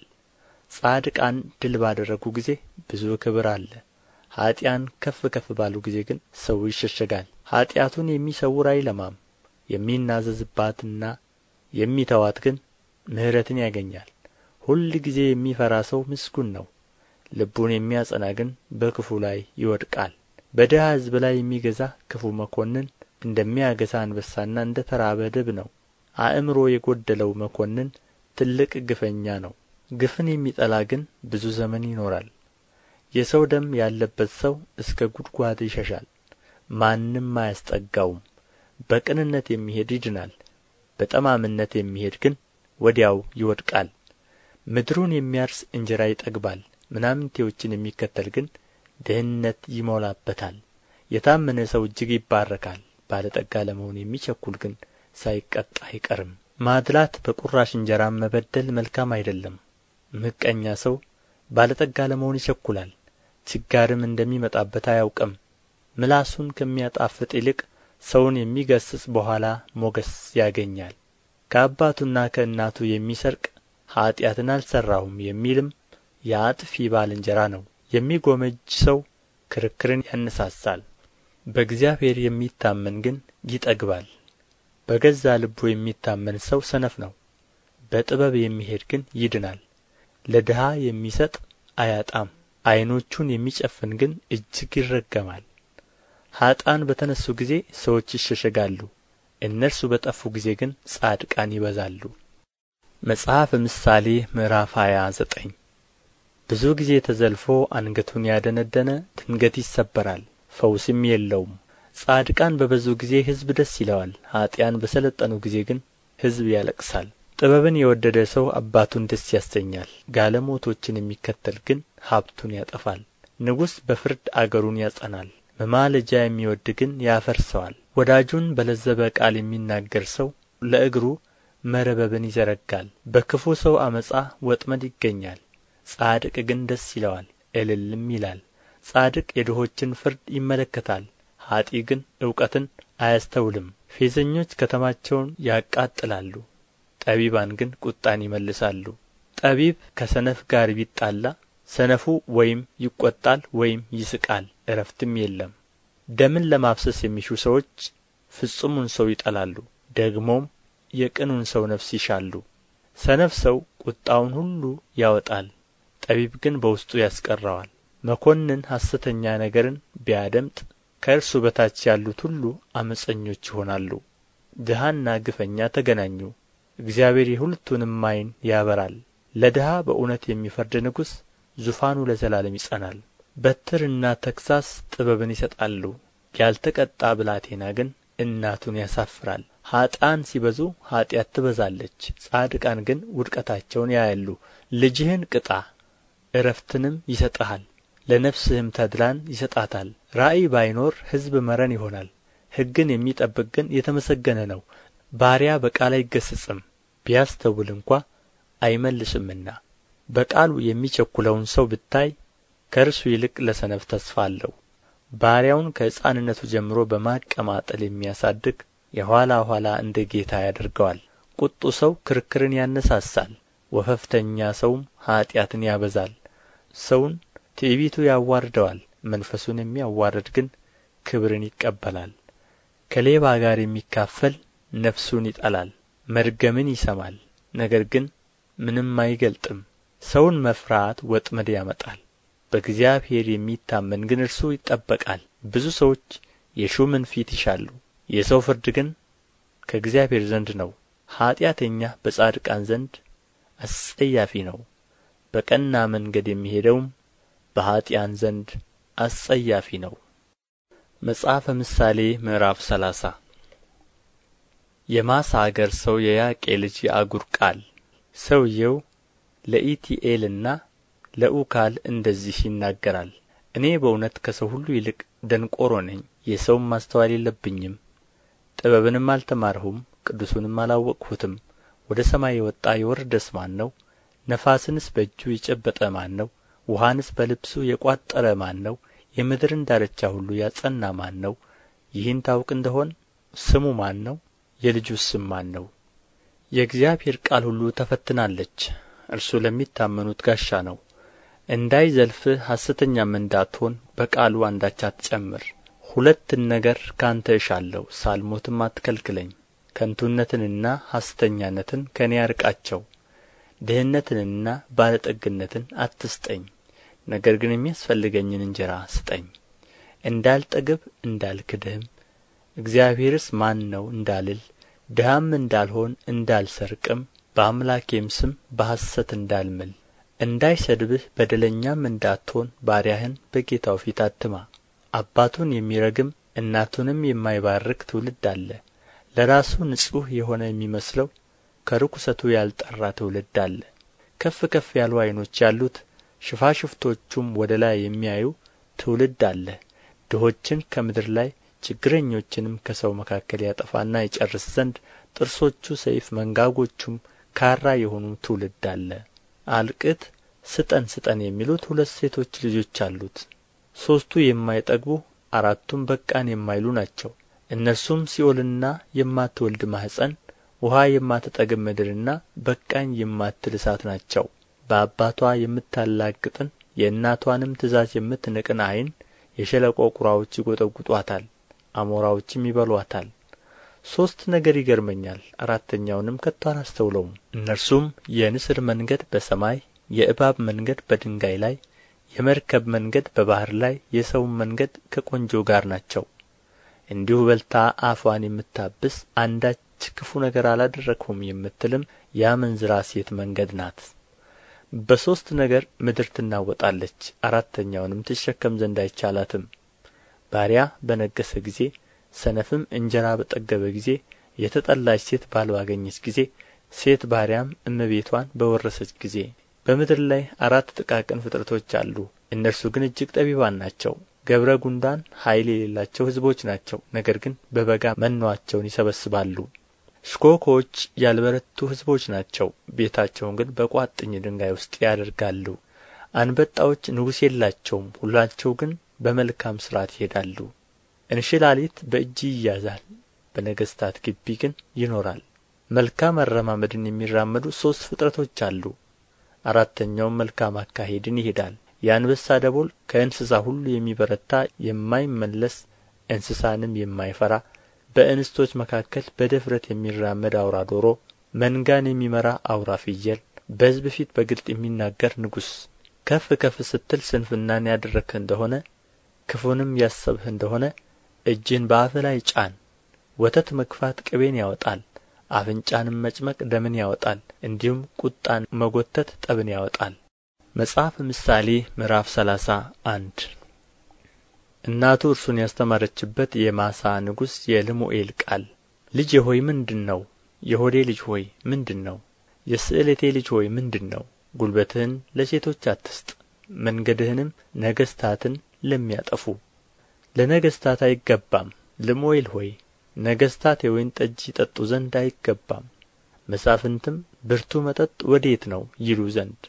ጻድቃን ድል ባደረጉ ጊዜ ብዙ ክብር አለ ኀጥኣን ከፍ ከፍ ባሉ ጊዜ ግን ሰው ይሸሸጋል ኀጢአቱን የሚሰውር አይለማም የሚናዘዝባትና የሚተዋት ግን ምሕረትን ያገኛል ሁል ጊዜ የሚፈራ ሰው ምስጉን ነው ልቡን የሚያጸና ግን በክፉ ላይ ይወድቃል በድሀ ሕዝብ ላይ የሚገዛ ክፉ መኰንን እንደሚያገሣ አንበሳና እንደ ተራበ ድብ ነው አእምሮ የጐደለው መኰንን ትልቅ ግፈኛ ነው ግፍን የሚጠላ ግን ብዙ ዘመን ይኖራል የሰው ደም ያለበት ሰው እስከ ጉድጓድ ይሸሻል ማንም አያስጠጋውም በቅንነት የሚሄድ ይድናል በጠማምነት የሚሄድ ግን ወዲያው ይወድቃል ምድሩን የሚያርስ እንጀራ ይጠግባል ምናምንቴዎችን የሚከተል ግን ድህነት ይሞላበታል የታመነ ሰው እጅግ ይባረካል ባለጠጋ ለመሆን የሚቸኩል ግን ሳይቀጣ አይቀርም ማድላት በቁራሽ እንጀራም መበደል መልካም አይደለም። ምቀኛ ሰው ባለጠጋ ለመሆን ይቸኩላል፣ ችጋርም እንደሚመጣበት አያውቅም። ምላሱን ከሚያጣፍጥ ይልቅ ሰውን የሚገስጽ በኋላ ሞገስ ያገኛል። ከአባቱና ከእናቱ የሚሰርቅ ኀጢአትን አልሠራሁም የሚልም የአጥፊ ባልንጀራ ነው። የሚጎመጅ ሰው ክርክርን ያነሳሳል፣ በእግዚአብሔር የሚታመን ግን ይጠግባል። በገዛ ልቡ የሚታመን ሰው ሰነፍ ነው በጥበብ የሚሄድ ግን ይድናል ለድሀ የሚሰጥ አያጣም ዓይኖቹን የሚጨፍን ግን እጅግ ይረገማል ኀጣን በተነሱ ጊዜ ሰዎች ይሸሸጋሉ እነርሱ በጠፉ ጊዜ ግን ጻድቃን ይበዛሉ መጽሐፈ ምሳሌ ምዕራፍ ሃያ ዘጠኝ ብዙ ጊዜ ተዘልፎ አንገቱን ያደነደነ ድንገት ይሰበራል ፈውስም የለውም ጻድቃን በበዙ ጊዜ ሕዝብ ደስ ይለዋል ኀጥኣን በሰለጠኑ ጊዜ ግን ሕዝብ ያለቅሳል ጥበብን የወደደ ሰው አባቱን ደስ ያሰኛል ጋለሞቶችን የሚከተል ግን ሀብቱን ያጠፋል ንጉሥ በፍርድ አገሩን ያጸናል መማለጃ የሚወድ ግን ያፈርሰዋል ወዳጁን በለዘበ ቃል የሚናገር ሰው ለእግሩ መረበብን ይዘረጋል በክፉ ሰው አመጻ ወጥመድ ይገኛል ጻድቅ ግን ደስ ይለዋል እልልም ይላል ጻድቅ የድሆችን ፍርድ ይመለከታል ኀጥእ ግን እውቀትን አያስተውልም ፌዘኞች ከተማቸውን ያቃጥላሉ ጠቢባን ግን ቁጣን ይመልሳሉ ጠቢብ ከሰነፍ ጋር ቢጣላ ሰነፉ ወይም ይቈጣል ወይም ይስቃል እረፍትም የለም ደምን ለማፍሰስ የሚሹ ሰዎች ፍጹሙን ሰው ይጠላሉ ደግሞም የቅኑን ሰው ነፍስ ይሻሉ ሰነፍ ሰው ቁጣውን ሁሉ ያወጣል ጠቢብ ግን በውስጡ ያስቀረዋል መኰንን ሐሰተኛ ነገርን ቢያደምጥ ከእርሱ በታች ያሉት ሁሉ ዓመፀኞች ይሆናሉ ድሃና ግፈኛ ተገናኙ እግዚአብሔር የሁለቱንም ዓይን ያበራል ለድሃ በእውነት የሚፈርድ ንጉሥ ዙፋኑ ለዘላለም ይጸናል በትርና ተግሣጽ ጥበብን ይሰጣሉ ያልተቀጣ ብላቴና ግን እናቱን ያሳፍራል ኀጣን ሲበዙ ኀጢአት ትበዛለች ጻድቃን ግን ውድቀታቸውን ያያሉ ልጅህን ቅጣ እረፍትንም ይሰጥሃል ለነፍስህም ተድላን ይሰጣታል ራእይ ባይኖር ሕዝብ መረን ይሆናል ሕግን የሚጠብቅ ግን የተመሰገነ ነው ባሪያ በቃል አይገሠጽም ቢያስተውል እንኳ አይመልስምና በቃሉ የሚቸኵለውን ሰው ብታይ ከእርሱ ይልቅ ለሰነፍ ተስፋ አለው ባሪያውን ከሕፃንነቱ ጀምሮ በማቀማጠል የሚያሳድግ የኋላ ኋላ እንደ ጌታ ያደርገዋል ቁጡ ሰው ክርክርን ያነሳሳል ወፈፍተኛ ሰውም ኀጢአትን ያበዛል ሰውን ትዕቢቱ ያዋርደዋል መንፈሱን የሚያዋርድ ግን ክብርን ይቀበላል ከሌባ ጋር የሚካፈል ነፍሱን ይጠላል መርገምን ይሰማል ነገር ግን ምንም አይገልጥም ሰውን መፍራት ወጥመድ ያመጣል በእግዚአብሔር የሚታመን ግን እርሱ ይጠበቃል ብዙ ሰዎች የሹምን ፊት ይሻሉ የሰው ፍርድ ግን ከእግዚአብሔር ዘንድ ነው ኀጢአተኛ በጻድቃን ዘንድ አስጸያፊ ነው በቀና መንገድ የሚሄደውም በኀጥኣን ዘንድ አስጸያፊ ነው መጽሐፈ ምሳሌ ምዕራፍ ሰላሳ የማሣ አገር ሰው የያቄ ልጅ የአጉር ቃል ሰውየው ለኢቲኤልና ለኡካል እንደዚህ ይናገራል እኔ በእውነት ከሰው ሁሉ ይልቅ ደንቆሮ ነኝ የሰውም ማስተዋል የለብኝም ጥበብንም አልተማርሁም ቅዱሱንም አላወቅሁትም ወደ ሰማይ የወጣ የወረደስ ማን ነው ነፋስንስ በእጁ የጨበጠ ማን ነው ውሃንስ በልብሱ የቋጠረ ማን ነው የምድርን ዳርቻ ሁሉ ያጸና ማን ነው ይህን ታውቅ እንደሆን ስሙ ማን ነው የልጁስ ስም ማን ነው የእግዚአብሔር ቃል ሁሉ ተፈትናለች እርሱ ለሚታመኑት ጋሻ ነው እንዳይዘልፍህ ሐሰተኛም እንዳትሆን በቃሉ አንዳች አትጨምር ሁለትን ነገር ካንተ እሻለሁ ሳልሞትም አትከልክለኝ ከንቱነትንና ሐሰተኛነትን ከእኔ አርቃቸው ድህነትንና ባለጠግነትን አትስጠኝ፣ ነገር ግን የሚያስፈልገኝን እንጀራ ስጠኝ። እንዳልጠግብ እንዳልክድህም፣ እግዚአብሔርስ ማን ነው እንዳልል፣ ድሃም እንዳልሆን እንዳልሰርቅም፣ በአምላኬም ስም በሐሰት እንዳልምል፣ እንዳይሰድብህ በደለኛም እንዳትሆን ባሪያህን በጌታው ፊት አትማ። አባቱን የሚረግም እናቱንም የማይባርክ ትውልድ አለ። ለራሱ ንጹሕ የሆነ የሚመስለው ከርኵሰቱ ያልጠራ ትውልድ አለ ከፍ ከፍ ያሉ ዓይኖች ያሉት ሽፋሽፍቶቹም ወደ ላይ የሚያዩ ትውልድ አለ ድሆችን ከምድር ላይ ችግረኞችንም ከሰው መካከል ያጠፋና ይጨርስ ዘንድ ጥርሶቹ ሰይፍ መንጋጎቹም ካራ የሆኑ ትውልድ አለ አልቅት ስጠን ስጠን የሚሉት ሁለት ሴቶች ልጆች አሉት ሦስቱ የማይጠግቡ አራቱም በቃን የማይሉ ናቸው እነርሱም ሲኦልና የማትወልድ ማኅፀን ውኃ የማትጠግብ ምድርና በቃኝ የማትል እሳት ናቸው በአባትዋ የምታላግጥን የእናትዋንም ትእዛዝ የምትንቅን ዓይን የሸለቆ ቍራዎች ይጐጠጕጡአታል አሞራዎችም ይበሏታል። ሦስት ነገር ይገርመኛል አራተኛውንም ከቶ አላስተውለውም እነርሱም የንስር መንገድ በሰማይ የእባብ መንገድ በድንጋይ ላይ የመርከብ መንገድ በባሕር ላይ የሰውም መንገድ ከቈንጆ ጋር ናቸው እንዲሁ በልታ አፏን የምታብስ አንዳች ክፉ ነገር አላደረግሁም የምትልም የአመንዝራ ሴት መንገድ ናት በሦስት ነገር ምድር ትናወጣለች አራተኛውንም ትሸከም ዘንድ አይቻላትም ባሪያ በነገሰ ጊዜ ሰነፍም እንጀራ በጠገበ ጊዜ የተጠላች ሴት ባል ባገኘች ጊዜ ሴት ባሪያም እመቤቷን በወረሰች ጊዜ በምድር ላይ አራት ጥቃቅን ፍጥረቶች አሉ እነርሱ ግን እጅግ ጠቢባን ናቸው ገብረ ጉንዳን ኃይል የሌላቸው ሕዝቦች ናቸው ነገር ግን በበጋ መኖአቸውን ይሰበስባሉ ሽኮኮዎች ያልበረቱ ሕዝቦች ናቸው ቤታቸውን ግን በቋጥኝ ድንጋይ ውስጥ ያደርጋሉ አንበጣዎች ንጉሥ የላቸውም ሁላቸው ግን በመልካም ሥርዓት ይሄዳሉ እንሽላሊት በእጅ ይያዛል በነገሥታት ግቢ ግን ይኖራል መልካም አረማመድን የሚራመዱ ሦስት ፍጥረቶች አሉ አራተኛውም መልካም አካሄድን ይሄዳል የአንበሳ ደቦል ከእንስሳ ሁሉ የሚበረታ የማይመለስ እንስሳንም የማይፈራ በእንስቶች መካከል በድፍረት የሚራመድ አውራ ዶሮ መንጋን የሚመራ አውራ ፍየል በሕዝብ ፊት በግልጥ የሚናገር ንጉሥ ከፍ ከፍ ስትል ስንፍናን ያደረግህ እንደሆነ ክፉንም ያሰብህ እንደሆነ እጅን በአፍ ላይ ጫን ወተት መግፋት ቅቤን ያወጣል አፍንጫንም መጭመቅ ደምን ያወጣል እንዲሁም ቁጣን መጎተት ጠብን ያወጣል መጽሐፍ ምሳሌ ምዕራፍ ሰላሳ አንድ እናቱ እርሱን ያስተማረችበት የማሣ ንጉሥ የልሙኤል ቃል ልጄ ሆይ ምንድን ነው የሆዴ ልጅ ሆይ ምንድን ነው የስእለቴ ልጅ ሆይ ምንድን ነው ጉልበትህን ለሴቶች አትስጥ መንገድህንም ነገሥታትን ለሚያጠፉ ለነገሥታት አይገባም ልሙኤል ሆይ ነገሥታት የወይን ጠጅ ይጠጡ ዘንድ አይገባም መሳፍንትም ብርቱ መጠጥ ወዴት ነው ይሉ ዘንድ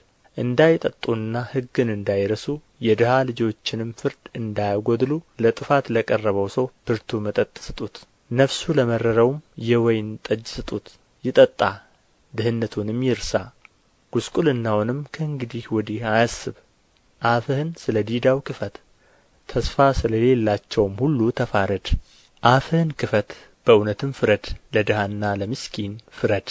እንዳይጠጡና ሕግን እንዳይረሱ የድሀ ልጆችንም ፍርድ እንዳያጎድሉ ለጥፋት ለቀረበው ሰው ብርቱ መጠጥ ስጡት ነፍሱ ለመረረውም የወይን ጠጅ ስጡት ይጠጣ ድህነቱንም ይርሳ ጉስቁልናውንም ከእንግዲህ ወዲህ አያስብ አፍህን ስለ ዲዳው ክፈት ተስፋ ስለሌላቸውም ሁሉ ተፋረድ አፍህን ክፈት በእውነትም ፍረድ ለድሃና ለምስኪን ፍረድ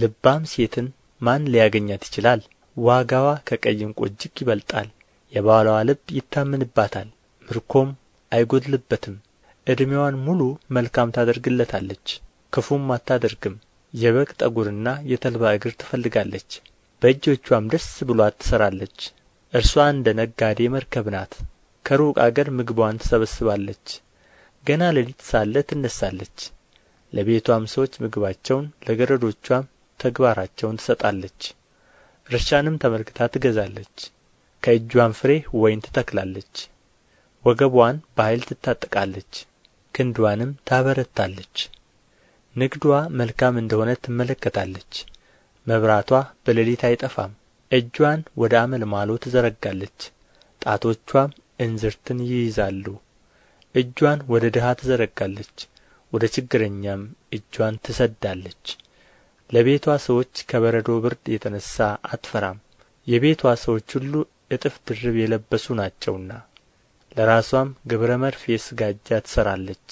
ልባም ሴትን ማን ሊያገኛት ይችላል ዋጋዋ ከቀይ ዕንቍ እጅግ ይበልጣል የባልዋ ልብ ይታመንባታል ምርኮም አይጎድልበትም። ዕድሜዋን ሙሉ መልካም ታደርግለታለች ክፉም አታደርግም የበግ ጠጉርና የተልባ እግር ትፈልጋለች በእጆችዋም ደስ ብሎአት ትሠራለች እርስዋ እንደ ነጋዴ መርከብ ናት ከሩቅ አገር ምግቧን ትሰበስባለች ገና ሌሊት ሳለ ትነሣለች ለቤቷም ሰዎች ምግባቸውን ለገረዶቿም ተግባራቸውን ትሰጣለች እርሻንም ተመልክታ ትገዛለች ከእጅዋም ፍሬ ወይን ትተክላለች ወገቧን በኃይል ትታጠቃለች ክንድዋንም ታበረታለች ንግድዋ መልካም እንደሆነ ትመለከታለች መብራቷ በሌሊት አይጠፋም እጇን ወደ አመልማሎ ትዘረጋለች ጣቶቿም እንዝርትን ይይዛሉ እጇን ወደ ድሃ ትዘረጋለች ወደ ችግረኛም እጇን ትሰዳለች ለቤቷ ሰዎች ከበረዶ ብርድ የተነሣ አትፈራም የቤቷ ሰዎች ሁሉ እጥፍ ድርብ የለበሱ ናቸውና ለራስዋም ግብረ መርፌ ስጋጃ ትሠራለች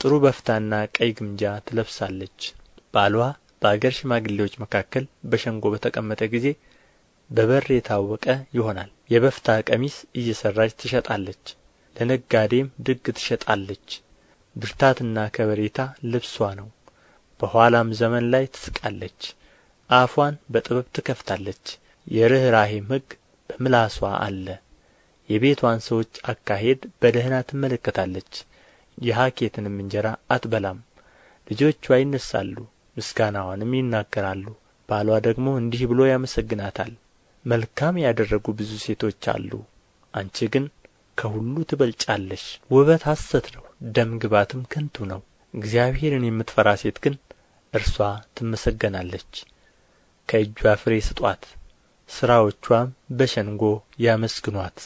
ጥሩ በፍታና ቀይ ግምጃ ትለብሳለች ባሏ በአገር ሽማግሌዎች መካከል በሸንጎ በተቀመጠ ጊዜ በበር የታወቀ ይሆናል የበፍታ ቀሚስ እየሠራች ትሸጣለች ለነጋዴም ድግ ትሸጣለች ብርታትና ከበሬታ ልብሷ ነው በኋላም ዘመን ላይ ትስቃለች አፏን በጥበብ ትከፍታለች የርኅራሄም ሕግ በምላስዋ አለ የቤቷን ሰዎች አካሄድ በደህና ትመለከታለች የሀኬትንም እንጀራ አትበላም ልጆቿ ይነሳሉ ምስጋናዋንም ይናገራሉ ባሏ ደግሞ እንዲህ ብሎ ያመሰግናታል መልካም ያደረጉ ብዙ ሴቶች አሉ አንቺ ግን ከሁሉ ትበልጫለሽ ውበት ሐሰት ነው ደም ግባትም ከንቱ ነው እግዚአብሔርን የምትፈራ ሴት ግን እርሷ ትመሰገናለች ከእጇ ፍሬ ስጧት ሥራዎችዋም በሸንጎ ያመስግኑአት